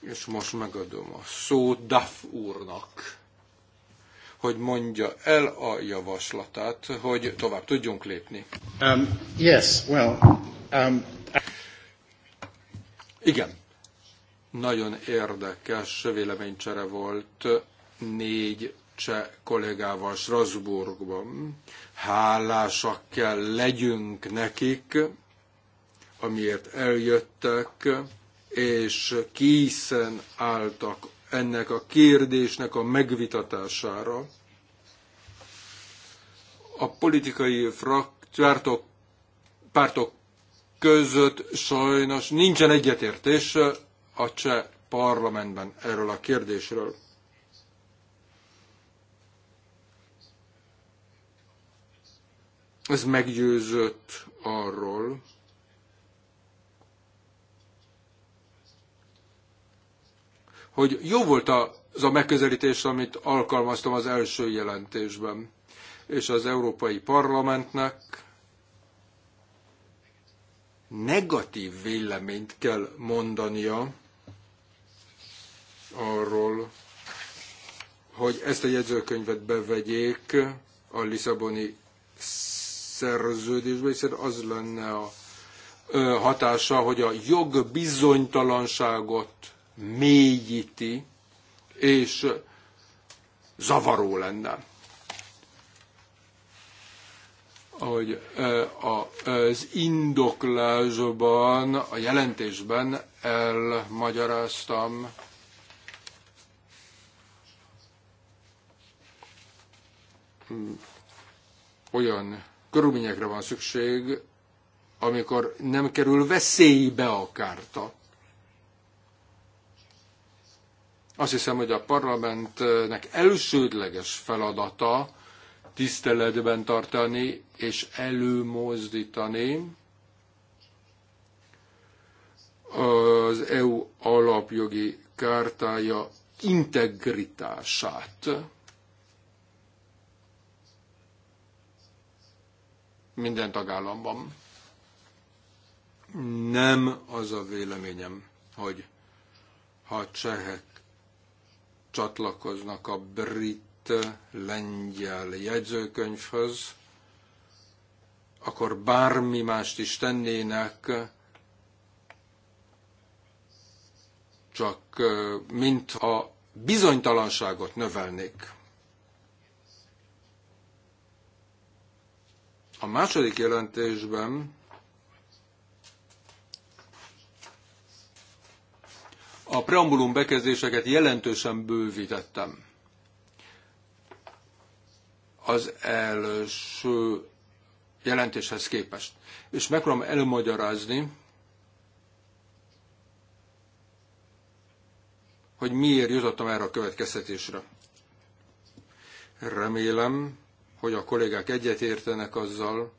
és most megadom a szót DAF úrnak, hogy mondja el a javaslatát, hogy tovább tudjunk lépni. Um, yes, well, um, igen, nagyon érdekes véleménycsere volt négy cseh kollégával Strasbourgban. Hálásak kell legyünk nekik, amiért eljöttek, és készen álltak ennek a kérdésnek a megvitatására. A politikai frak, pártok, pártok között sajnos nincsen egyetértés a cseh parlamentben erről a kérdésről. Ez meggyőzött arról, hogy jó volt az a megközelítés, amit alkalmaztam az első jelentésben, és az Európai Parlamentnek negatív véleményt kell mondania arról, hogy ezt a jegyzőkönyvet bevegyék a Lisszaboni szerződésbe, hiszen az lenne a hatása, hogy a jog bizonytalanságot mélyíti, és zavaró lenne. hogy az indoklásban, a jelentésben elmagyaráztam, hm, olyan körülményekre van szükség, amikor nem kerül veszélybe a kárta. Azt hiszem, hogy a parlamentnek elsődleges feladata, tiszteletben tartani és előmozdítani az EU alapjogi kártája integritását. Minden tagállamban. Nem az a véleményem, hogy ha csehek csatlakoznak a brit lengyel jegyzőkönyvhöz, akkor bármi mást is tennének, csak mint a bizonytalanságot növelnék. A második jelentésben a preambulum bekezdéseket jelentősen bővítettem az első jelentéshez képest. És megpróbálom elmagyarázni, hogy miért jutottam erre a következtetésre. Remélem, hogy a kollégák egyetértenek azzal,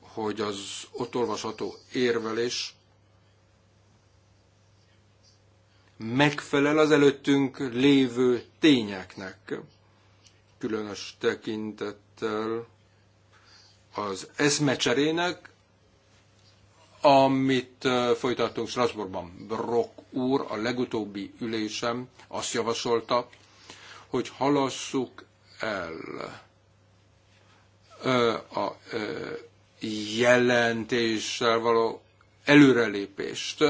hogy az ott olvasható érvelés megfelel az előttünk lévő tényeknek különös tekintettel az eszmecserének, amit folytattunk Strasbourgban. Brock úr a legutóbbi ülésem azt javasolta, hogy halasszuk el a jelentéssel való előrelépést.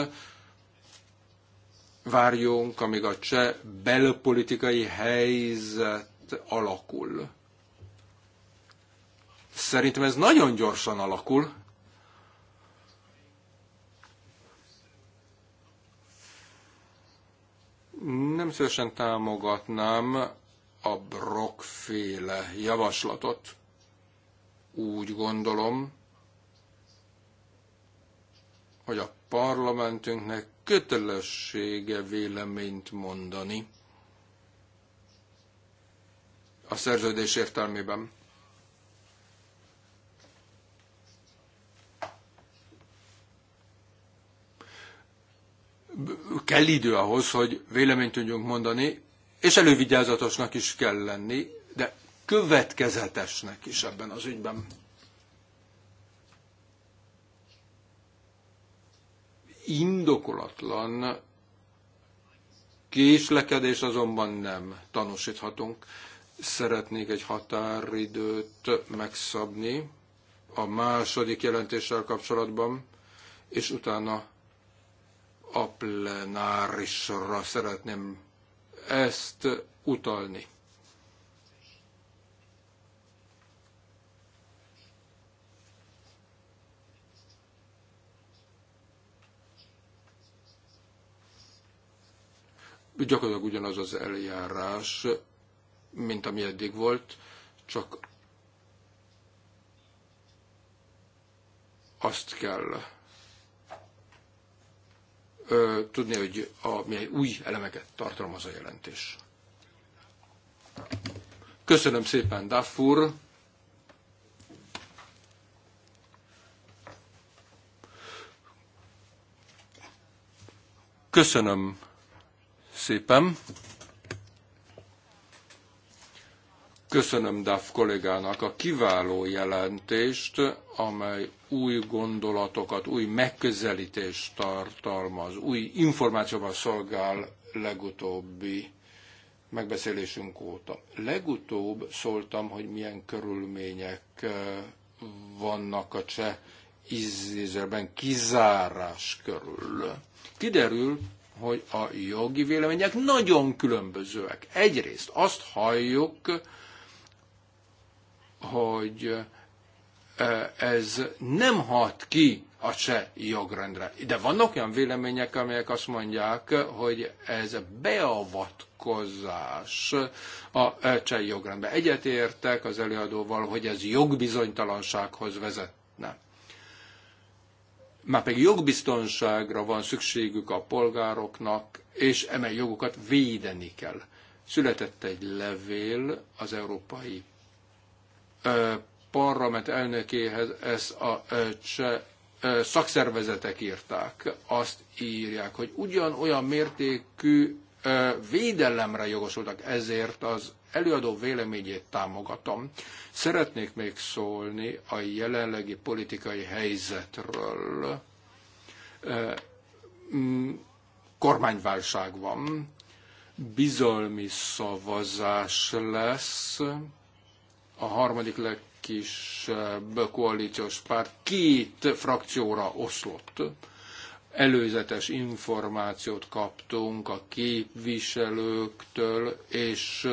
Várjunk, amíg a cseh belpolitikai helyzet alakul. Szerintem ez nagyon gyorsan alakul. Nem szívesen támogatnám a Brockféle javaslatot. Úgy gondolom, hogy a parlamentünknek kötelessége véleményt mondani a szerződés értelmében. Kell idő ahhoz, hogy véleményt tudjunk mondani, és elővigyázatosnak is kell lenni, de következetesnek is ebben az ügyben. Indokolatlan késlekedés azonban nem tanúsíthatunk szeretnék egy határidőt megszabni a második jelentéssel kapcsolatban, és utána a plenárisra szeretném ezt utalni. gyakorlatilag ugyanaz az eljárás, mint ami eddig volt, csak azt kell ö, tudni, hogy a, milyen új elemeket tartalmaz a jelentés. Köszönöm szépen, Dafur! Köszönöm szépen! Köszönöm Duff kollégának a kiváló jelentést, amely új gondolatokat, új megközelítést tartalmaz, új információval szolgál legutóbbi megbeszélésünk óta. Legutóbb szóltam, hogy milyen körülmények eh, vannak a cseh ízézelben kizárás körül. Kiderül, hogy a jogi vélemények nagyon különbözőek. Egyrészt azt halljuk, hogy ez nem hat ki a cseh jogrendre. De vannak olyan vélemények, amelyek azt mondják, hogy ez beavatkozás a cseh jogrendbe. Egyetértek az előadóval, hogy ez jogbizonytalansághoz vezetne. Már pedig jogbiztonságra van szükségük a polgároknak, és emel jogokat védeni kell. Született egy levél az Európai parlament elnökéhez ezt a szakszervezetek írták. Azt írják, hogy ugyanolyan mértékű védelemre jogosultak, ezért az előadó véleményét támogatom. Szeretnék még szólni a jelenlegi politikai helyzetről. Kormányválság van, bizalmi szavazás lesz, a harmadik legkisebb koalíciós párt két frakcióra oszlott. Előzetes információt kaptunk a képviselőktől, és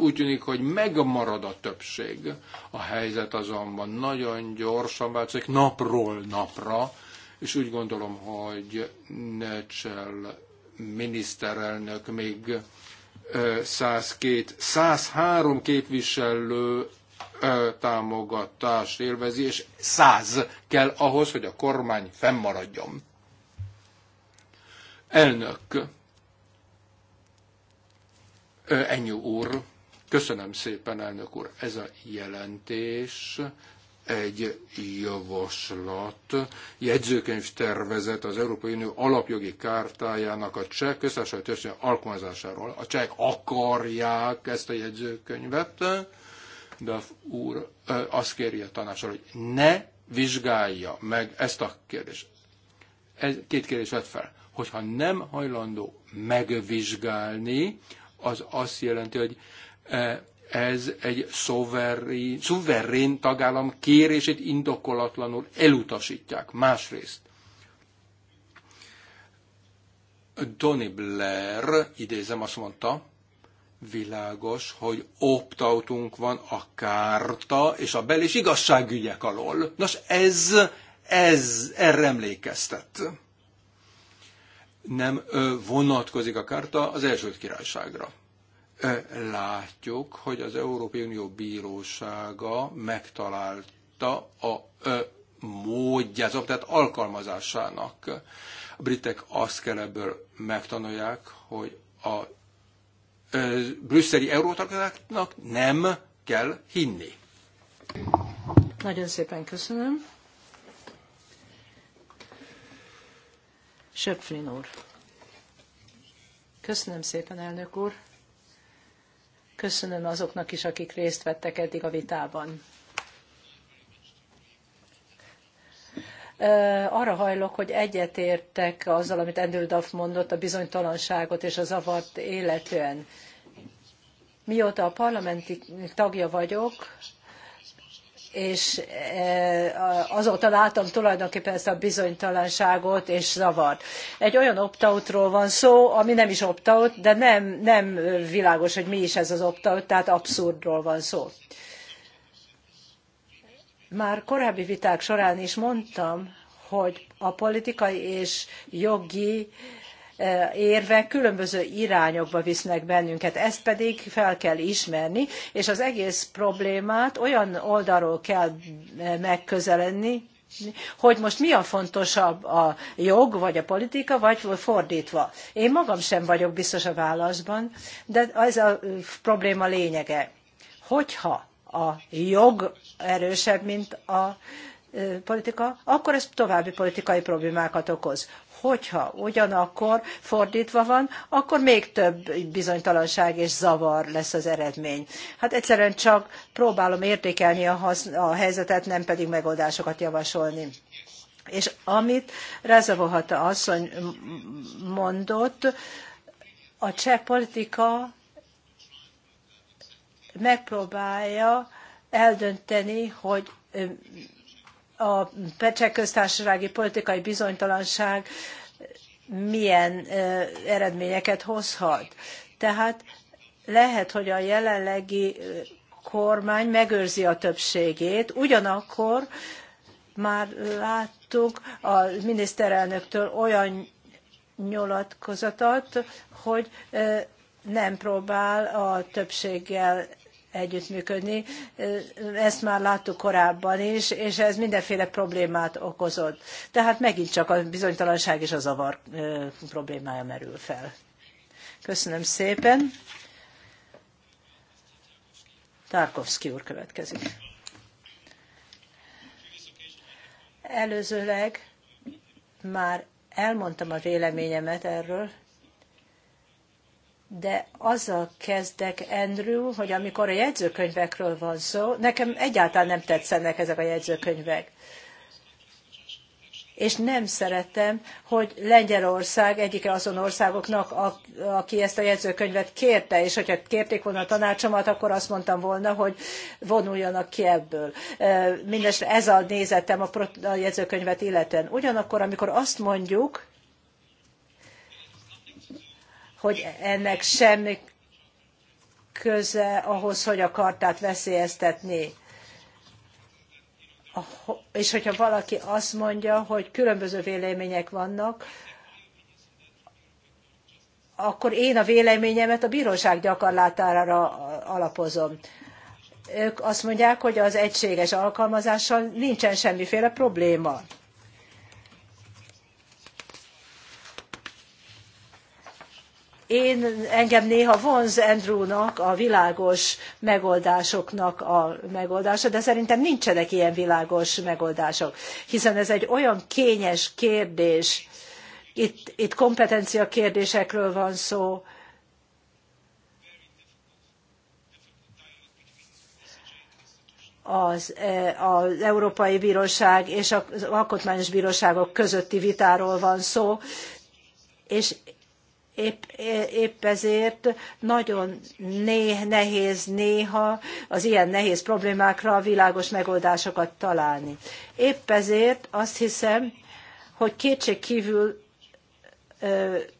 úgy tűnik, hogy megmarad a többség. A helyzet azonban nagyon gyorsan változik napról napra, és úgy gondolom, hogy Necsel miniszterelnök még 102, 103 képviselő támogatást élvezi, és 100 kell ahhoz, hogy a kormány fennmaradjon. Elnök, ennyi úr, köszönöm szépen, elnök úr, ez a jelentés egy javaslat, jegyzőkönyv tervezet az Európai Unió alapjogi kártájának a cseh köztársaság történet alkalmazásáról. A csehek akarják ezt a jegyzőkönyvet, de úr azt kéri a tanácsról, hogy ne vizsgálja meg ezt a kérdést. Ez két kérdés vett fel. Hogyha nem hajlandó megvizsgálni, az azt jelenti, hogy ez egy szuverén, szuverén tagállam kérését indokolatlanul elutasítják. Másrészt Donny Blair, idézem, azt mondta, világos, hogy optautunk van a kárta és a bel- és igazságügyek alól. Nos, ez, ez erre emlékeztet. Nem vonatkozik a kárta az első királyságra látjuk, hogy az Európai Unió Bírósága megtalálta a módját, tehát alkalmazásának. A britek azt kell ebből megtanulják, hogy a brüsszeli eurótartaláknak nem kell hinni. Nagyon szépen köszönöm. Söpflin úr. Köszönöm szépen, elnök úr. Köszönöm azoknak is, akik részt vettek eddig a vitában. arra hajlok, hogy egyetértek azzal, amit Andrew Duff mondott, a bizonytalanságot és a zavart életően. Mióta a parlamenti tagja vagyok, és eh, azóta látom tulajdonképpen ezt a bizonytalanságot és zavart. Egy olyan opt van szó, ami nem is opt-out, de nem, nem világos, hogy mi is ez az opt-out, tehát abszurdról van szó. Már korábbi viták során is mondtam, hogy a politikai és jogi Eh, érvek különböző irányokba visznek bennünket. Ezt pedig fel kell ismerni, és az egész problémát olyan oldalról kell eh, megközelíteni, hogy most mi a fontosabb, a jog vagy a politika, vagy fordítva. Én magam sem vagyok biztos a válaszban, de ez a probléma lényege. Hogyha a jog erősebb, mint a politika, akkor ez további politikai problémákat okoz. Hogyha ugyanakkor fordítva van, akkor még több bizonytalanság és zavar lesz az eredmény. Hát egyszerűen csak próbálom értékelni a, hasz, a helyzetet, nem pedig megoldásokat javasolni. És amit Rezavohata asszony mondott, a cseh politika megpróbálja eldönteni, hogy a Pecsek köztársasági politikai bizonytalanság milyen eredményeket hozhat. Tehát lehet, hogy a jelenlegi kormány megőrzi a többségét, ugyanakkor már láttuk a miniszterelnöktől olyan nyilatkozatot, hogy nem próbál a többséggel együttműködni. Ezt már láttuk korábban is, és ez mindenféle problémát okozott. Tehát megint csak a bizonytalanság és a zavar problémája merül fel. Köszönöm szépen. Tarkovsky úr következik. Előzőleg már elmondtam a véleményemet erről, de azzal kezdek, Andrew, hogy amikor a jegyzőkönyvekről van szó, nekem egyáltalán nem tetszenek ezek a jegyzőkönyvek. És nem szeretem, hogy Lengyelország egyike azon országoknak, aki ezt a jegyzőkönyvet kérte, és hogyha kérték volna a tanácsomat, akkor azt mondtam volna, hogy vonuljanak ki ebből. Mindenesetre ez a nézetem a jegyzőkönyvet illetően. Ugyanakkor, amikor azt mondjuk, hogy ennek semmi köze ahhoz, hogy a kartát veszélyeztetni. És hogyha valaki azt mondja, hogy különböző vélemények vannak, akkor én a véleményemet a bíróság gyakorlatára alapozom. Ők azt mondják, hogy az egységes alkalmazással nincsen semmiféle probléma. Én engem néha vonz Andrewnak a világos megoldásoknak a megoldása, de szerintem nincsenek ilyen világos megoldások, hiszen ez egy olyan kényes kérdés, itt, itt kompetencia kérdésekről van szó, az, e, az Európai Bíróság és az Alkotmányos Bíróságok közötti vitáról van szó, és Épp, épp ezért nagyon néh, nehéz néha az ilyen nehéz problémákra világos megoldásokat találni. Épp ezért azt hiszem, hogy kétség kívül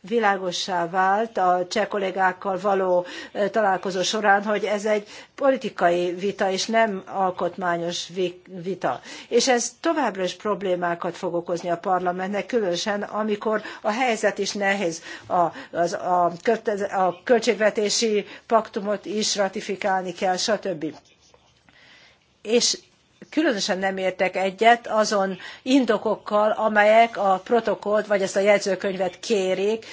világossá vált a cseh kollégákkal való találkozó során, hogy ez egy politikai vita, és nem alkotmányos vita. És ez továbbra is problémákat fog okozni a parlamentnek, különösen amikor a helyzet is nehéz a, az, a, a költségvetési paktumot is ratifikálni kell, stb. És különösen nem értek egyet azon indokokkal, amelyek a protokollt vagy ezt a jegyzőkönyvet kérik,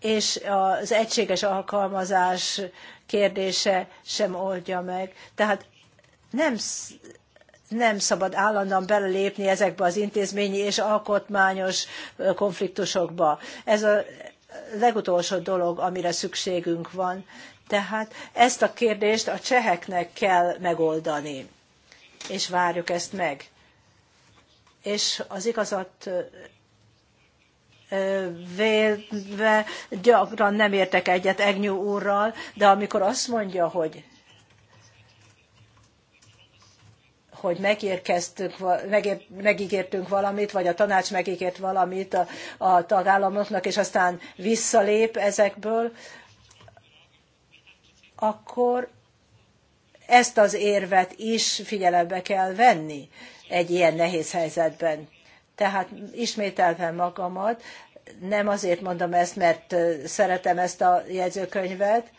és az egységes alkalmazás kérdése sem oldja meg. Tehát nem, nem szabad állandóan belelépni ezekbe az intézményi és alkotmányos konfliktusokba. Ez a legutolsó dolog, amire szükségünk van. Tehát ezt a kérdést a cseheknek kell megoldani, és várjuk ezt meg. És az igazat vélve gyakran nem értek egyet Egnyú úrral, de amikor azt mondja, hogy hogy megérkeztünk, megér, megígértünk valamit, vagy a tanács megígért valamit a, a tagállamoknak, és aztán visszalép ezekből, akkor ezt az érvet is figyelembe kell venni egy ilyen nehéz helyzetben. Tehát ismételve magamat, nem azért mondom ezt, mert szeretem ezt a jegyzőkönyvet,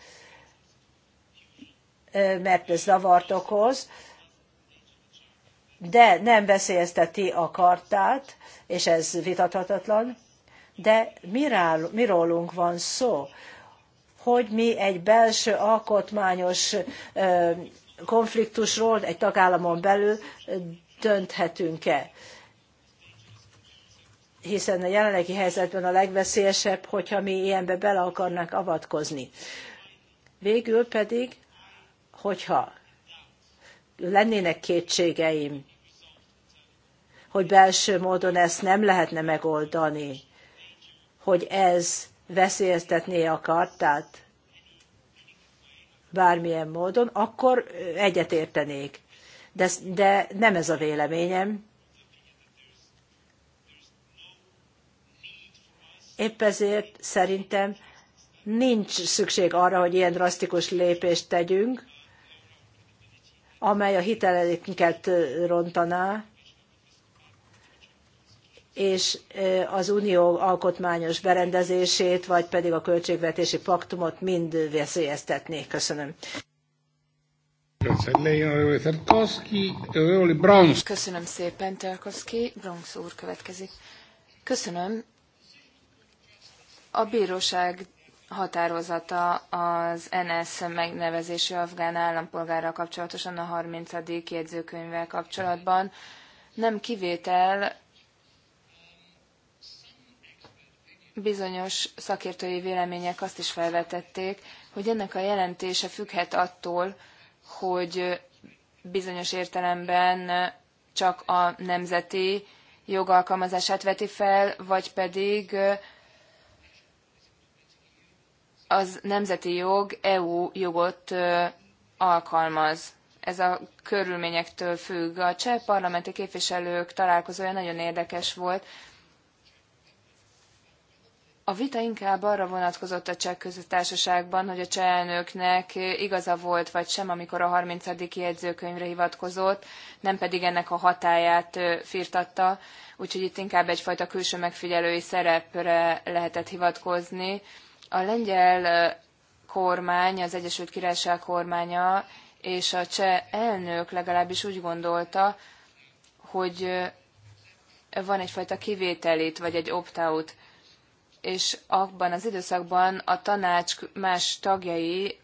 mert ez zavart okoz, de nem veszélyezteti a kartát, és ez vitathatatlan, de mirálunk, mirólunk van szó hogy mi egy belső alkotmányos konfliktusról egy tagállamon belül dönthetünk-e. Hiszen a jelenlegi helyzetben a legveszélyesebb, hogyha mi ilyenbe bele akarnánk avatkozni. Végül pedig, hogyha lennének kétségeim, hogy belső módon ezt nem lehetne megoldani, hogy ez veszélyeztetné a kartát bármilyen módon, akkor egyetértenék. De, de nem ez a véleményem. Épp ezért szerintem nincs szükség arra, hogy ilyen drasztikus lépést tegyünk, amely a hiteleinket rontaná, és az unió alkotmányos berendezését, vagy pedig a költségvetési paktumot mind veszélyeztetné. Köszönöm. Köszönöm szépen, Tarkovsky. Bronx úr következik. Köszönöm. A bíróság határozata az NS megnevezésű afgán állampolgárral kapcsolatosan a 30. jegyzőkönyvvel kapcsolatban nem kivétel Bizonyos szakértői vélemények azt is felvetették, hogy ennek a jelentése függhet attól, hogy bizonyos értelemben csak a nemzeti jogalkalmazását veti fel, vagy pedig az nemzeti jog EU jogot alkalmaz. Ez a körülményektől függ. A cseh parlamenti képviselők találkozója nagyon érdekes volt, a vita inkább arra vonatkozott a cseh köztársaságban, hogy a cseh elnöknek igaza volt vagy sem, amikor a 30. jegyzőkönyvre hivatkozott, nem pedig ennek a hatáját firtatta, úgyhogy itt inkább egyfajta külső megfigyelői szerepre lehetett hivatkozni. A lengyel kormány, az Egyesült Királyság kormánya és a cseh elnök legalábbis úgy gondolta, hogy van egyfajta kivételít, vagy egy opt-out és abban az időszakban a tanács más tagjai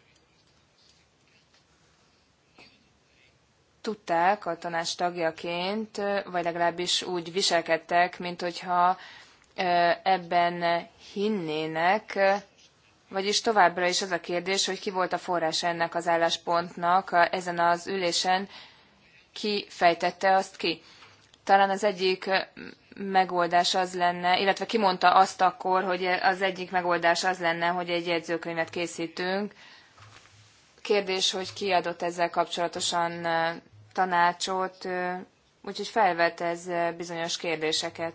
tudták a tanács tagjaként, vagy legalábbis úgy viselkedtek, mint hogyha ebben hinnének, vagyis továbbra is az a kérdés, hogy ki volt a forrás ennek az álláspontnak ezen az ülésen, ki fejtette azt ki. Talán az egyik megoldás az lenne, illetve kimondta azt akkor, hogy az egyik megoldás az lenne, hogy egy jegyzőkönyvet készítünk. Kérdés, hogy ki adott ezzel kapcsolatosan tanácsot, úgyhogy felvet ez bizonyos kérdéseket.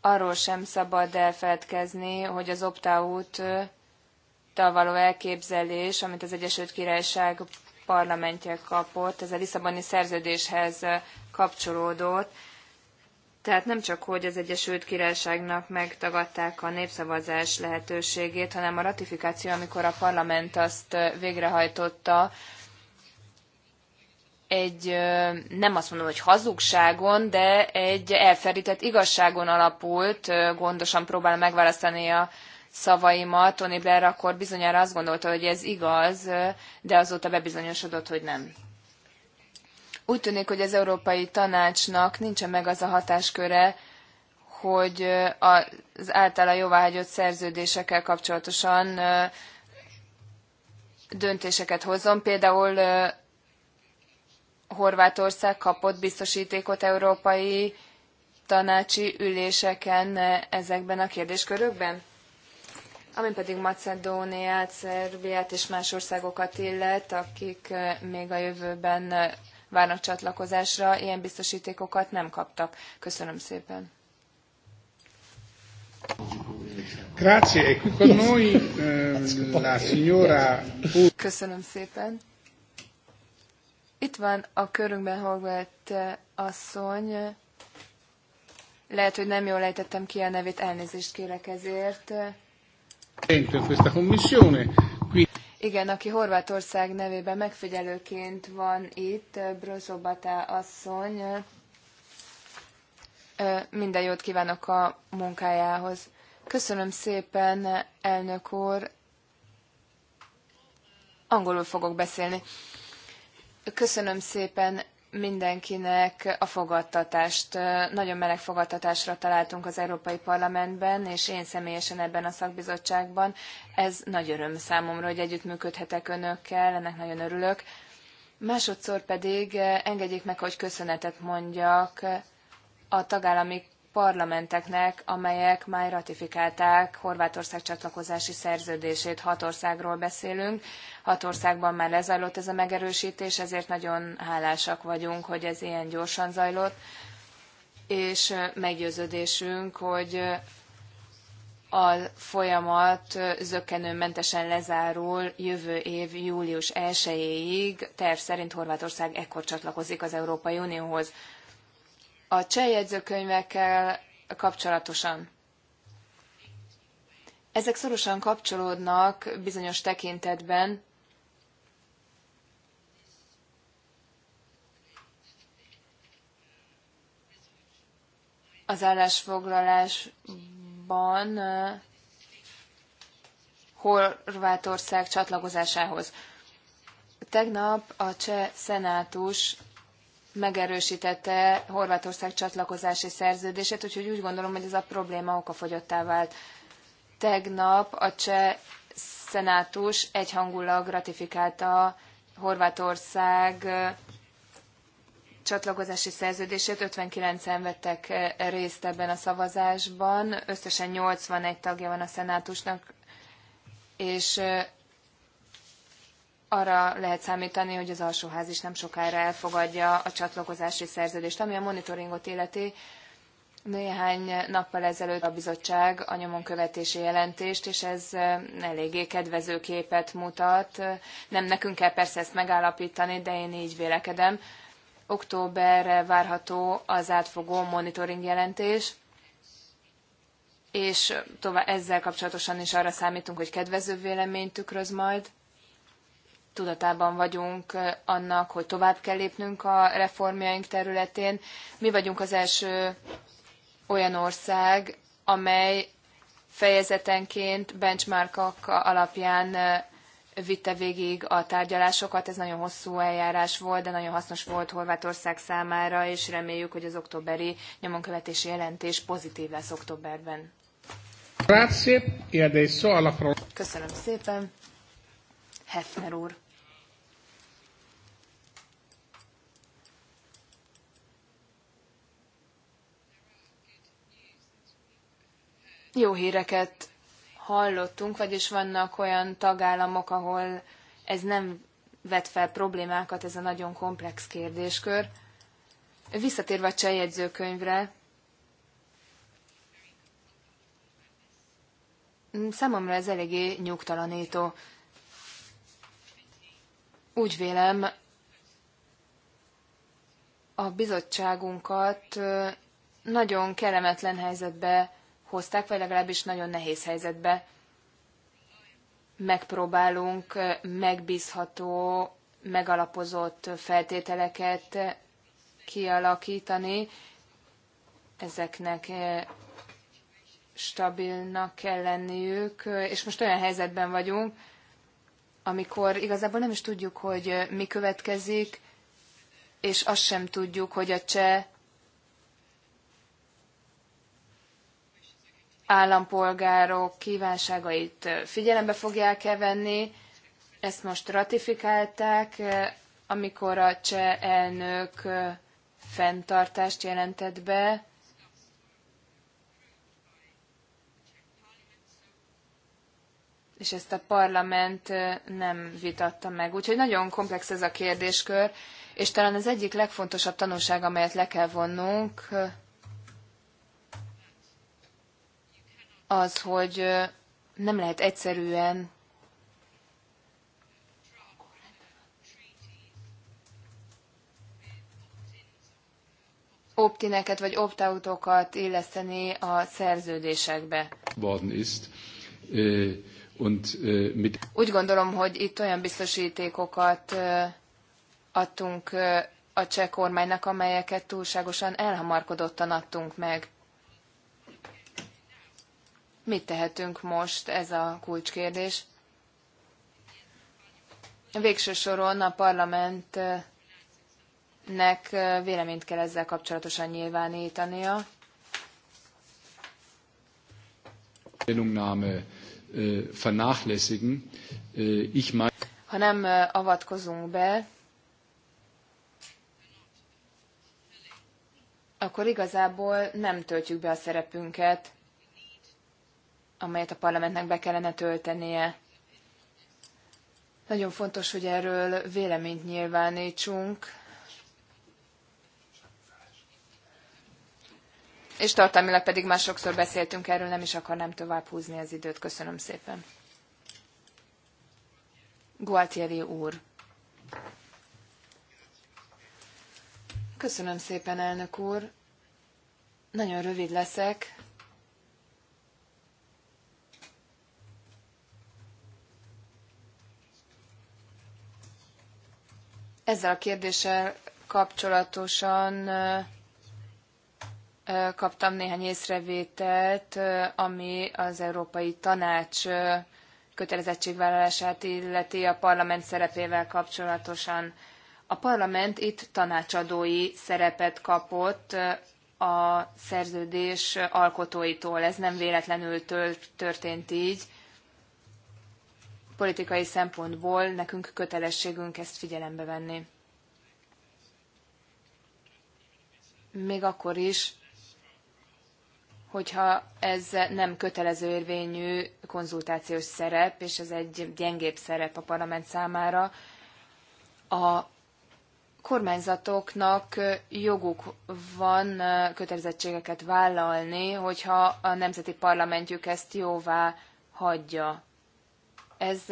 Arról sem szabad elfeledkezni, hogy az opt-out való elképzelés, amit az Egyesült Királyság parlamentje kapott, ez a Lisszaboni szerződéshez kapcsolódott, tehát nem csak, hogy az Egyesült Királyságnak megtagadták a népszavazás lehetőségét, hanem a ratifikáció, amikor a parlament azt végrehajtotta, egy nem azt mondom, hogy hazugságon, de egy elferített igazságon alapult, gondosan próbál megválasztani a szavaimat. Tony Blair akkor bizonyára azt gondolta, hogy ez igaz, de azóta bebizonyosodott, hogy nem. Úgy tűnik, hogy az Európai Tanácsnak nincsen meg az a hatásköre, hogy az általa jóváhagyott szerződésekkel kapcsolatosan döntéseket hozzon. Például Horvátország kapott biztosítékot európai tanácsi üléseken ezekben a kérdéskörökben? Ami pedig Macedóniát, Szerbiát és más országokat illet, akik még a jövőben várnak csatlakozásra, ilyen biztosítékokat nem kaptak. Köszönöm szépen. Grazie, e con noi *laughs* ehm, la signora... Köszönöm szépen. Itt van a körünkben hallgatott asszony. Lehet, hogy nem jól ejtettem ki a nevét, elnézést kérek ezért. Questa commissione igen, aki Horvátország nevében megfigyelőként van itt, Brozobata asszony. Minden jót kívánok a munkájához. Köszönöm szépen, elnök úr. Angolul fogok beszélni. Köszönöm szépen, mindenkinek a fogadtatást. Nagyon meleg fogadtatásra találtunk az Európai Parlamentben, és én személyesen ebben a szakbizottságban. Ez nagy öröm számomra, hogy együttműködhetek önökkel, ennek nagyon örülök. Másodszor pedig engedjék meg, hogy köszönetet mondjak a tagállami parlamenteknek, amelyek már ratifikálták Horvátország csatlakozási szerződését. Hat országról beszélünk, hat országban már lezajlott ez a megerősítés, ezért nagyon hálásak vagyunk, hogy ez ilyen gyorsan zajlott, és meggyőződésünk, hogy a folyamat zökkenőmentesen lezárul jövő év július 1-ig, terv szerint Horvátország ekkor csatlakozik az Európai Unióhoz a cseh jegyzőkönyvekkel kapcsolatosan. Ezek szorosan kapcsolódnak bizonyos tekintetben az állásfoglalásban Horvátország csatlakozásához. Tegnap a cseh szenátus megerősítette Horvátország csatlakozási szerződését, úgyhogy úgy gondolom, hogy ez a probléma okafogyottá vált. Tegnap a cseh szenátus egyhangulag ratifikálta Horvátország csatlakozási szerződését, 59-en vettek részt ebben a szavazásban, összesen 81 tagja van a szenátusnak, és arra lehet számítani, hogy az alsóház is nem sokára elfogadja a csatlakozási szerződést, ami a monitoringot életi. Néhány nappal ezelőtt a bizottság a nyomon követési jelentést, és ez eléggé kedvező képet mutat. Nem nekünk kell persze ezt megállapítani, de én így vélekedem. Októberre várható az átfogó monitoring jelentés, és tovább, ezzel kapcsolatosan is arra számítunk, hogy kedvező véleményt tükröz majd tudatában vagyunk annak, hogy tovább kell lépnünk a reformjaink területén. Mi vagyunk az első olyan ország, amely fejezetenként benchmarkok alapján vitte végig a tárgyalásokat. Ez nagyon hosszú eljárás volt, de nagyon hasznos volt Horvátország számára, és reméljük, hogy az októberi nyomonkövetési jelentés pozitív lesz októberben. Köszönöm szépen. Hefner úr. Jó híreket hallottunk, vagyis vannak olyan tagállamok, ahol ez nem vet fel problémákat, ez a nagyon komplex kérdéskör. Visszatérve a csejegyzőkönyvre, számomra ez eléggé nyugtalanító. Úgy vélem, a bizottságunkat nagyon kellemetlen helyzetbe hozták, vagy legalábbis nagyon nehéz helyzetbe. Megpróbálunk megbízható, megalapozott feltételeket kialakítani. Ezeknek stabilnak kell lenniük, és most olyan helyzetben vagyunk, amikor igazából nem is tudjuk, hogy mi következik, és azt sem tudjuk, hogy a cseh állampolgárok kívánságait figyelembe fogják-e venni. Ezt most ratifikálták, amikor a cseh elnök fenntartást jelentett be. és ezt a parlament nem vitatta meg. Úgyhogy nagyon komplex ez a kérdéskör, és talán az egyik legfontosabb tanulság, amelyet le kell vonnunk, az, hogy nem lehet egyszerűen optineket vagy optautokat illeszteni a szerződésekbe. Äh, äh, Úgy gondolom, hogy itt olyan biztosítékokat adtunk a cseh kormánynak, amelyeket túlságosan elhamarkodottan adtunk meg. Mit tehetünk most? Ez a kulcskérdés. Végső soron a parlamentnek véleményt kell ezzel kapcsolatosan nyilvánítania. vernachlässigen. ha nem avatkozunk be, akkor igazából nem töltjük be a szerepünket amelyet a parlamentnek be kellene töltenie. Nagyon fontos, hogy erről véleményt nyilvánítsunk, és tartalmilag pedig már sokszor beszéltünk erről, nem is akarnám tovább húzni az időt. Köszönöm szépen. Gualtieri úr. Köszönöm szépen, elnök úr. Nagyon rövid leszek. Ezzel a kérdéssel kapcsolatosan kaptam néhány észrevételt, ami az Európai Tanács kötelezettségvállalását illeti a parlament szerepével kapcsolatosan. A parlament itt tanácsadói szerepet kapott a szerződés alkotóitól. Ez nem véletlenül történt így, politikai szempontból nekünk kötelességünk ezt figyelembe venni. Még akkor is, hogyha ez nem kötelező érvényű konzultációs szerep, és ez egy gyengébb szerep a parlament számára, a kormányzatoknak joguk van kötelezettségeket vállalni, hogyha a nemzeti parlamentjük ezt jóvá hagyja. Ez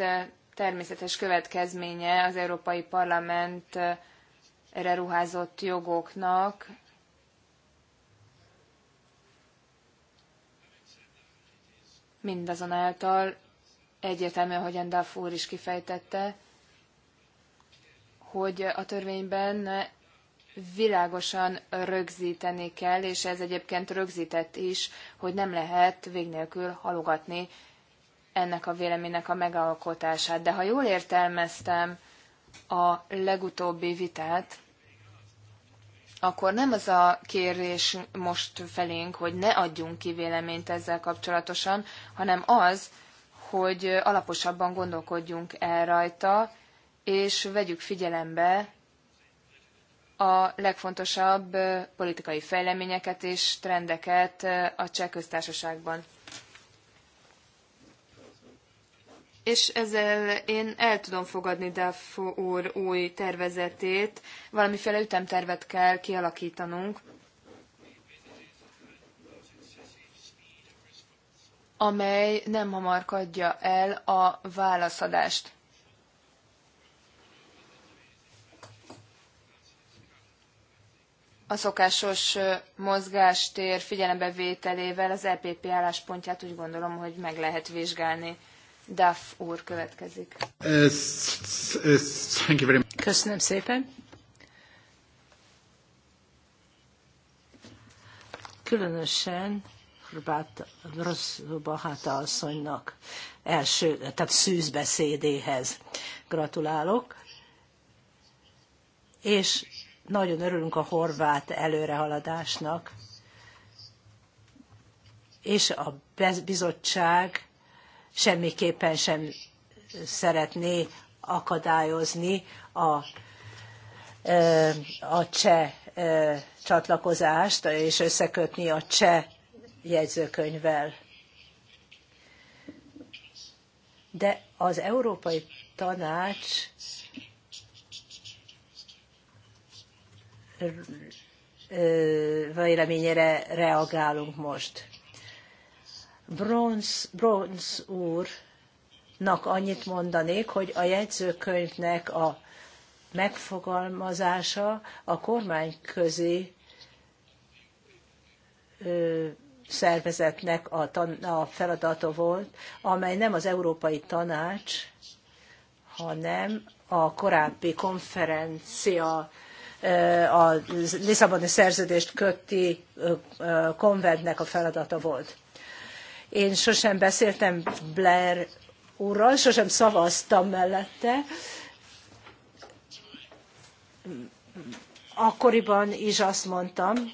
természetes következménye az Európai Parlament erre ruházott jogoknak, mindazonáltal egyértelmű, ahogyan úr is kifejtette, hogy a törvényben világosan rögzíteni kell, és ez egyébként rögzített is, hogy nem lehet vég nélkül halogatni ennek a véleménynek a megalkotását. De ha jól értelmeztem a legutóbbi vitát, akkor nem az a kérés most felénk, hogy ne adjunk ki véleményt ezzel kapcsolatosan, hanem az, hogy alaposabban gondolkodjunk el rajta, és vegyük figyelembe a legfontosabb politikai fejleményeket és trendeket a cseh köztársaságban. és ezzel én el tudom fogadni Duff úr új tervezetét. Valamiféle ütemtervet kell kialakítanunk, amely nem hamarkadja el a válaszadást. A szokásos mozgástér figyelembevételével az EPP álláspontját úgy gondolom, hogy meg lehet vizsgálni. Duff úr következik. Köszönöm szépen. Különösen Bahata asszonynak első, tehát szűzbeszédéhez gratulálok. És nagyon örülünk a horvát előrehaladásnak, és a bizottság semmiképpen sem szeretné akadályozni a, a cseh csatlakozást, és összekötni a cseh jegyzőkönyvvel. De az Európai Tanács véleményére reagálunk most. Bronz, úrnak annyit mondanék, hogy a jegyzőkönyvnek a megfogalmazása a kormányközi szervezetnek a, tan- a feladata volt, amely nem az Európai Tanács, hanem a korábbi konferencia a Lisszaboni szerződést kötti konventnek a feladata volt. Én sosem beszéltem Blair úrral, sosem szavaztam mellette. Akkoriban is azt mondtam,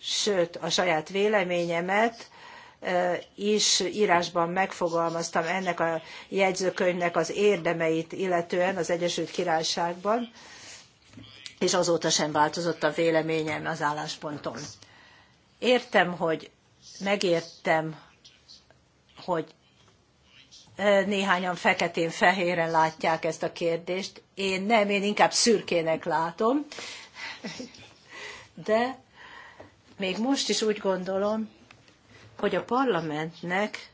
sőt a saját véleményemet is írásban megfogalmaztam ennek a jegyzőkönyvnek az érdemeit illetően az Egyesült Királyságban és azóta sem változott a véleményem az állásponton. Értem, hogy megértem, hogy néhányan feketén-fehéren látják ezt a kérdést. Én nem, én inkább szürkének látom. De még most is úgy gondolom, hogy a parlamentnek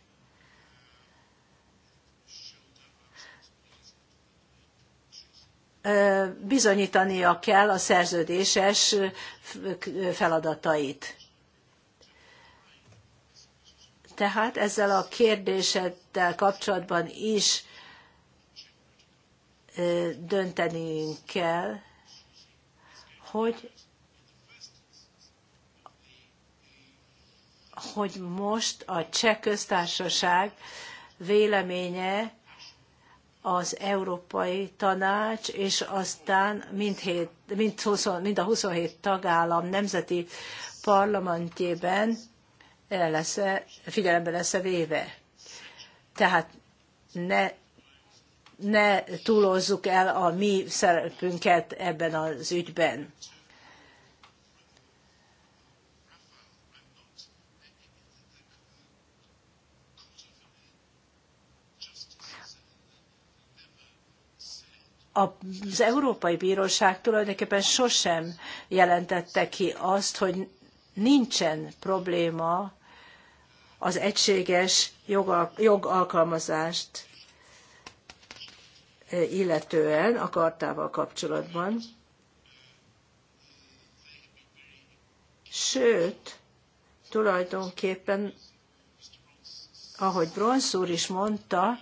bizonyítania kell a szerződéses feladatait. Tehát ezzel a kérdéseddel kapcsolatban is döntenünk kell, hogy, hogy most a cseh köztársaság véleménye az Európai Tanács, és aztán mindhét, mind, 20, mind a 27 tagállam nemzeti parlamentjében lesz -e, figyelembe lesz -e véve. Tehát ne, ne túlozzuk el a mi szerepünket ebben az ügyben. az Európai Bíróság tulajdonképpen sosem jelentette ki azt, hogy nincsen probléma az egységes jogalkalmazást e, illetően a kartával kapcsolatban. Sőt, tulajdonképpen, ahogy Bronsz úr is mondta,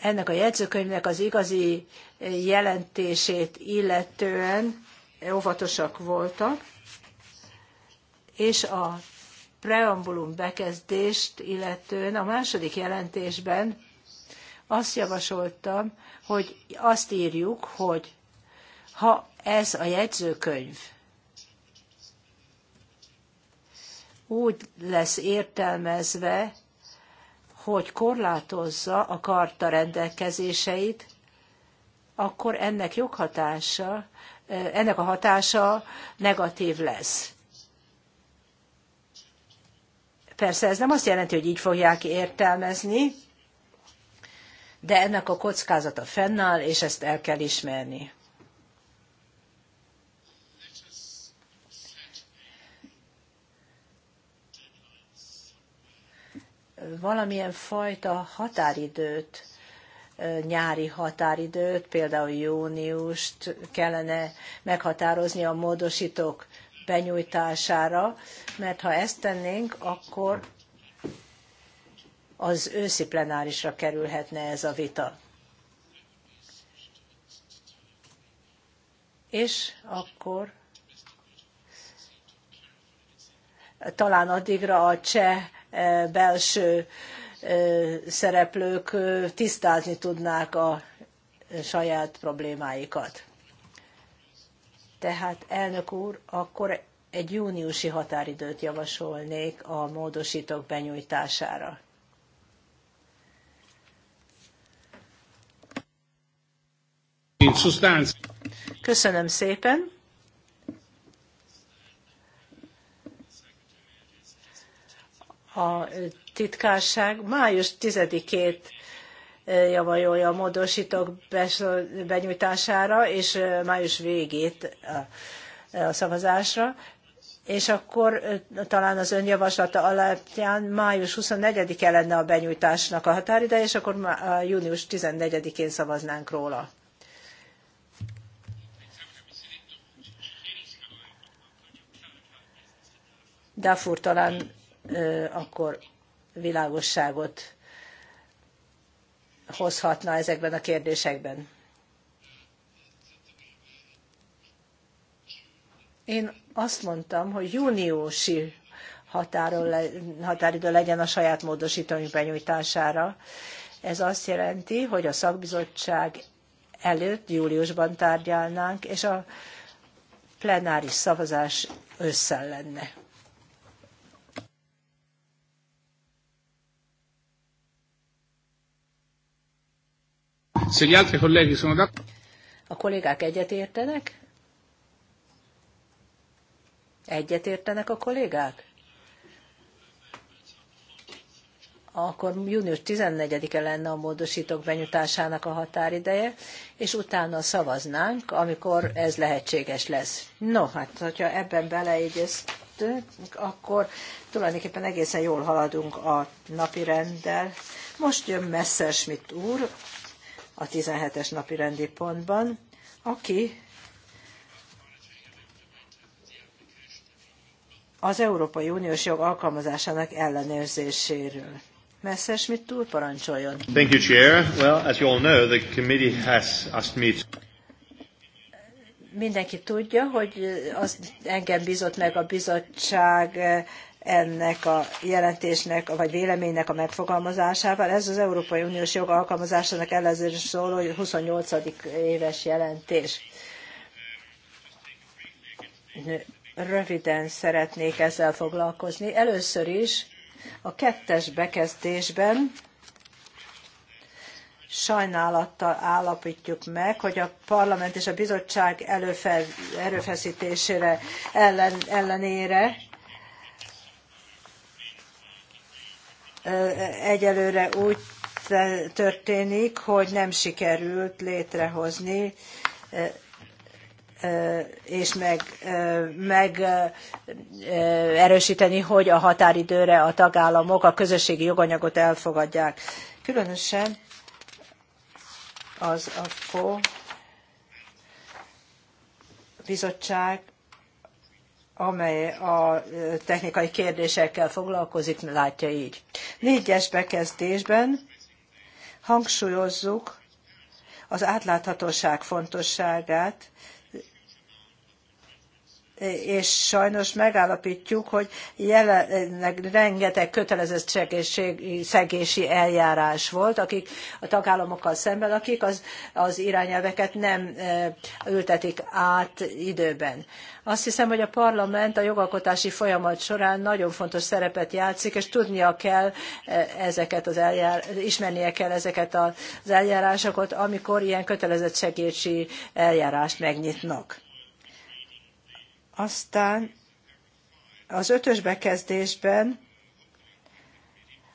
ennek a jegyzőkönyvnek az igazi jelentését illetően óvatosak voltak, és a preambulum bekezdést illetően a második jelentésben azt javasoltam, hogy azt írjuk, hogy ha ez a jegyzőkönyv úgy lesz értelmezve, hogy korlátozza a karta rendelkezéseit, akkor ennek joghatása, ennek a hatása negatív lesz. Persze ez nem azt jelenti, hogy így fogják értelmezni, de ennek a kockázata fennáll, és ezt el kell ismerni. valamilyen fajta határidőt, nyári határidőt, például júniust kellene meghatározni a módosítók benyújtására, mert ha ezt tennénk, akkor az őszi plenárisra kerülhetne ez a vita. És akkor talán addigra a cseh belső szereplők tisztázni tudnák a saját problémáikat. Tehát, elnök úr, akkor egy júniusi határidőt javasolnék a módosítók benyújtására. Köszönöm szépen. a titkárság május 10-ét e, javajolja a módosítók benyújtására, és e, május végét e, a szavazásra, és akkor talán az önjavaslata alapján május 24-e lenne a benyújtásnak a határideje, és akkor június 14-én szavaznánk róla. Dafur talán akkor világosságot hozhatna ezekben a kérdésekben. Én azt mondtam, hogy júniusi határidő legyen a saját módosítóink benyújtására. Ez azt jelenti, hogy a szakbizottság előtt júliusban tárgyalnánk, és a plenáris szavazás ősszel lenne. Se gli altri colleghi sono d'accordo. A kollégák egyetértenek? Egyetértenek a kollégák? Akkor június 14-e lenne a módosítók benyújtásának a határideje, és utána szavaznánk, amikor ez lehetséges lesz. No, hát, hogyha ebben beleegyeztünk, akkor tulajdonképpen egészen jól haladunk a napi renddel. Most jön Messerschmidt úr, a 17-es napi rendi pontban, aki az Európai Uniós jog alkalmazásának ellenőrzéséről. Messerschmitt túl parancsoljon. Thank you, Chair. Well, as you all know, the committee has asked me to... Mindenki tudja, hogy az engem bizott meg a bizottság ennek a jelentésnek, vagy véleménynek a megfogalmazásával. Ez az Európai Uniós jog alkalmazásának ellenzőre szóló 28. éves jelentés. Röviden szeretnék ezzel foglalkozni. Először is a kettes bekezdésben sajnálattal állapítjuk meg, hogy a parlament és a bizottság előfel, erőfeszítésére ellen, ellenére egyelőre úgy történik, hogy nem sikerült létrehozni és meg, meg erősíteni, hogy a határidőre a tagállamok a közösségi joganyagot elfogadják. Különösen az AFKO bizottság amely a technikai kérdésekkel foglalkozik, látja így. Négyes bekezdésben hangsúlyozzuk az átláthatóság fontosságát, és sajnos megállapítjuk, hogy jelenleg rengeteg szegési eljárás volt, akik a tagállamokkal szemben, akik az, az irányelveket nem e, ültetik át időben. Azt hiszem, hogy a parlament a jogalkotási folyamat során nagyon fontos szerepet játszik, és tudnia kell e, ezeket az eljár, ismernie kell ezeket az eljárásokat, amikor ilyen kötelezettségési eljárást megnyitnak aztán az ötös bekezdésben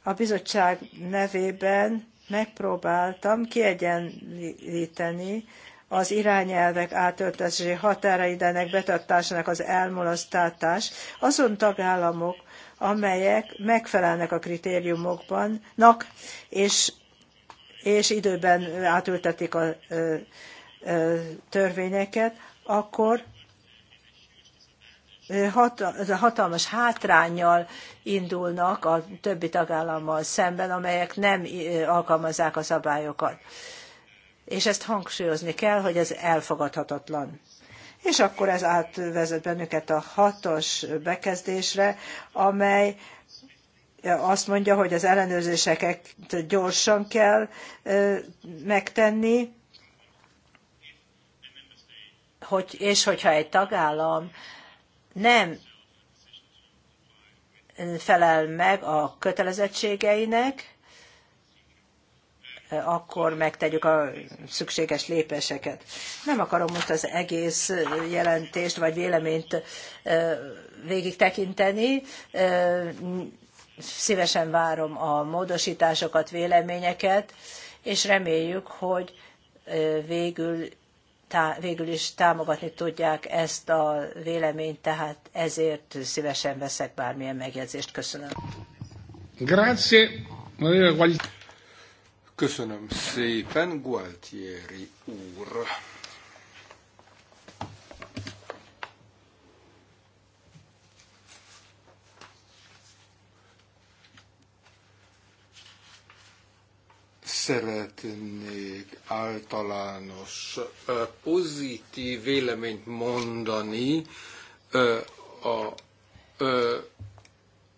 a bizottság nevében megpróbáltam kiegyenlíteni az irányelvek átöltözési határaidenek betartásának az elmulasztátás azon tagállamok, amelyek megfelelnek a kritériumoknak, és, és időben átültetik a a, a törvényeket, akkor ez a hatalmas hátrányjal indulnak a többi tagállammal szemben, amelyek nem alkalmazzák a szabályokat. És ezt hangsúlyozni kell, hogy ez elfogadhatatlan. És akkor ez átvezet bennünket a hatos bekezdésre, amely azt mondja, hogy az ellenőrzéseket gyorsan kell megtenni, hogy, és hogyha egy tagállam nem felel meg a kötelezettségeinek, akkor megtegyük a szükséges lépéseket. Nem akarom most az egész jelentést vagy véleményt végig tekinteni. Szívesen várom a módosításokat, véleményeket, és reméljük, hogy végül tá- végül is támogatni tudják ezt a véleményt, tehát ezért szívesen veszek bármilyen megjegyzést. Köszönöm. Grazie. Köszönöm szépen, Gualtieri úr. szeretnék általános pozitív véleményt mondani a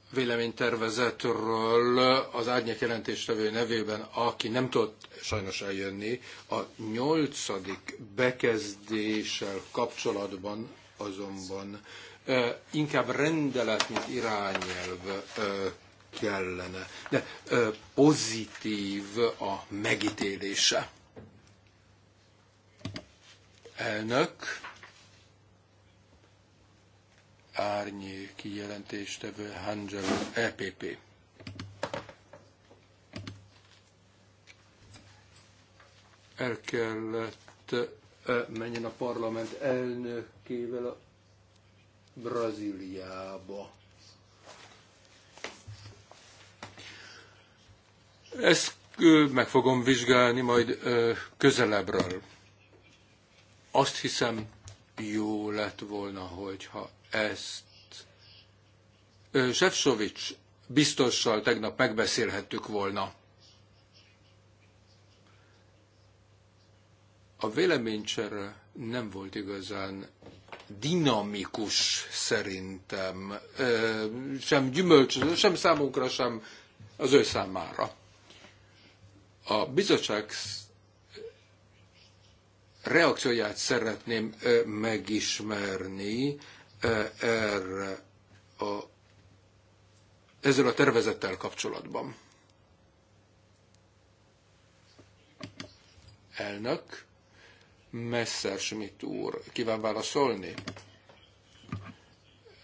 véleménytervezetről az árnyék jelentéstevő nevében, aki nem tudott sajnos eljönni, a nyolcadik bekezdéssel kapcsolatban azonban inkább rendelet, mint irányelv kellene, de pozitív a megítélése. Elnök, árnyék kijelentéstevő Hangelo EPP. El kellett menjen a parlament elnökével a Brazíliába Ezt meg fogom vizsgálni majd közelebbről. Azt hiszem, jó lett volna, hogyha ezt Sefcovics biztossal tegnap megbeszélhettük volna. A véleménycsere nem volt igazán dinamikus szerintem, sem gyümölcsöző, sem számunkra, sem az ő számára. A bizottság reakcióját szeretném megismerni erre a, ezzel a tervezettel kapcsolatban. Elnök, Schmidt úr, kíván válaszolni?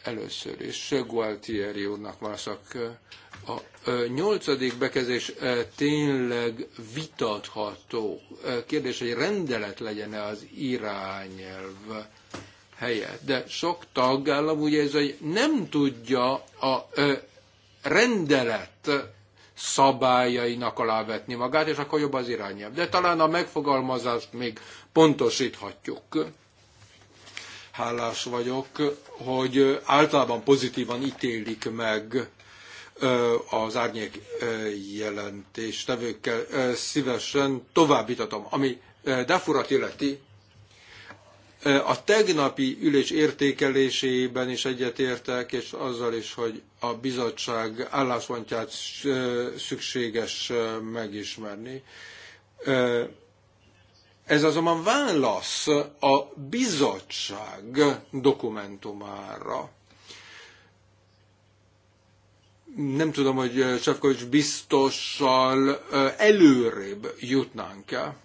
Először is Gualtieri úrnak válaszok a nyolcadik bekezés tényleg vitatható. Kérdés, hogy rendelet legyen-e az irányelv helyett. De sok tagállam úgy érzi, hogy nem tudja a rendelet szabályainak alávetni magát, és akkor jobb az irányelv. De talán a megfogalmazást még pontosíthatjuk. Hálás vagyok, hogy általában pozitívan ítélik meg az árnyék jelentéstevőkkel szívesen továbbítatom. Ami Dafurat illeti, a tegnapi ülés értékelésében is egyetértek, és azzal is, hogy a bizottság álláspontját szükséges megismerni. Ez azonban válasz a bizottság dokumentumára nem tudom, hogy eh, Sefkovics biztossal eh, előrébb jutnánk el.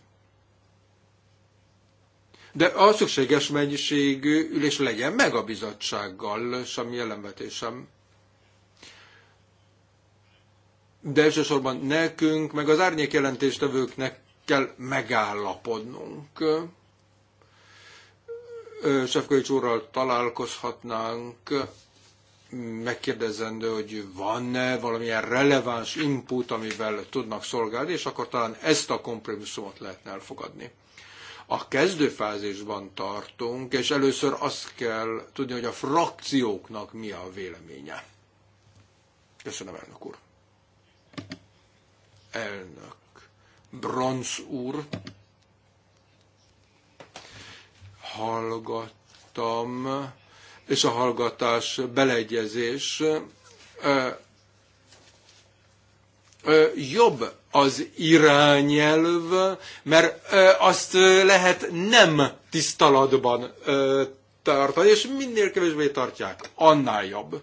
De a szükséges mennyiségű ülés legyen meg a bizottsággal, semmi jelenvetésem. De elsősorban nekünk, meg az árnyék jelentéstevőknek kell megállapodnunk. Eh, Sefkovics úrral találkozhatnánk, megkérdezendő, hogy van-e valamilyen releváns input, amivel tudnak szolgálni, és akkor talán ezt a kompromisszumot lehetne elfogadni. A kezdőfázisban tartunk, és először azt kell tudni, hogy a frakcióknak mi a véleménye. Köszönöm, elnök úr. Elnök. Bronz úr. Hallgattam és a hallgatás, beleegyezés jobb az irányelv, mert azt lehet nem tisztalatban tartani, és minél kevésbé tartják, annál jobb.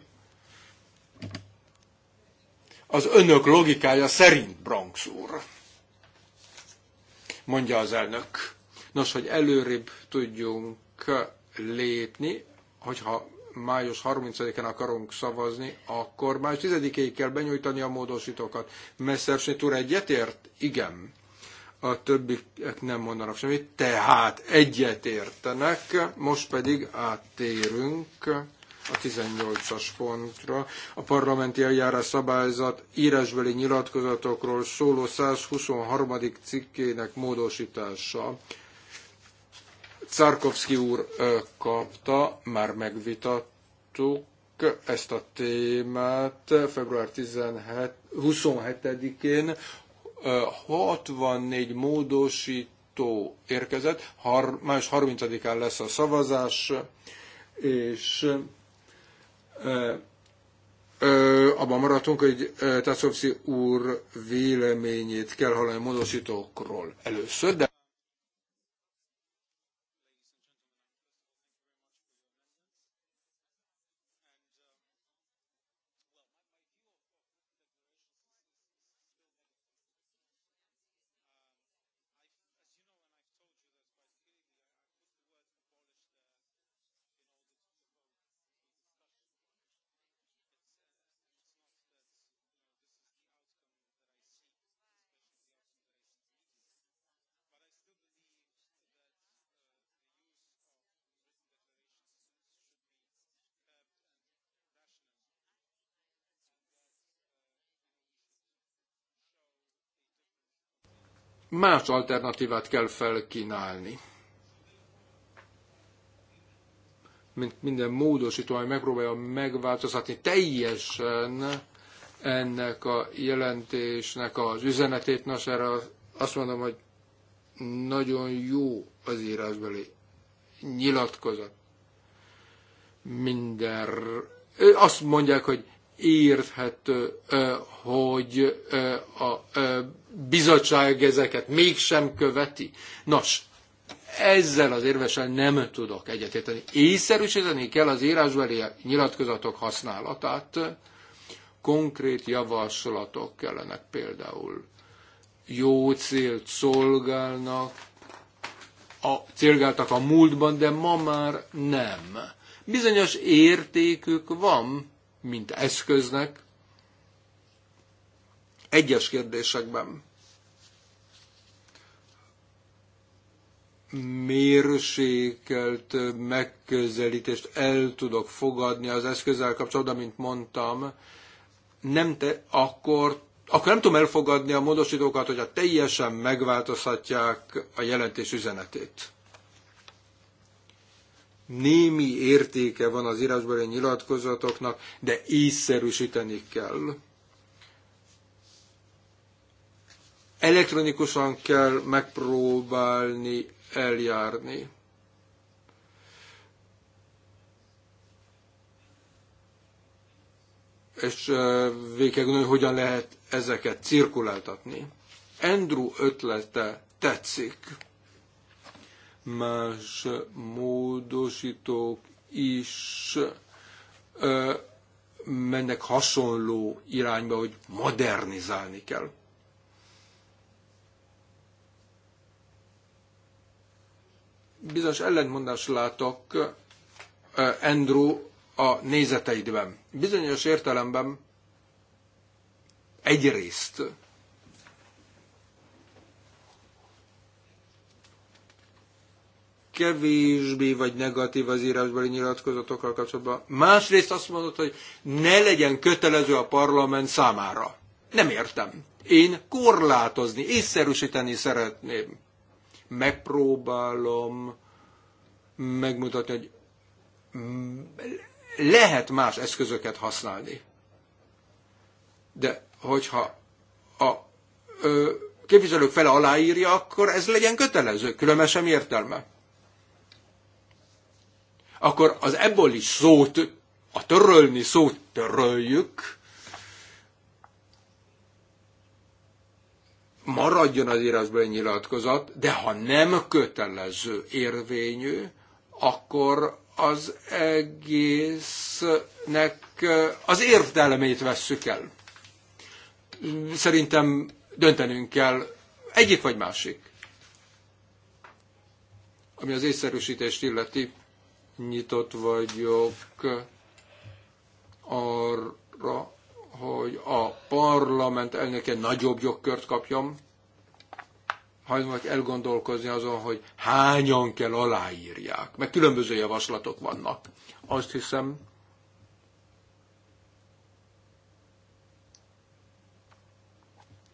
Az önök logikája szerint, Bronx úr, mondja az elnök. Nos, hogy előrébb tudjunk lépni, hogyha május 30-án akarunk szavazni, akkor május 10-ig kell benyújtani a módosítókat. Messzersnyi úr egyetért? Igen. A többiek nem mondanak semmit, tehát egyetértenek, most pedig áttérünk a 18-as pontra. A parlamenti eljárás szabályzat írásbeli nyilatkozatokról szóló 123. cikkének módosítása Czarkovszki úr kapta, már megvitattuk ezt a témát február 17, 27-én. 64 módosító érkezett, har, május 30-án lesz a szavazás, és e, Ö, abban maradtunk, hogy Taszovszi úr véleményét kell hallani a módosítókról először, de más alternatívát kell felkínálni. Mint minden módosító, ami megpróbálja megváltoztatni teljesen ennek a jelentésnek az üzenetét. Nos, erre azt mondom, hogy nagyon jó az írásbeli nyilatkozat. Minden. Azt mondják, hogy érthető, hogy a bizottság ezeket mégsem követi. Nos, ezzel az érvesen nem tudok egyetérteni. Észszerűsíteni kell az írásbeli nyilatkozatok használatát, konkrét javaslatok kellenek például. Jó célt szolgálnak, a, célgáltak a múltban, de ma már nem. Bizonyos értékük van, mint eszköznek egyes kérdésekben. mérsékelt megközelítést el tudok fogadni az eszközzel kapcsolatban, mint mondtam, nem te, akkor, akkor nem tudom elfogadni a módosítókat, hogyha teljesen megváltoztatják a jelentés üzenetét némi értéke van az írásbeli nyilatkozatoknak, de észszerűsíteni kell. Elektronikusan kell megpróbálni eljárni. És végig gondolni, hogyan lehet ezeket cirkuláltatni. Andrew ötlete tetszik más módosítók is ö, mennek hasonló irányba, hogy modernizálni kell. Bizonyos ellentmondást látok Andrew a nézeteidben. Bizonyos értelemben egyrészt kevésbé vagy negatív az írásbeli nyilatkozatokkal kapcsolatban. Másrészt azt mondod, hogy ne legyen kötelező a parlament számára. Nem értem. Én korlátozni, észszerűsíteni szeretném. Megpróbálom megmutatni, hogy lehet más eszközöket használni. De hogyha a ö, képviselők fele aláírja, akkor ez legyen kötelező. Különben sem értelme akkor az ebből is szót, a törölni szót töröljük, maradjon az írásbeli nyilatkozat, de ha nem kötelező érvényű, akkor az egésznek eh, az értelmét vesszük el. Szerintem döntenünk kell egyik vagy másik. Ami az észszerűsítést illeti, nyitott vagyok arra, hogy a parlament elnöke nagyobb jogkört kapjon. Hajlanak elgondolkozni azon, hogy hányan kell aláírják, mert különböző javaslatok vannak. Azt hiszem,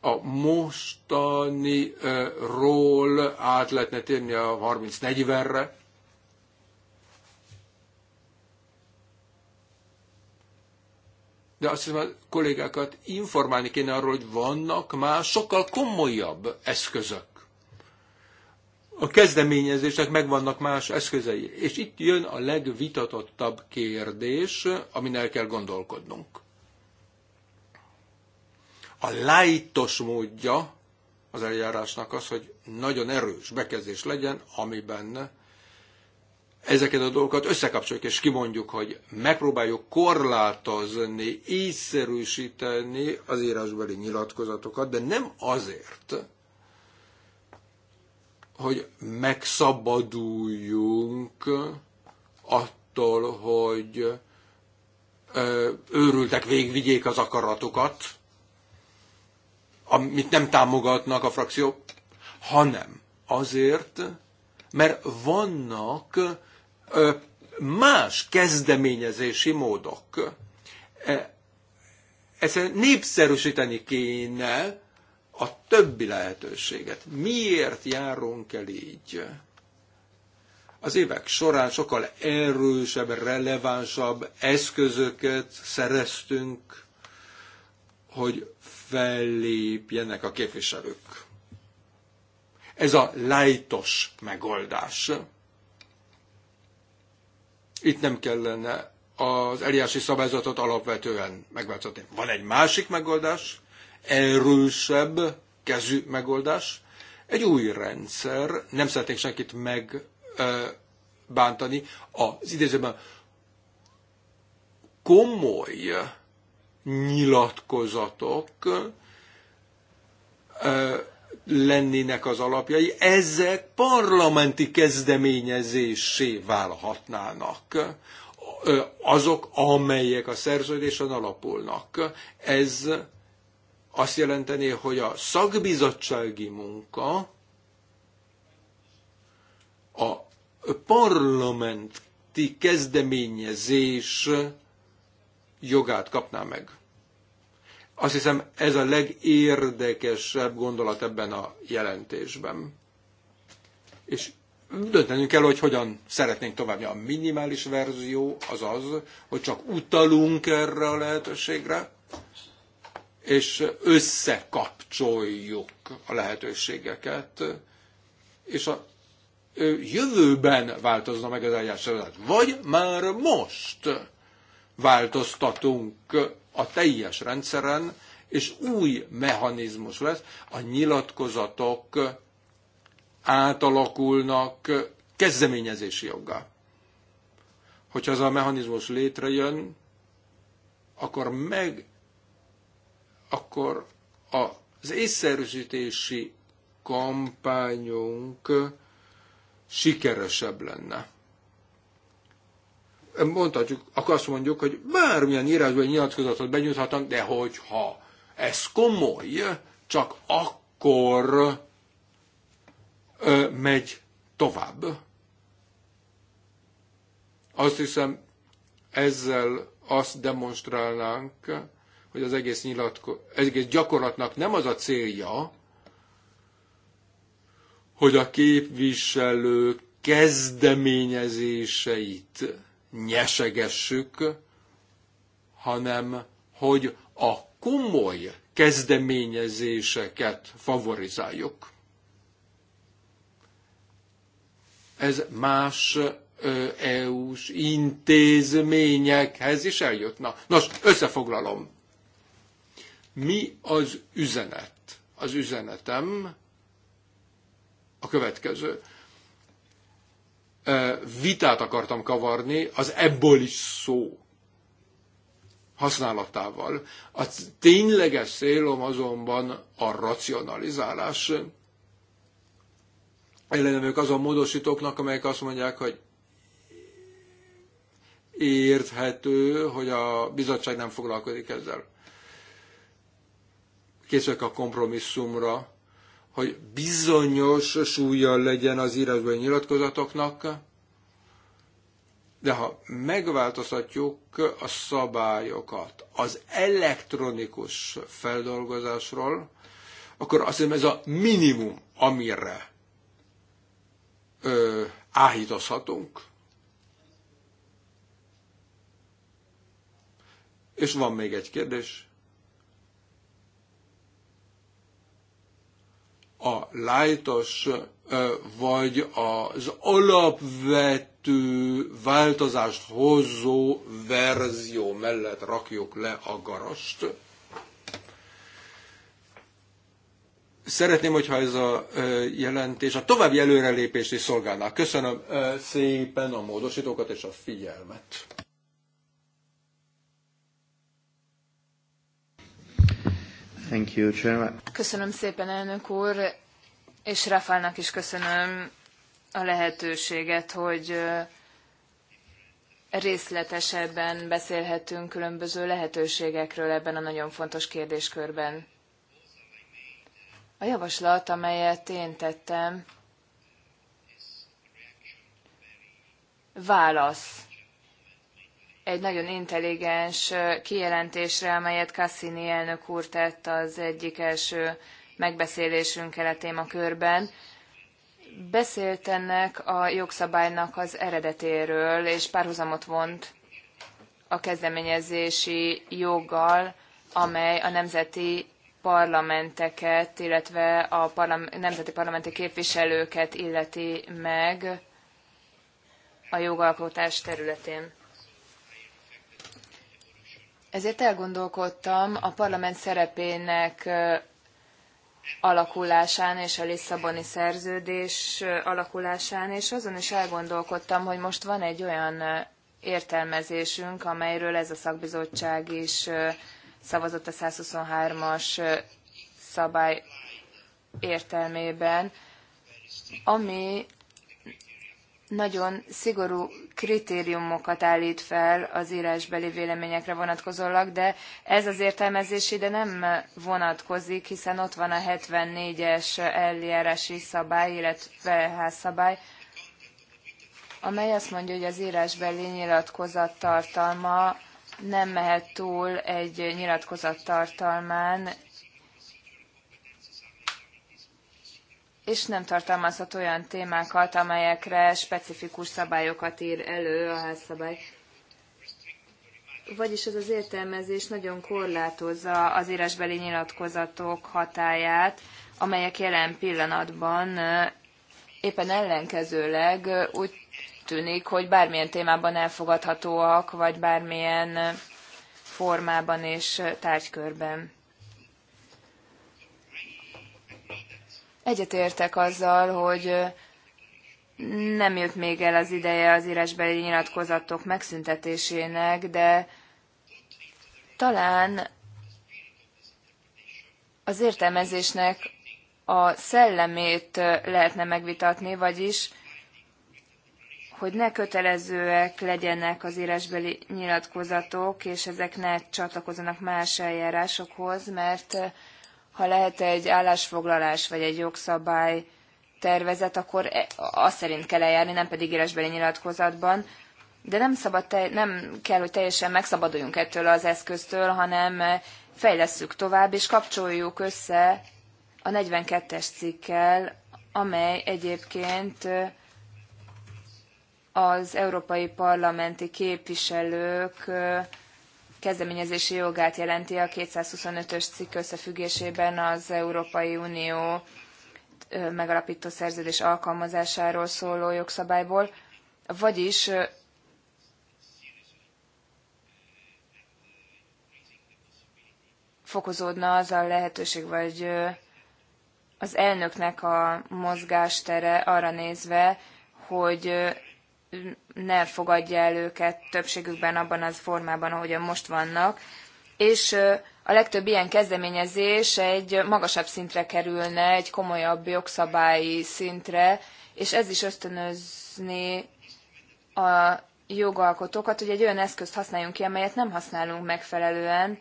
a mostani ról át lehetne térni a 30-40-re, de azt hiszem a kollégákat informálni kéne arról, hogy vannak már sokkal komolyabb eszközök. A kezdeményezések megvannak más eszközei. És itt jön a legvitatottabb kérdés, amin el kell gondolkodnunk. A lájtos módja az eljárásnak az, hogy nagyon erős bekezdés legyen, amiben ezeket a dolgokat összekapcsoljuk, és kimondjuk, hogy megpróbáljuk korlátozni, ízszerűsíteni az írásbeli nyilatkozatokat, de nem azért, hogy megszabaduljunk attól, hogy őrültek végvigyék az akaratokat, amit nem támogatnak a frakciók, hanem azért, mert vannak más kezdeményezési módok. E, Ezt népszerűsíteni kéne a többi lehetőséget. Miért járunk el így? Az évek során sokkal erősebb, relevánsabb eszközöket szereztünk, hogy fellépjenek a képviselők. Ez a lájtos megoldás. Itt nem kellene az eljárási szabályzatot alapvetően megváltoztatni. Van egy másik megoldás, erősebb kezű megoldás, egy új rendszer, nem szeretnék senkit megbántani, az idézőben komoly nyilatkozatok lennének az alapjai, ezek parlamenti kezdeményezésé válhatnának azok, amelyek a szerződésen alapulnak. Ez azt jelenteni, hogy a szakbizottsági munka a parlamenti kezdeményezés jogát kapná meg. Azt hiszem ez a legérdekesebb gondolat ebben a jelentésben. És döntenünk kell, hogy hogyan szeretnénk tovább. A minimális verzió az az, hogy csak utalunk erre a lehetőségre, és összekapcsoljuk a lehetőségeket, és a jövőben változna meg az eljárás. Vagy már most változtatunk a teljes rendszeren, és új mechanizmus lesz, a nyilatkozatok átalakulnak kezdeményezési joggá. Hogyha ez a mechanizmus létrejön, akkor meg, akkor az észszerűsítési kampányunk sikeresebb lenne mondhatjuk, akkor azt mondjuk, hogy bármilyen írásban nyilatkozatot benyújthatom, de hogyha ez komoly, csak akkor ö, megy tovább. Azt hiszem, ezzel azt demonstrálnánk, hogy az egész, nyilatko- egész gyakorlatnak nem az a célja, hogy a képviselők kezdeményezéseit nyesegessük, hanem hogy a komoly kezdeményezéseket favorizáljuk. Ez más EU-s intézményekhez is eljutna. Nos, összefoglalom. Mi az üzenet? Az üzenetem a következő vitát akartam kavarni az ebből is szó használatával. A tényleges célom azonban a racionalizálás. Ellenem ők azon módosítóknak, amelyek azt mondják, hogy érthető, hogy a bizottság nem foglalkozik ezzel. Készülök a kompromisszumra, hogy bizonyos súlya legyen az írásban nyilatkozatoknak, de ha megváltoztatjuk a szabályokat az elektronikus feldolgozásról, akkor azt hiszem ez a minimum, amire ö, áhítozhatunk. És van még egy kérdés. a lájtos vagy az alapvető változást hozó verzió mellett rakjuk le a garast. Szeretném, hogyha ez a jelentés a további előrelépést is szolgálná. Köszönöm szépen a módosítókat és a figyelmet. Thank you, Chairman. Köszönöm szépen, elnök úr, és Rafálnak is köszönöm a lehetőséget, hogy részletesebben beszélhetünk különböző lehetőségekről ebben a nagyon fontos kérdéskörben. A javaslat, amelyet én tettem, válasz egy nagyon intelligens kijelentésre, amelyet Cassini elnök úr tett az egyik első megbeszélésünk keletém a körben. Beszélt ennek a jogszabálynak az eredetéről, és párhuzamot vont a kezdeményezési joggal, amely a nemzeti parlamenteket, illetve a parlam- nemzeti parlamenti képviselőket illeti meg a jogalkotás területén. Ezért elgondolkodtam a parlament szerepének alakulásán és a Lisszaboni szerződés alakulásán, és azon is elgondolkodtam, hogy most van egy olyan értelmezésünk, amelyről ez a szakbizottság is szavazott a 123-as szabály értelmében, ami nagyon szigorú kritériumokat állít fel az írásbeli véleményekre vonatkozólag, de ez az értelmezés ide nem vonatkozik, hiszen ott van a 74-es eljárási szabály, illetve házszabály, amely azt mondja, hogy az írásbeli nyilatkozat tartalma nem mehet túl egy nyilatkozat tartalmán, és nem tartalmazhat olyan témákat, amelyekre specifikus szabályokat ír elő a házszabály. Vagyis ez az értelmezés nagyon korlátozza az írásbeli nyilatkozatok hatáját, amelyek jelen pillanatban éppen ellenkezőleg úgy tűnik, hogy bármilyen témában elfogadhatóak, vagy bármilyen formában és tárgykörben. Egyetértek azzal, hogy nem jött még el az ideje az írásbeli nyilatkozatok megszüntetésének, de talán az értelmezésnek a szellemét lehetne megvitatni, vagyis hogy ne kötelezőek legyenek az írásbeli nyilatkozatok, és ezek ne csatlakozzanak más eljárásokhoz, mert ha lehet egy állásfoglalás vagy egy jogszabály tervezet, akkor e, azt szerint kell eljárni, nem pedig írásbeli nyilatkozatban. De nem, szabad, nem kell, hogy teljesen megszabaduljunk ettől az eszköztől, hanem e, fejlesszük tovább, és kapcsoljuk össze a 42-es cikkel, amely egyébként e, az európai parlamenti képviselők kezdeményezési jogát jelenti a 225-ös cikk összefüggésében az Európai Unió megalapító szerződés alkalmazásáról szóló jogszabályból, vagyis fokozódna az a lehetőség, vagy az elnöknek a mozgástere arra nézve, hogy ne fogadja el őket többségükben abban az formában, ahogyan most vannak, és a legtöbb ilyen kezdeményezés egy magasabb szintre kerülne, egy komolyabb jogszabályi szintre, és ez is ösztönözni a jogalkotókat, hogy egy olyan eszközt használjunk ki, amelyet nem használunk megfelelően,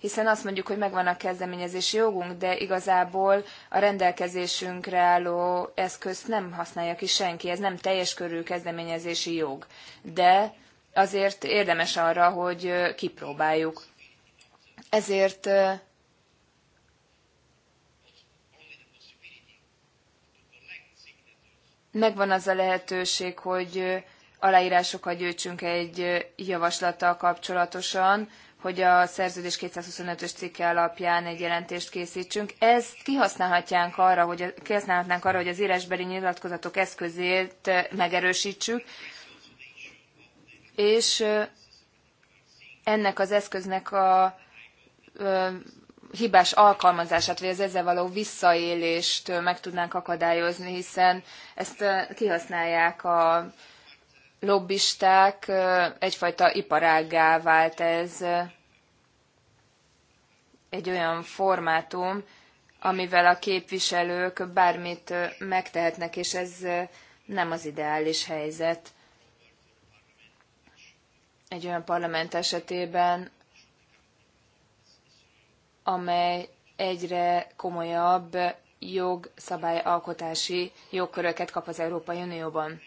hiszen azt mondjuk, hogy megvan a kezdeményezési jogunk, de igazából a rendelkezésünkre álló eszközt nem használja ki senki. Ez nem teljes körű kezdeményezési jog, de azért érdemes arra, hogy kipróbáljuk. Ezért megvan az a lehetőség, hogy aláírásokat gyűjtsünk egy javaslattal kapcsolatosan, hogy a szerződés 225-ös cikke alapján egy jelentést készítsünk. Ezt kihasználhatjánk arra, hogy, a kihasználhatnánk arra, hogy az írásbeli nyilatkozatok eszközét megerősítsük, és ennek az eszköznek a hibás alkalmazását, vagy az ezzel való visszaélést meg tudnánk akadályozni, hiszen ezt kihasználják a lobbisták, egyfajta iparággá vált ez egy olyan formátum, amivel a képviselők bármit megtehetnek, és ez nem az ideális helyzet. Egy olyan parlament esetében, amely egyre komolyabb jogszabályalkotási jogköröket kap az Európai Unióban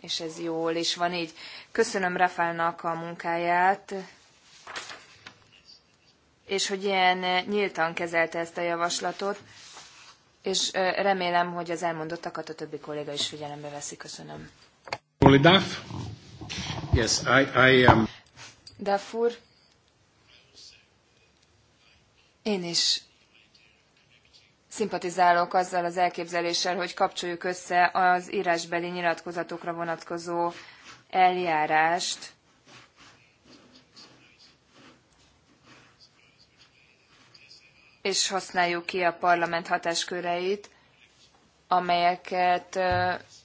és ez jól is van így. Köszönöm Rafálnak a munkáját, és hogy ilyen eh, nyíltan kezelte ezt a javaslatot, és eh, remélem, hogy az elmondottakat a többi kolléga is figyelembe veszi. Köszönöm. Yes, I, I am. Dafur? Én is szimpatizálok azzal az elképzeléssel, hogy kapcsoljuk össze az írásbeli nyilatkozatokra vonatkozó eljárást. és használjuk ki a parlament hatásköreit, amelyeket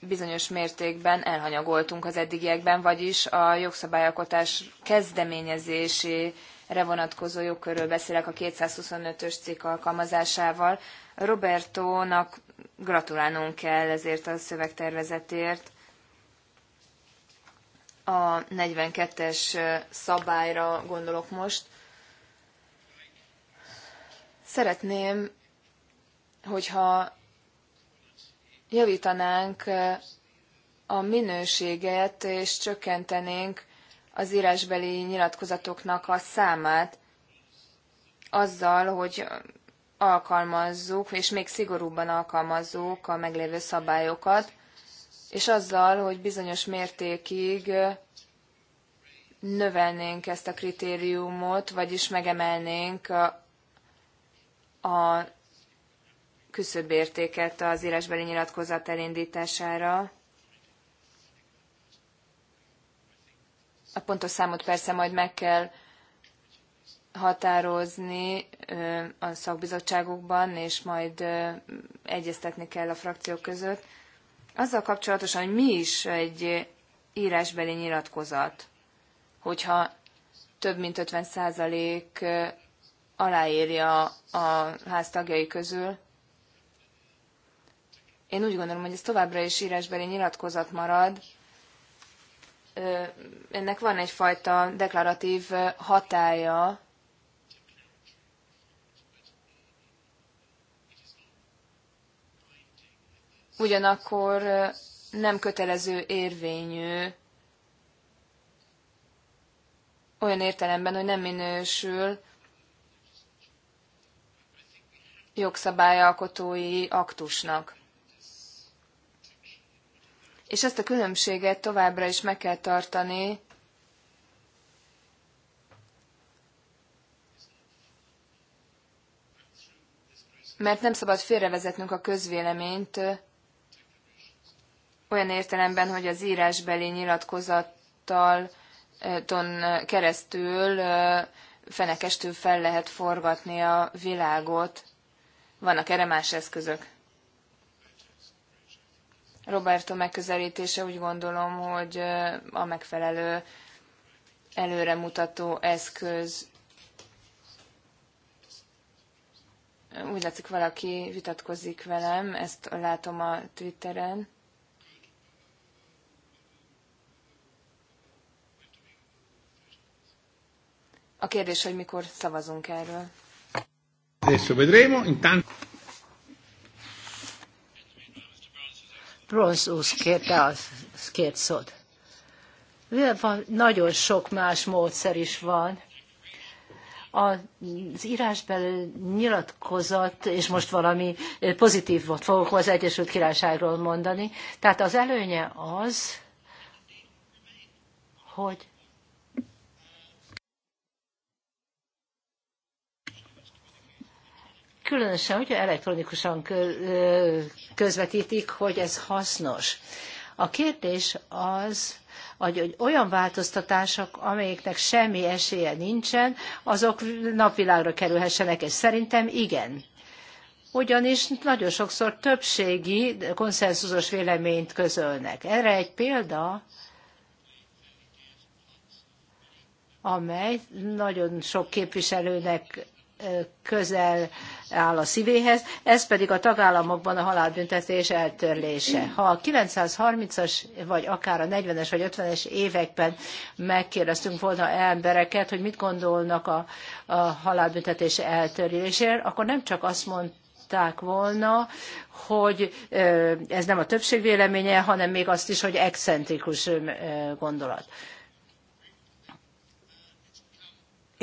bizonyos mértékben elhanyagoltunk az eddigiekben, vagyis a jogszabályalkotás kezdeményezésére vonatkozó jogkörről beszélek a 225-ös cikk alkalmazásával, Robertónak gratulálnunk kell ezért a szövegtervezetért. A 42-es szabályra gondolok most. Szeretném, hogyha javítanánk a minőséget, és csökkentenénk az írásbeli nyilatkozatoknak a számát azzal, hogy alkalmazzuk, és még szigorúbban alkalmazzuk a meglévő szabályokat, és azzal, hogy bizonyos mértékig növelnénk ezt a kritériumot, vagyis megemelnénk a küszöbértéket az írásbeli nyilatkozat elindítására. A pontos számot persze majd meg kell határozni a szakbizottságokban, és majd egyeztetni kell a frakciók között. Azzal kapcsolatosan, hogy mi is egy írásbeli nyilatkozat, hogyha több mint 50 százalék aláírja a ház tagjai közül. Én úgy gondolom, hogy ez továbbra is írásbeli nyilatkozat marad. Ennek van egyfajta deklaratív hatája, ugyanakkor nem kötelező érvényű olyan értelemben, hogy nem minősül jogszabályalkotói aktusnak. És ezt a különbséget továbbra is meg kell tartani, mert nem szabad félrevezetnünk a közvéleményt olyan értelemben, hogy az írásbeli nyilatkozattal eh, ton eh, keresztül eh, fenekestül fel lehet forgatni a világot. Vannak erre más eszközök. Roberto megközelítése úgy gondolom, hogy a megfelelő előremutató eszköz. Úgy látszik, valaki vitatkozik velem, ezt látom a Twitteren. A kérdés, hogy mikor szavazunk erről. Adesso vedremo, intanto... úr kérte két szót. nagyon sok más módszer is van. Az írásbeli nyilatkozat, és most valami eh, pozitív volt fogok az Egyesült Királyságról mondani, tehát az előnye az, hogy különösen, hogyha elektronikusan közvetítik, hogy ez hasznos. A kérdés az, hogy olyan változtatások, amelyeknek semmi esélye nincsen, azok napvilágra kerülhessenek, és szerintem igen ugyanis nagyon sokszor többségi, konszenzusos véleményt közölnek. Erre egy példa, amely nagyon sok képviselőnek közel áll a szívéhez, ez pedig a tagállamokban a halálbüntetés eltörlése. Ha a 930-as, vagy akár a 40-es, vagy 50-es években megkérdeztünk volna embereket, hogy mit gondolnak a, a halálbüntetés eltörléséről, akkor nem csak azt mondták, mondták volna, hogy ez nem a többség véleménye, hanem még azt is, hogy excentrikus gondolat.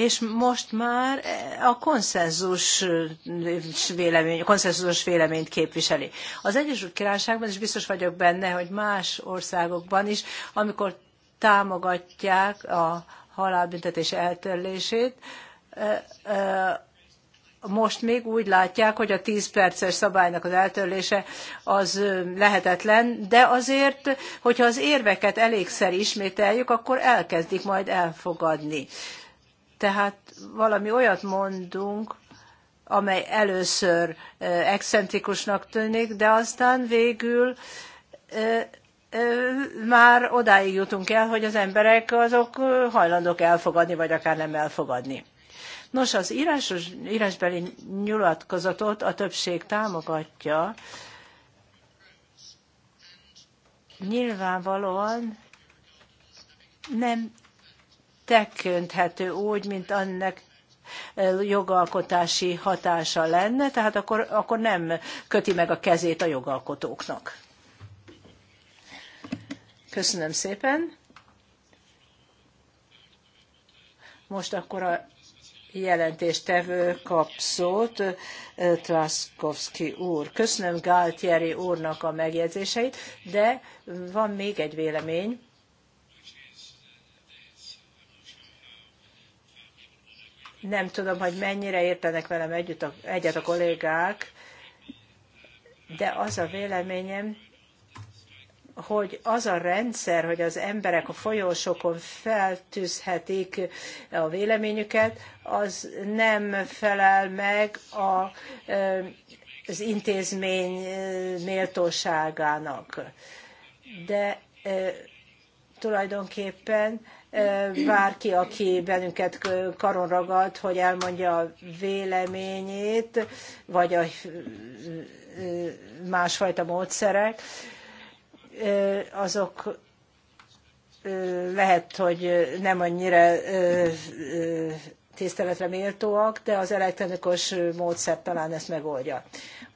és most már eh, a konszenzus eh, vélemény, konszenzus véleményt képviseli. Az Egyesült Királyságban is biztos vagyok benne, hogy más országokban is, amikor támogatják a halálbüntetés eltörlését, eh, most még úgy látják, hogy a 10 perces szabálynak az eltörlése az lehetetlen, de azért, hogyha az érveket elégszer ismételjük, akkor elkezdik majd elfogadni. Tehát valami olyat mondunk, amely először excentrikusnak tűnik, de aztán végül már odáig jutunk el, hogy az emberek azok hajlandók elfogadni, vagy akár nem elfogadni. Nos, az írásos, írásbeli nyilatkozatot a többség támogatja. Nyilvánvalóan nem tekinthető úgy, mint annak e, jogalkotási hatása lenne, tehát akkor, akkor nem köti meg a kezét a jogalkotóknak. Köszönöm szépen. Most akkor a jelentéstevő kap szót, e, Traskowski úr. Köszönöm Galtieri úrnak a megjegyzéseit, de van még egy vélemény Nem tudom, hogy mennyire értenek velem együtt a, egyet a kollégák, de az a véleményem, hogy az a rendszer, hogy az emberek a folyósokon feltűzhetik a véleményüket, az nem felel meg a, az intézmény méltóságának. De tulajdonképpen bárki, aki bennünket karon ragad, hogy elmondja a véleményét, vagy a másfajta módszerek, azok lehet, hogy nem annyira tiszteletre méltóak, de az elektronikus módszer talán ezt megoldja.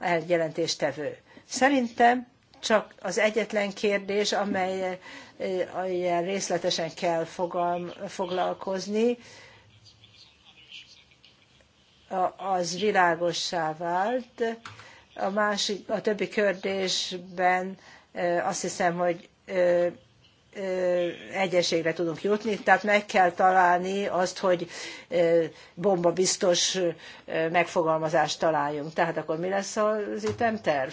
A jelentéstevő. Szerintem csak az egyetlen kérdés, amely ilyen eh, részletesen kell fogalm, foglalkozni, az világossá vált. A, másik, a többi kérdésben eh, azt hiszem, hogy eh, egyeségre tudunk jutni, tehát meg kell találni azt, hogy bombabiztos megfogalmazást találjunk. Tehát akkor mi lesz az ütemterv?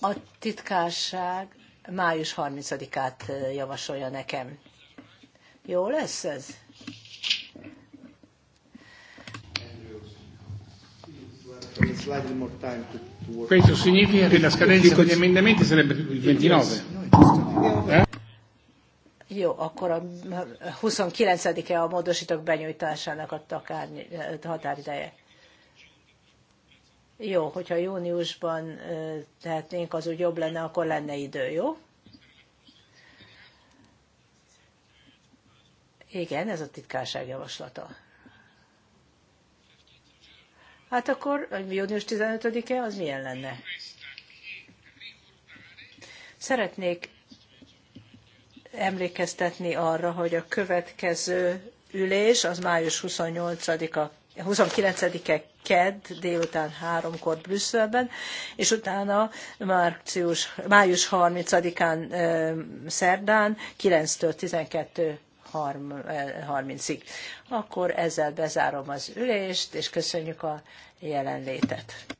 A titkárság május 30-át javasolja nekem. Jó lesz ez? Questo significa che la scadenza degli emendamenti sarebbe il 29. Eh? Jó, akkor a 29-e a módosítók benyújtásának a határideje. Jó, hogyha júniusban tehetnénk, az úgy jobb lenne, akkor lenne idő, jó? Igen, ez a titkárság javaslata. Hát akkor június 15-e az milyen lenne? Szeretnék emlékeztetni arra, hogy a következő ülés az május 28-a, 29-e KED délután háromkor Brüsszelben, és utána március, május 30-án szerdán 9-től 12 30-ig. Akkor ezzel bezárom az ülést, és köszönjük a jelenlétet.